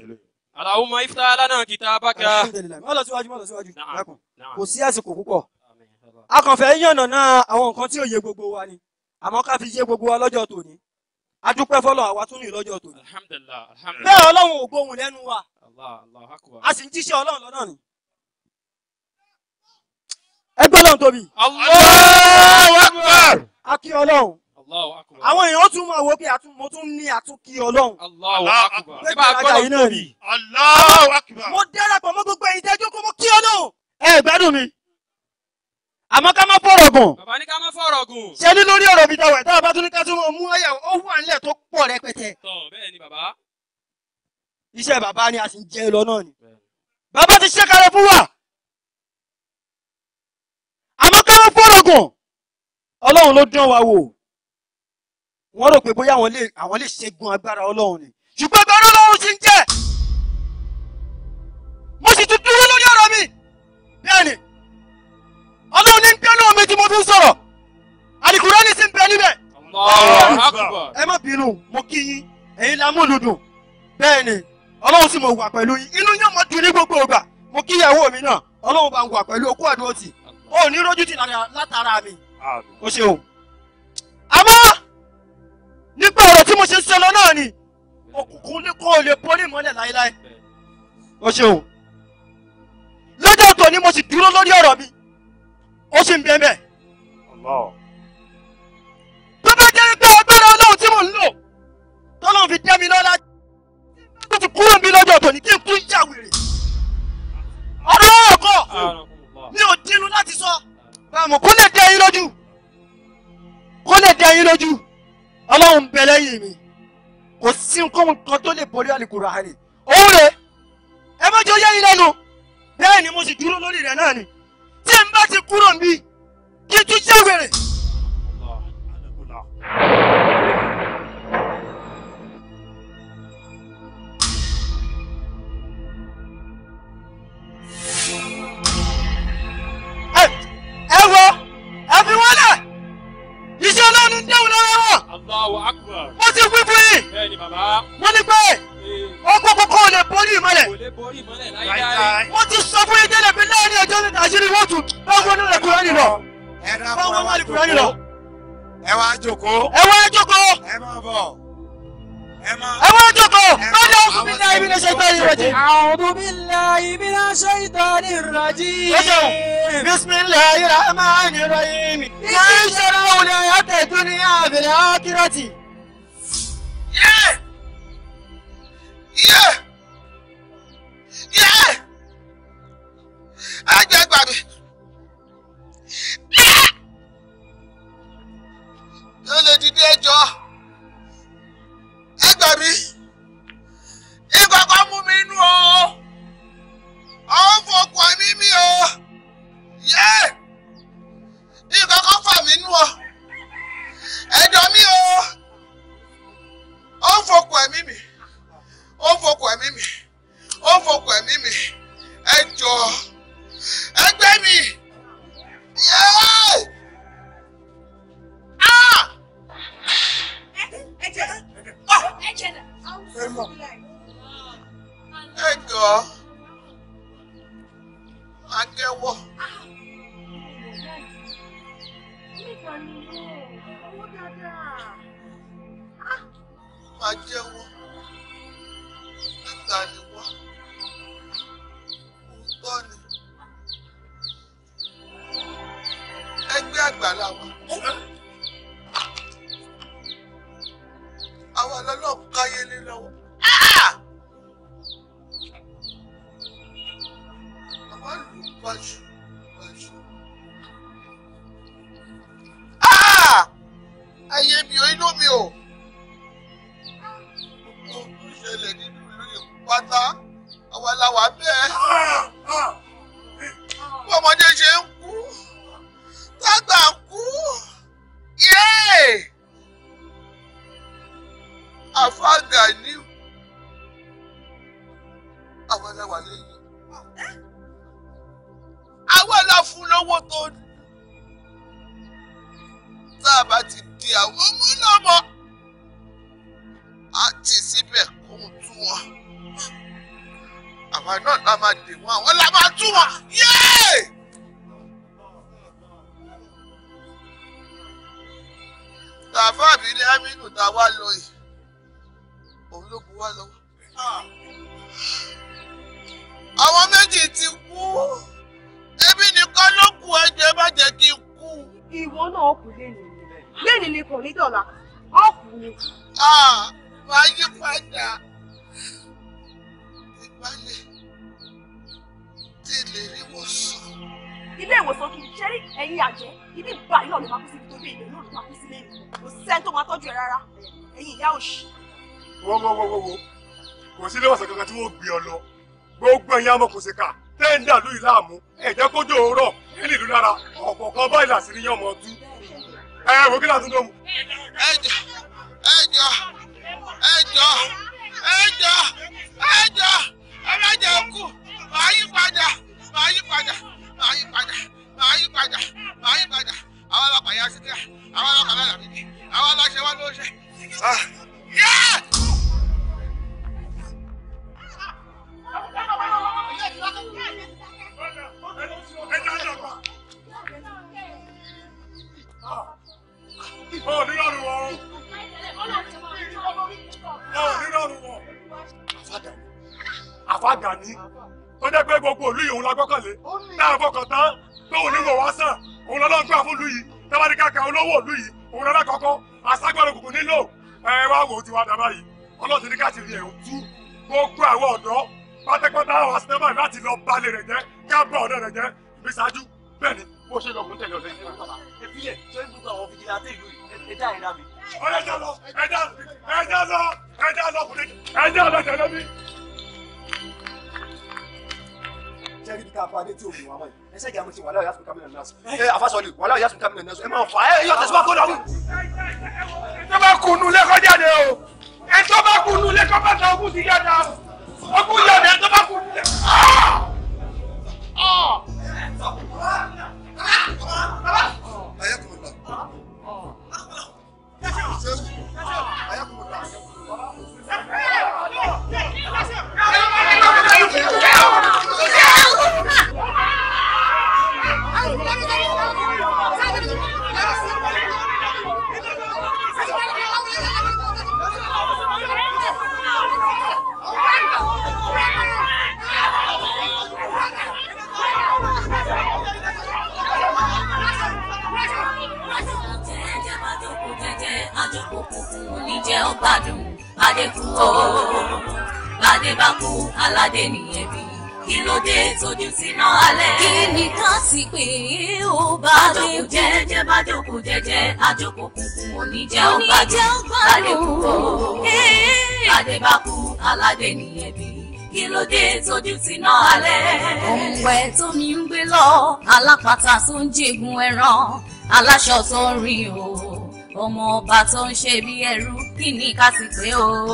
Allahumma ifta lana kitabaka. má lọ síwájú má lọ síwájú kò sí àsìkò púpọ̀ a kàn fẹ́ yànnà náà àwọn nǹkan tí ò yé gbogbo wa ni àmọ́ ká fi yé gbogbo wa lọ́jọ́ tòní adúpẹ́ fọlọ́ àwa tún ní lọ́jọ́ tòní. bẹ́ẹ̀ ọlọ́run ò gbóhùn lẹ́nu wa
a sì ń jíṣẹ́ ọlọ́run lọ́nà
ni. ẹgbẹ́ ọlọ́run tóbi. Akbar. a kí ọlọ́run. àwọn èèyàn tún máa wo pé mo tún ní àtúnkí ọlọ́run. Allahu Akbar. nígbà àgbọ̀dọ̀ tóbi. Allahu Akbar. mo dẹ́rẹ̀pọ̀ mọ́ gbogbo ẹ̀yin tẹ́jú kó mo kí ọlọ́run. ẹ gbádùn mi àmọ́ ká má fọ̀rọ̀ gùn.
bàbá ní ká má fọ̀rọ̀ gùn. ṣé ní lórí ọ̀rọ̀ mi dáwọ̀ ẹ̀ tá a bá tún ní ká tún mú ẹ̀yà ó wà nílẹ̀ tó pọ̀ rẹpẹtẹ. tọ bẹ́ẹ̀ ni bàbá
iṣẹ́ bàbá ni a sì ń jẹ́ lọ náà ni bàbá ti ṣiṣẹ́ kalẹ̀ fún wa àmọ́ kálọ́ fọ́rọ̀gùn ọlọ́run ló dán wa wò wọ́n rò pé bóyá àwọn lè ṣẹ́gun agbára ọlọ́run ni ṣùgbọ́n agbára ọlọ́run ti ń jẹ́ mo sì tún dúró lórí ọ̀rọ̀ mi bẹ́ẹ̀ ni ọlọ́run ní bẹ́ẹ̀ náà mi tí mo fi ń sọ̀rọ̀ Àlùkùránì sì ń bẹ níbẹ̀ ẹ má bínú mo kí yín ẹ̀yin la múlùdùn bẹ́ẹ̀ ni ọlọ́run sì mọ̀ wà pẹ̀lú yín inú yóò mọ̀ dùn ní gbogbo ìgbà mo kí ìyàwó mi náà ọlọ́run bá ń wà pẹ̀lú okú àdúró tì ó ní rójú tì látara mi ó ṣeun. àmọ́ nípa ọ̀rọ̀ tí mo ṣe sọ lọ náà ni òkùnkùn ní kò lè borí ìmọ́lẹ̀ láéláé ó ṣeun. lọ́jọ́ ọ̀tọ̀ ni mo sì dúró lórí ọ̀rọ̀ mi ó sì ń bẹ́ẹ̀ bẹ́ẹ̀. tó
bá jẹ́ pé agbára ọlọ́run tí mò ń lò tọ́lọ́run fi dá mi lọ́lá jù kúrò bí lọ́jọ́ tòní kí n kú yà wèrè ọ̀rọ̀ ọ̀gọ́ mi
ò dínú láti sọ báwo kó lè dẹ yín lójú kó lè dẹ yín lójú ọlọ́run bẹ lẹ́yìn mi kò sí nǹkan kan tó lè borí Al-Qur'ani òun rè ẹ má jẹ́ yẹ́yìn lẹ́nu bẹ́ẹ̀ ni mo sì dúró lórí rẹ̀ náà ni tí n bá ti kúrò níbí kí n tún jẹ́ wèrè.
wọ́n ní pé eh. ọgbọ́n kọ́kọ́ ò lè borí ìmọ̀lẹ̀ wọ́n ti sọ fún yín délẹ̀ pé láàrin ọjọ́ níta àṣírí wọ́n tù báwo ni ẹ̀kúrẹ́ nì lọ báwo ní ẹ̀kúrẹ́ nì lọ. ẹ wá jókòó ẹ wá jókòó ẹ má bọ̀ ẹ wá jókòó lọ́dọ̀ ọ̀sùn mi náà ibi ní ṣe ìtàn ìrọ̀jì. àwọn mi là ibi náà ṣe ìtàn ìrọ̀jì. bismillahir rahmanir rahim. ìṣòro òun ni àyàtẹ̀ dúnìyà àbẹ̀lẹ̀ ákírọ̀tì. yẹ
yẹ ẹgbẹ́ gbà mí.
ẹ lè dìde ẹjọ́ ẹ gbà mí.
àfa Ganiu àwa la wà lẹ́yìn àwa la fún lówó tó tá a bá ti di àwọn ọmọ lọ́mọ a ti síbẹ̀ kó ń tú wọn
àwa náà la máa dè wọn àwọn la máa tú wọn yéé.
tàfáàbí ni aminu tá a wá lọ yìí òun ló bu wá lọ́wọ́. Ah. àwọn méjì ti kú ẹbí nìkan ló kù ẹjọ́ ẹ má jẹ́ kí n kú. ìwọ náà kù lẹ́nu lẹ́nu ni kò ní dọ̀la
ó kù ni. Ah, máa yí padà ìbálẹ̀ tí lè rí wọn sùn.
ilé ìwòsàn kì í ṣe rí ẹ̀yin àjẹ́ ibi báyìí náà ló máa kú síbi tó bí ìlú náà ló máa kú sílé ìlú kò sẹ́ni
tó máa tọ́jú ẹ rárá ẹ̀yin ìyá òṣì
wowowowowo kò sí léwọ̀sán kankan tí wọ́n gbé ọ lọ gbogbo ẹ̀yin amọ̀kòsè ká tẹ́ńdà ló yìí láàmú ẹ̀jẹ̀ kójú òórọ̀
nílì ìlú lára ọ̀kọ̀ọ̀kan báyìí làsí ní yọmọ ọdún ẹ wò kí làtún lóhùn. ẹjọ ẹjọ
ẹjọ ẹjọ ẹjọ ẹlẹjẹ kù màá yí padà màá yí padà màá yí padà màá yí padà màá yí padà àwọn ọlọ́pàá yà sí kíá àwọn ọlọ́pàá lọ làbí àwọn ọlọ́ṣẹ wọn ló ṣe. Ah.
àfàgàní tó jẹ́ pé gbogbo òlú yìí òun la gbọ́kànlé tá a fọkàn tán
pé òun ní wò wá sàn òun lọ́lọ́ gbà fún ìlú yìí tábàdí kàkà olówó ìlú yìí òun lọ́lọ́ kọ́kọ́
àságbọ́n òkùnkùn nílò ẹ wá wò ó ti wá dàbá tú gbogbo àwọn ọ̀dọ́ pátápátá àwọn asinẹ́mà láti lọ balẹ̀ rẹ̀ jẹ́ ká bá ọ̀nà rẹ̀ jẹ́ ìgbésájú bẹ́ẹ̀ ni bó ṣe lọ mú tẹ̀lé ọ̀lẹ́ yìí. èmi yẹ ṣé gbogbo àwọn fìdílà dé ìlú yìí ẹja ìra mi. ẹja lọ ẹja ẹja lọ ẹja lọ kùnrin ẹja lọ mi. jẹ́rìí bí ká pa adé tí o mú wa wáyé ẹsẹ̀ ìjà mo ti wà láyé yasùn kámínà náà sùn. ẹ àfàsọ̀lì wà láyé yasùn kámínà náà sùn. ẹ máa fà ẹ yọ tẹ̀síwá kó dàrú. ẹ tó bá kunu lẹ́kọ̀ọ́ jáde o ẹ tó bá kunu lẹ́kọ̀ọ́ bá ta ogún ti yá
ọkọ yà
gbádùn adékú o ládé bá kú aládé nìyẹn bí
kí ló dé tójú
síná alẹ́. kí ni ká sì pè é ó bá dé. bájókòó jẹ́jẹ́ bájókòó jẹ́jẹ́ àjókòó kùnkùn oníjẹ́ ó gbádùn ládé kú o ládé bá kú aládé nìyẹn bí
kí ló dé tójú ti ná alẹ́. òǹwẹ̀
tó ní ń gbé lọ alápatà tó ń jẹ̀gùn ẹran aláṣọ tó ń rìn o ọmọ ọba tó ń ṣe bí ẹrú kí ni ká sì pé o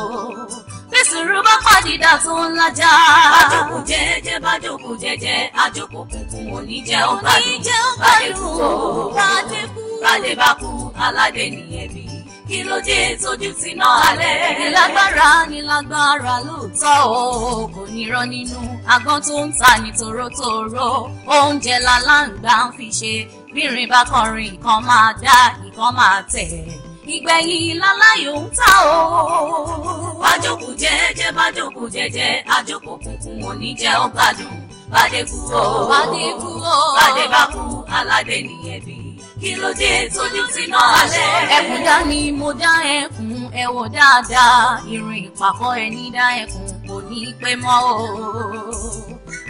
bí sùúrù bá pàdídà tó ń lájà. bájòkò jẹ́jẹ́ bájòkò jẹ́jẹ́ àjòkò kùnkùn òní jẹ́ ó gbádùn bàdékù o bàdékù bàdébàkù aládé nìyẹn bí kí ló dé tójú ti ná alẹ́. nílágbára nílágbára lóòótọ́ o kò nírọ́ nínú agbọ́n tó ń ta ní torótóró oúnjẹ làlá ń gbà fi ṣe bírin bá kọrin ìkan máa dá ìkan máa tẹ̀ ìgbẹ̀yìn láláyò ń ta o. bájókòó jẹ́jẹ́ bájókòó jẹ́jẹ́ àjókòó kùnkùn òní jẹ́ ọ̀gbádùn bàdé kú o. bàdé kú o. bàdé bá kú aládé nìyẹn bí
kí ló dé tójú ti ná alẹ́. ẹkùn dá
ni mo dá ẹkùn ẹwọ dáadáa ìrìn ìpàkọ́ ẹni dá ẹkùn kò ní pẹ́ mọ́ o.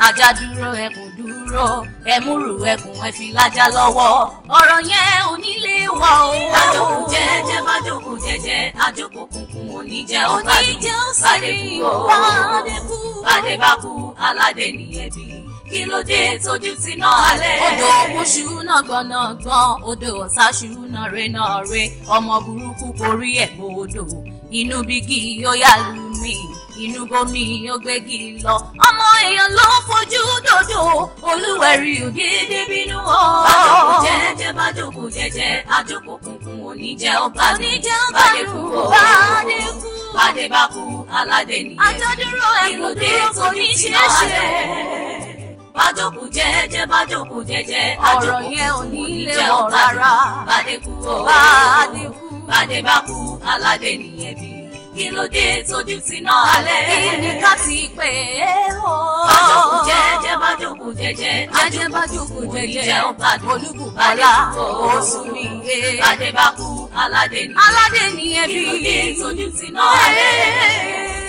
ajá dúró ẹkùn rò ẹ múrù ẹkùn ẹ fi lájà lọ́wọ́ ọ̀rọ̀ yẹn ò ní lè wà o. àjòkù jẹ́jẹ́ má jòkù jẹ́jẹ́ àjòkù kùnkùn ò ní jẹ́ ó gbádùn bàdé kú o bàdé bá kú aládé nìyẹn bí kí ló dé tójú ti ná alẹ́. odò òkúṣu náà gbọ̀nàgbọ̀n odò ọ̀sáṣu náà re náà re ọmọ burúkú kò rí ẹ̀ bó odò inú bígì yóò yá lù mí inú bomi ọgbẹ́gi lọ ọmọ èèyàn ló fojú dòdò olúwẹ̀rí ògidì bínú ọ. bájòkò jẹ́jẹ́ bájòkò jẹ́jẹ́ àjòkò kùnkùn òní jẹ́ ọba ní bàdé kú o bàdé kú bàdé bá kú aládé nìyẹn àjọdúró ẹ̀kú dúró kò ní ṣeé ṣe bájòkù jẹ́jẹ́ bájòkù jẹ́jẹ́ ọ̀rọ̀ yẹn ò ní lé wọn rárá bàdé kú o bàdé kú bàdé bá kú aládé nìyẹn bí kí ló dé tójú ti ná alẹ́. kí ni ká ti pè é o. bájọkùn jẹ́jẹ́ bájọkùn jẹ́jẹ́ ajẹ́ bájọkùn jẹ́jẹ́ ìjẹun bàdùn olúbùkọ́lá oṣù mi. bàdé e. bá kú aládé ni. aládé ni ẹbí. kí ló dé tójú ti ná alẹ́.